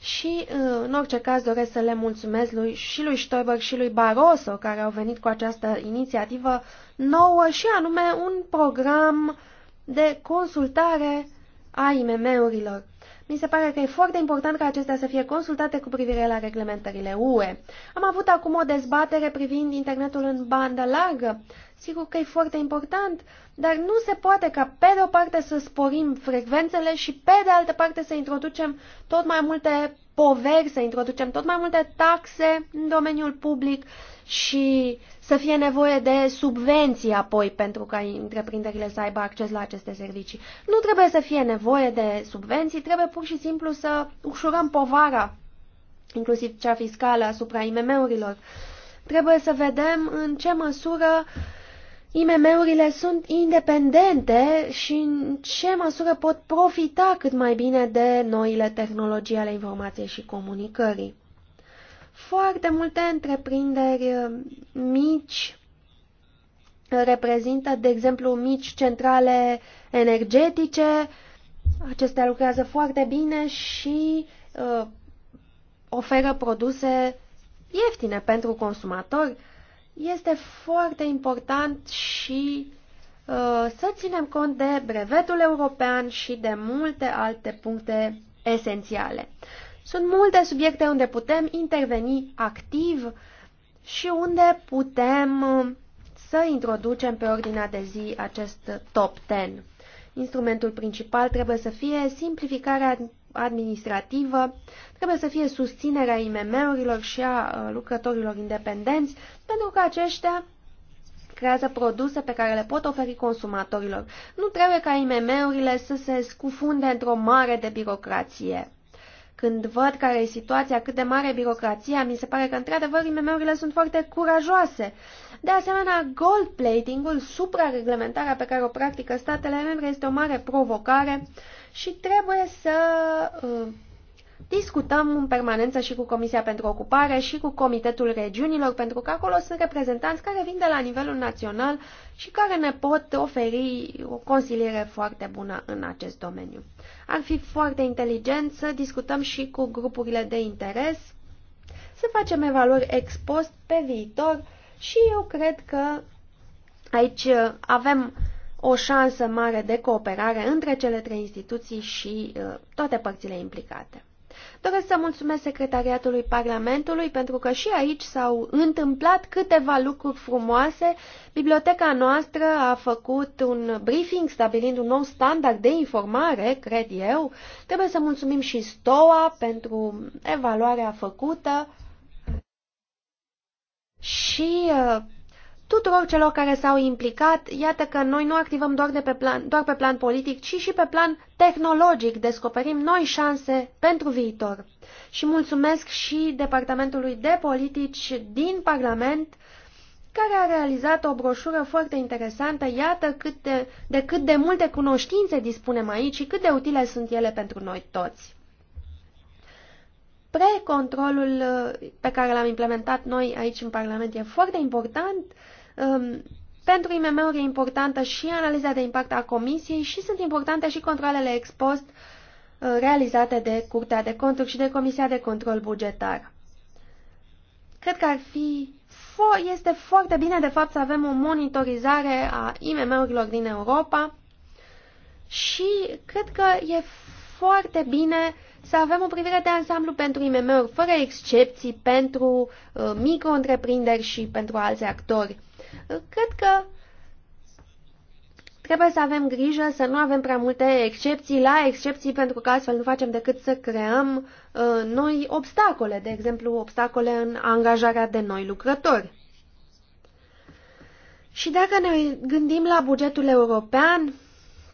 și, uh, în orice caz, doresc să le mulțumesc lui, și lui Stoiber și lui Barroso, care au venit cu această inițiativă nouă și anume un program de consultare a IMM-urilor. Mi se pare că e foarte important ca acestea să fie consultate cu privire la reglementările UE. Am avut acum o dezbatere privind internetul în bandă largă. Sigur că e foarte important, dar nu se poate ca pe de o parte să sporim frecvențele și pe de altă parte să introducem tot mai multe poveri, să introducem tot mai multe taxe în domeniul public și să fie nevoie de subvenții apoi pentru ca întreprinderile să aibă acces la aceste servicii. Nu trebuie să fie nevoie de subvenții, trebuie pur și simplu să ușurăm povara, inclusiv cea fiscală asupra IMM-urilor. Trebuie să vedem în ce măsură uh, IMM-urile sunt independente și în ce măsură pot profita cât mai bine de noile tehnologii ale informației și comunicării. Foarte multe întreprinderi uh, mici reprezintă, de exemplu, mici centrale energetice. Acestea lucrează foarte bine și uh, oferă produse ieftine pentru consumatori. Uh, este foarte important și uh, să ținem cont de brevetul european și de multe alte puncte esențiale. Sunt multe subiecte unde putem interveni activ și unde putem uh, să introducem pe ordinea de zi acest top 10. Instrumentul principal trebuie să fie simplificarea administrativă, trebuie să fie susținerea IMM-urilor și a uh, lucrătorilor independenți, pentru că aceștia creează produse pe care le pot oferi consumatorilor. Nu trebuie ca IMM-urile să se scufunde într-o mare de birocrație. Când văd care e situația, cât de mare e birocrația, mi se pare că, într-adevăr, IMM-urile sunt foarte curajoase. De asemenea, gold plating-ul, suprareglementarea pe care o practică statele membre, este o mare provocare și trebuie să uh, discutăm în permanență și cu Comisia pentru Ocupare și cu Comitetul Regiunilor, pentru că acolo sunt reprezentanți care vin de la nivelul național și care ne pot oferi o consiliere foarte bună în acest domeniu. Ar fi foarte inteligent să discutăm și cu grupurile de interes, să facem evaluări ex post pe viitor și eu cred că aici avem o șansă mare de cooperare între cele trei instituții și uh, toate părțile implicate. Doresc să mulțumesc Secretariatului Parlamentului pentru că și aici s-au întâmplat câteva lucruri frumoase. Biblioteca noastră a făcut un briefing stabilind un nou standard de informare, cred eu. Trebuie să mulțumim și STOA pentru evaluarea făcută și uh, tuturor celor care s-au implicat, iată că noi nu activăm doar, de pe plan, doar pe plan politic, ci și pe plan tehnologic, descoperim noi șanse pentru viitor. Și mulțumesc și Departamentului de Politici din Parlament, care a realizat o broșură foarte interesantă, iată cât de, de cât de multe cunoștințe dispunem aici și cât de utile sunt ele pentru noi toți. Precontrolul uh, pe care l-am implementat noi aici în Parlament e foarte important Um, pentru IMM-uri e importantă și analiza de impact a comisiei și sunt importante și controlele ex post uh, realizate de Curtea de Conturi și de Comisia de Control Bugetar. Cred că ar fi fo este foarte bine, de fapt, să avem o monitorizare a IMM-urilor din Europa și cred că e foarte bine să avem o privire de ansamblu pentru IMM-uri, fără excepții, pentru uh, micro-întreprinderi și pentru alți actori. Cred că trebuie să avem grijă să nu avem prea multe excepții la excepții, pentru că astfel nu facem decât să creăm uh, noi obstacole, de exemplu obstacole în angajarea de noi lucrători. Și dacă ne gândim la bugetul european,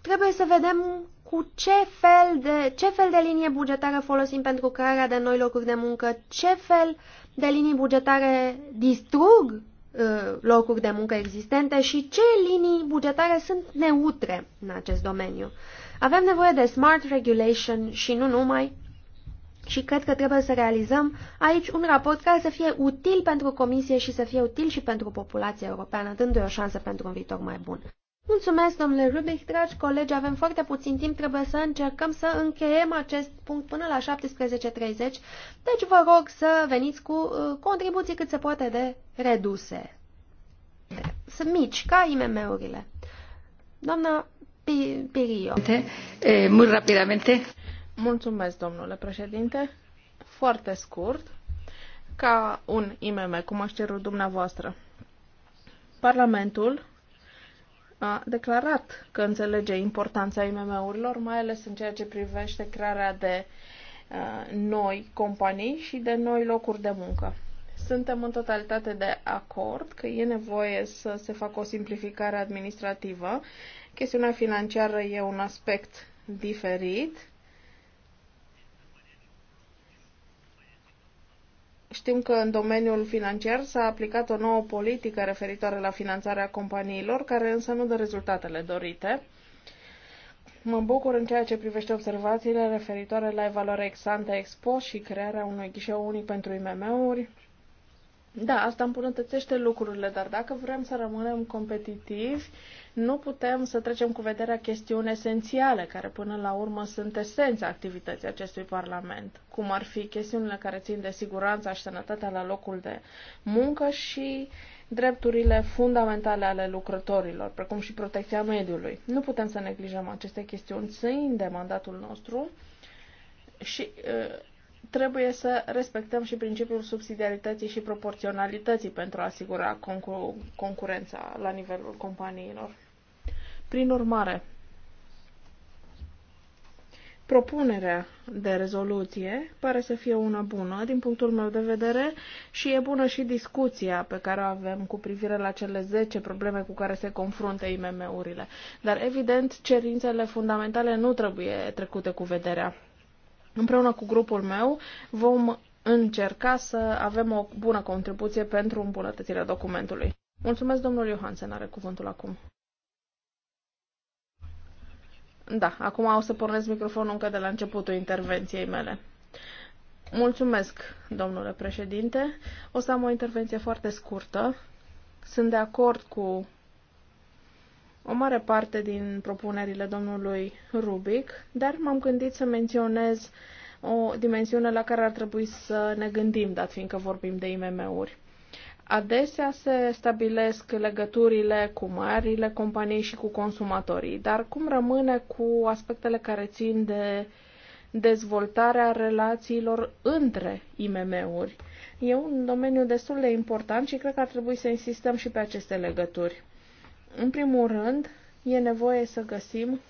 trebuie să vedem cu ce fel de, ce fel de linie bugetară folosim pentru crearea de noi locuri de muncă, ce fel de linii bugetare distrug Uh, locuri de muncă existente și ce linii bugetare sunt neutre în acest domeniu. Avem nevoie de smart regulation și nu numai, și cred că trebuie să realizăm aici un raport care să fie util pentru Comisie și să fie util și pentru populația europeană, dându-i o șansă pentru un viitor mai bun. Mulțumesc, domnule Rubic, dragi colegi, avem foarte puțin timp, trebuie să încercăm să încheiem acest punct până la 17.30, deci vă rog să veniți cu uh, contribuții cât se poate de reduse. Sunt mici, ca IMM-urile. Doamna Pirio. Eh, Mult rapidamente. Mulțumesc, domnule președinte. Foarte scurt, ca un IMM, cum aș cerut dumneavoastră. Parlamentul a declarat că înțelege importanța IMM-urilor, mai ales în ceea ce privește crearea de uh, noi companii și de noi locuri de muncă. Suntem în totalitate de acord că e nevoie să se facă o simplificare administrativă. Chestiunea financiară e un aspect diferit Știm că în domeniul financiar s-a aplicat o nouă politică referitoare la finanțarea companiilor, care însă nu dă rezultatele dorite. Mă bucur în ceea ce privește observațiile referitoare la evaluarea ex ante expo și crearea unui ghișeu unic pentru IMM-uri, da, asta îmbunătățește lucrurile, dar dacă vrem să rămânem competitivi, nu putem să trecem cu vederea chestiuni esențiale, care până la urmă sunt esența activității acestui Parlament, cum ar fi chestiunile care țin de siguranța și sănătatea la locul de muncă și drepturile fundamentale ale lucrătorilor, precum și protecția mediului. Nu putem să neglijăm aceste chestiuni țin de mandatul nostru și uh, trebuie să respectăm și principiul subsidiarității și proporționalității pentru a asigura concur- concurența la nivelul companiilor. Prin urmare, propunerea de rezoluție pare să fie una bună din punctul meu de vedere și e bună și discuția pe care o avem cu privire la cele 10 probleme cu care se confruntă IMM-urile. Dar evident, cerințele fundamentale nu trebuie trecute cu vederea. Împreună cu grupul meu vom încerca să avem o bună contribuție pentru îmbunătățirea documentului. Mulțumesc, domnul Iohansen, are cuvântul acum. Da, acum o să pornesc microfonul încă de la începutul intervenției mele. Mulțumesc, domnule președinte. O să am o intervenție foarte scurtă. Sunt de acord cu o mare parte din propunerile domnului Rubic, dar m-am gândit să menționez o dimensiune la care ar trebui să ne gândim, dat fiindcă vorbim de IMM-uri. Adesea se stabilesc legăturile cu marile companii și cu consumatorii, dar cum rămâne cu aspectele care țin de dezvoltarea relațiilor între IMM-uri? E un domeniu destul de important și cred că ar trebui să insistăm și pe aceste legături. În primul rând, e nevoie să găsim,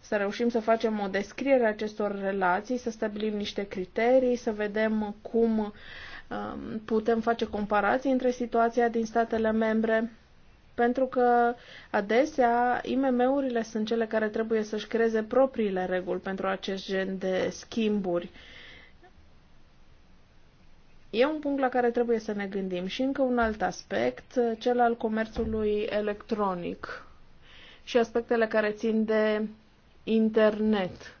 să reușim să facem o descriere a acestor relații, să stabilim niște criterii, să vedem cum um, putem face comparații între situația din statele membre, pentru că adesea IMM-urile sunt cele care trebuie să-și creeze propriile reguli pentru acest gen de schimburi E un punct la care trebuie să ne gândim. Și încă un alt aspect, cel al comerțului electronic și aspectele care țin de internet.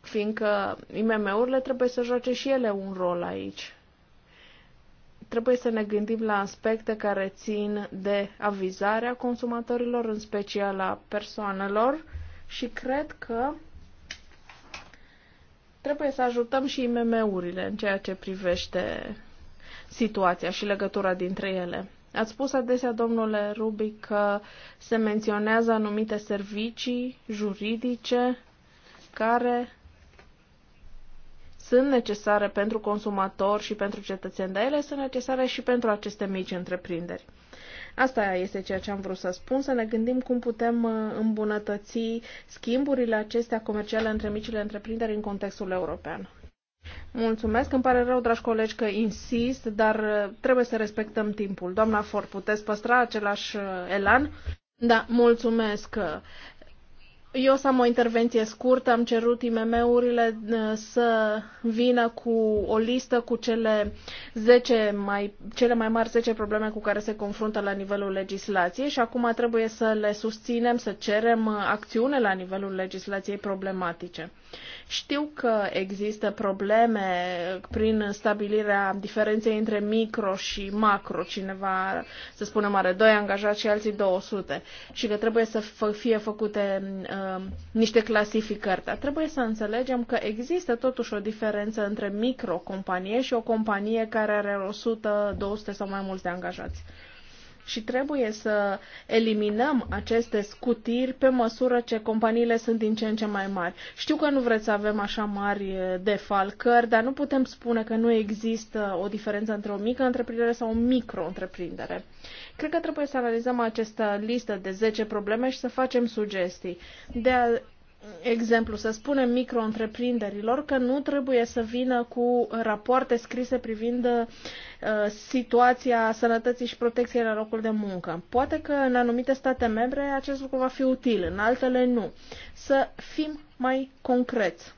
Fiindcă IMM-urile trebuie să joace și ele un rol aici. Trebuie să ne gândim la aspecte care țin de avizarea consumatorilor, în special a persoanelor, și cred că Trebuie să ajutăm și IMM-urile în ceea ce privește situația și legătura dintre ele. Ați spus adesea, domnule Rubic, că se menționează anumite servicii juridice care sunt necesare pentru consumator și pentru cetățeni, dar ele sunt necesare și pentru aceste mici întreprinderi. Asta este ceea ce am vrut să spun, să ne gândim cum putem uh, îmbunătăți schimburile acestea comerciale între micile întreprinderi în contextul european. Mulțumesc, îmi pare rău, dragi colegi, că insist, dar uh, trebuie să respectăm timpul. Doamna Ford, puteți păstra același uh, elan? Da, mulțumesc. Eu o să am o intervenție scurtă, am cerut IMM-urile uh, să vină cu o listă cu cele, 10 mai, cele mai mari 10 probleme cu care se confruntă la nivelul legislației și acum trebuie să le susținem, să cerem uh, acțiune la nivelul legislației problematice. Știu că există probleme prin stabilirea diferenței între micro și macro. Cineva, să spunem, are doi angajați și alții 200 și că trebuie să fie făcute uh, niște clasificări. Dar trebuie să înțelegem că există totuși o diferență între micro companie și o companie care are 100, 200 sau mai mulți de angajați și trebuie să eliminăm aceste scutiri pe măsură ce companiile sunt din ce în ce mai mari. Știu că nu vreți să avem așa mari defalcări, dar nu putem spune că nu există o diferență între o mică întreprindere sau o micro-întreprindere. Cred că trebuie să analizăm această listă de 10 probleme și să facem sugestii. De exemplu, să spunem micro-întreprinderilor că nu trebuie să vină cu rapoarte scrise privind uh, situația sănătății și protecției la locul de muncă. Poate că în anumite state membre acest lucru va fi util, în altele nu. Să fim mai concreți.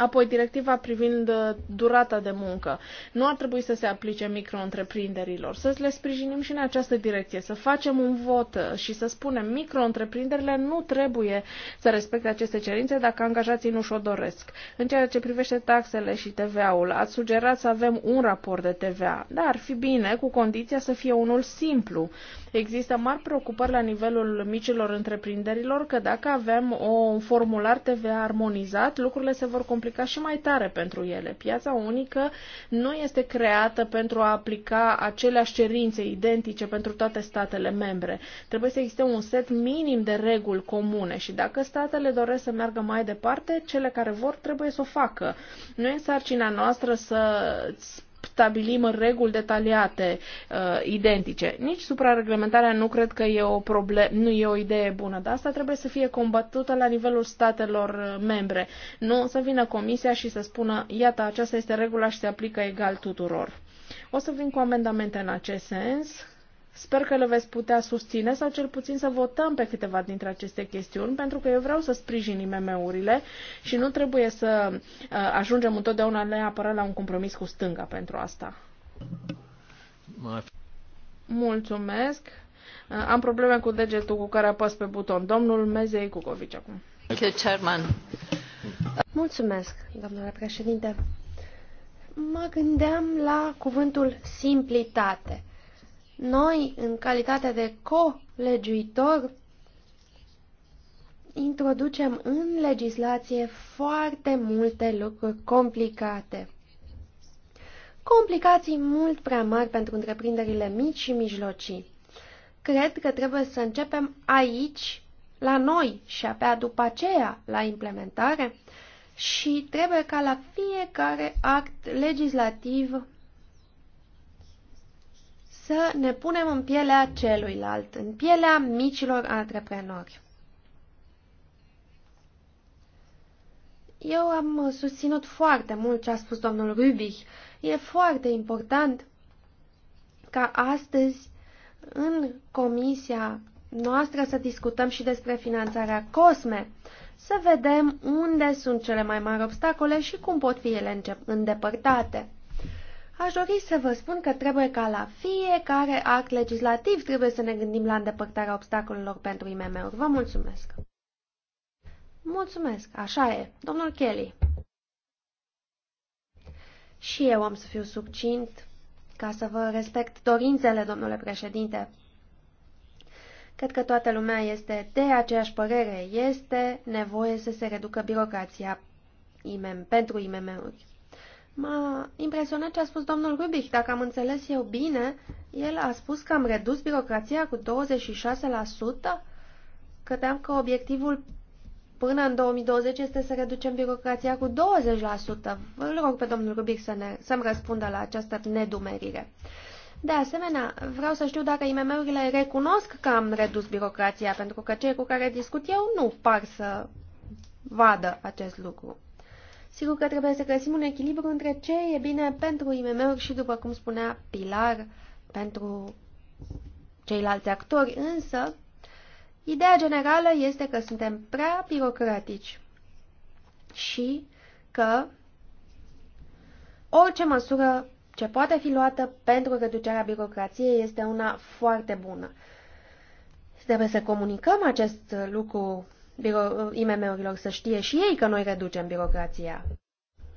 Apoi, directiva privind uh, durata de muncă. Nu ar trebui să se aplice micro-întreprinderilor. Să le sprijinim și în această direcție, să facem un vot uh, și să spunem micro-întreprinderile nu trebuie să respecte aceste cerințe dacă angajații nu și-o doresc. În ceea ce privește taxele și TVA-ul, ați sugerat să avem un raport de TVA, dar ar fi bine cu condiția să fie unul simplu, Există mari preocupări la nivelul micilor întreprinderilor că dacă avem un formular TVA armonizat, lucrurile se vor complica și mai tare pentru ele. Piața unică nu este creată pentru a aplica aceleași cerințe identice pentru toate statele membre. Trebuie să existe un set minim de reguli comune și dacă statele doresc să meargă mai departe, cele care vor trebuie să o facă. Nu e sarcina noastră să stabilim reguli detaliate uh, identice. Nici suprareglementarea nu cred că e o problemă, nu e o idee bună, dar asta trebuie să fie combătută la nivelul statelor uh, membre. Nu să vină comisia și să spună, iată, aceasta este regula și se aplică egal tuturor. O să vin cu amendamente în acest sens Sper că le veți putea susține sau cel puțin să votăm pe câteva dintre aceste chestiuni, pentru că eu vreau să sprijin IMM-urile și nu trebuie să uh, ajungem întotdeauna neapărat la un compromis cu stânga pentru asta. Mulțumesc. Uh, am probleme cu degetul cu care apăs pe buton. Domnul Mezei Cucovici acum. Mulțumesc, domnule președinte. Mă gândeam la cuvântul simplitate. Noi, în calitate de co-legiuitor, introducem în legislație foarte multe lucruri complicate. Complicații mult prea mari pentru întreprinderile mici și mijlocii. Cred că trebuie să începem aici, la noi și apea după aceea la implementare și trebuie ca la fiecare act legislativ să ne punem în pielea celuilalt, în pielea micilor antreprenori. Eu am susținut foarte mult ce a spus domnul Rubich. E foarte important ca astăzi în comisia noastră să discutăm și despre finanțarea COSME, să vedem unde sunt cele mai mari obstacole și cum pot fi ele îndepărtate. Aș dori să vă spun că trebuie ca la fiecare act legislativ trebuie să ne gândim la îndepărtarea obstacolelor pentru IMM-uri. Vă mulțumesc! Mulțumesc, așa e, domnul Kelly. Și eu am să fiu succint ca să vă respect dorințele, domnule președinte. Cred că toată lumea este de aceeași părere. Este nevoie să se reducă birocrația IMM, pentru IMM-uri. M-a impresionat ce a spus domnul Rubich. Dacă am înțeles eu bine, el a spus că am redus birocrația cu 26%? Credeam că obiectivul până în 2020 este să reducem birocrația cu 20%. Vă rog pe domnul Rubich să ne, să-mi răspundă la această nedumerire. De asemenea, vreau să știu dacă IMM-urile recunosc că am redus birocrația, pentru că cei cu care discut eu nu par să vadă acest lucru. Sigur că trebuie să găsim un echilibru între ce e bine pentru IMM-uri și, după cum spunea Pilar, pentru ceilalți actori, însă ideea generală este că suntem prea birocratici și că orice măsură ce poate fi luată pentru reducerea birocrației este una foarte bună. Trebuie să comunicăm acest lucru IMM-urilor să știe și ei că noi reducem birocrația.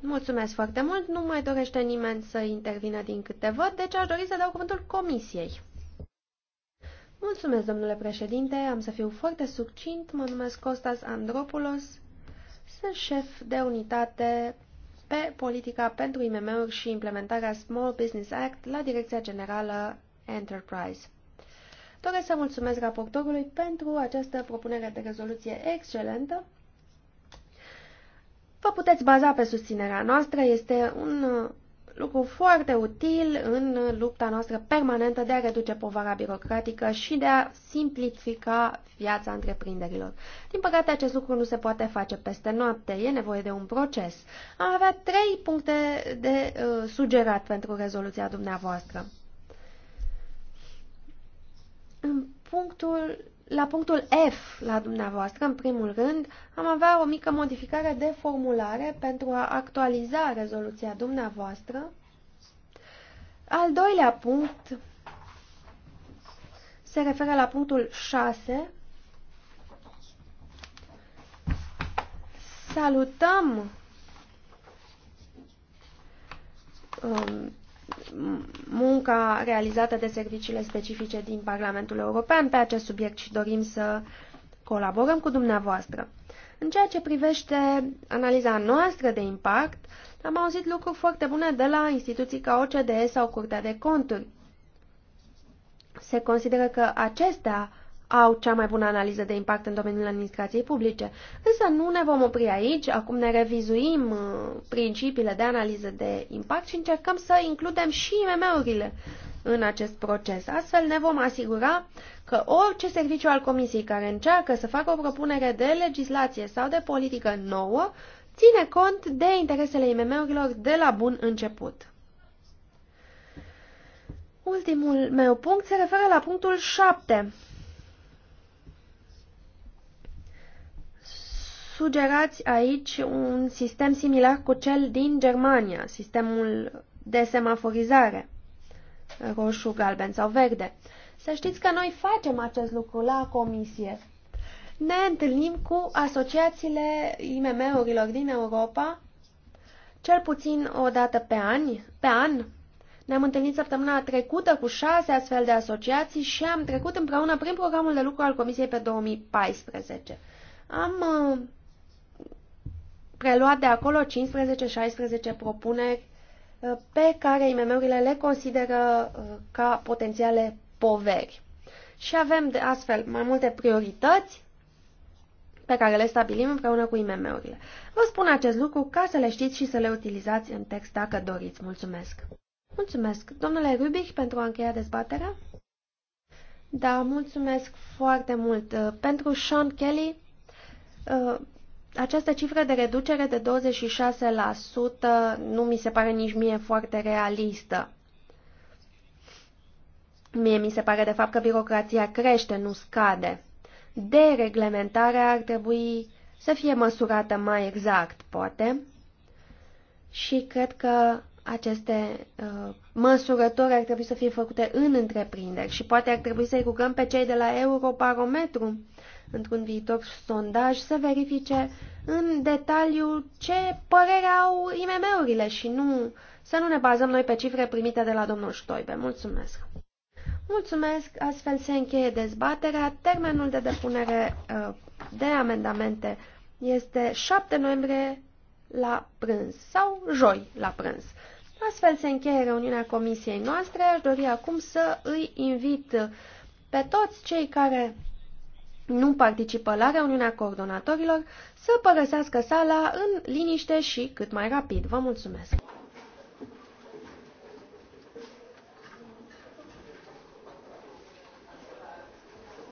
Mulțumesc foarte mult. Nu mai dorește nimeni să intervină din câte văd, deci aș dori să dau cuvântul comisiei. Mulțumesc, domnule președinte. Am să fiu foarte succint. Mă numesc Costas Andropoulos. Sunt șef de unitate pe politica pentru IMM-uri și implementarea Small Business Act la Direcția Generală Enterprise. Doresc să mulțumesc raportorului pentru această propunere de rezoluție excelentă. Vă puteți baza pe susținerea noastră, este un uh, lucru foarte util în lupta noastră permanentă de a reduce povara birocratică și de a simplifica viața întreprinderilor. Din păcate, acest lucru nu se poate face peste noapte, e nevoie de un proces. Am avea trei puncte de uh, sugerat pentru rezoluția dumneavoastră. În punctul, la punctul F, la dumneavoastră, în primul rând, am avea o mică modificare de formulare pentru a actualiza rezoluția dumneavoastră. Al doilea punct se referă la punctul 6. Salutăm um, munca realizată de serviciile specifice din Parlamentul European pe acest subiect și dorim să colaborăm cu dumneavoastră. În ceea ce privește analiza noastră de impact, am auzit lucruri foarte bune de la instituții ca OCDE sau Curtea de Conturi. Se consideră că acestea au cea mai bună analiză de impact în domeniul administrației publice. Însă nu ne vom opri aici, acum ne revizuim uh, principiile de analiză de impact și încercăm să includem și IMM-urile în acest proces. Astfel ne vom asigura că orice serviciu al Comisiei care încearcă să facă o propunere de legislație sau de politică nouă ține cont de interesele IMM-urilor de la bun început. Ultimul meu punct se referă la punctul 7 sugerați aici un sistem similar cu cel din Germania, sistemul de semaforizare, roșu, galben sau verde. Să știți că noi facem acest lucru la comisie. Ne întâlnim cu asociațiile IMM-urilor din Europa cel puțin o dată pe an. Pe an. Ne-am întâlnit săptămâna trecută cu șase astfel de asociații și am trecut împreună prin programul de lucru al Comisiei pe 2014. Am uh, preluat de acolo 15-16 propuneri uh, pe care IMM-urile le consideră uh, ca potențiale poveri. Și avem de astfel mai multe priorități pe care le stabilim împreună cu IMM-urile. Vă spun acest lucru ca să le știți și să le utilizați în text dacă doriți. Mulțumesc! Mulțumesc! Domnule Rubich, pentru a încheia dezbaterea? Da, mulțumesc foarte mult. Uh, pentru Sean Kelly, această cifră de reducere de 26% nu mi se pare nici mie foarte realistă. Mie mi se pare de fapt că birocrația crește, nu scade. Dereglementarea ar trebui să fie măsurată mai exact, poate. Și cred că aceste uh, măsurători ar trebui să fie făcute în întreprinderi și poate ar trebui să-i rugăm pe cei de la Eurobarometru uh, într-un viitor sondaj să verifice în detaliu ce părere au IMM-urile și nu să nu ne bazăm noi pe cifre primite de la domnul Ștoibe. Mulțumesc! Mulțumesc! Astfel se încheie dezbaterea. Termenul de depunere uh, de amendamente este 7 noiembrie la prânz sau joi la prânz. Astfel se încheie reuniunea comisiei noastre. Aș dori acum să îi invit pe toți cei care nu participă la reuniunea coordonatorilor să părăsească sala în liniște și cât mai rapid. Vă mulțumesc!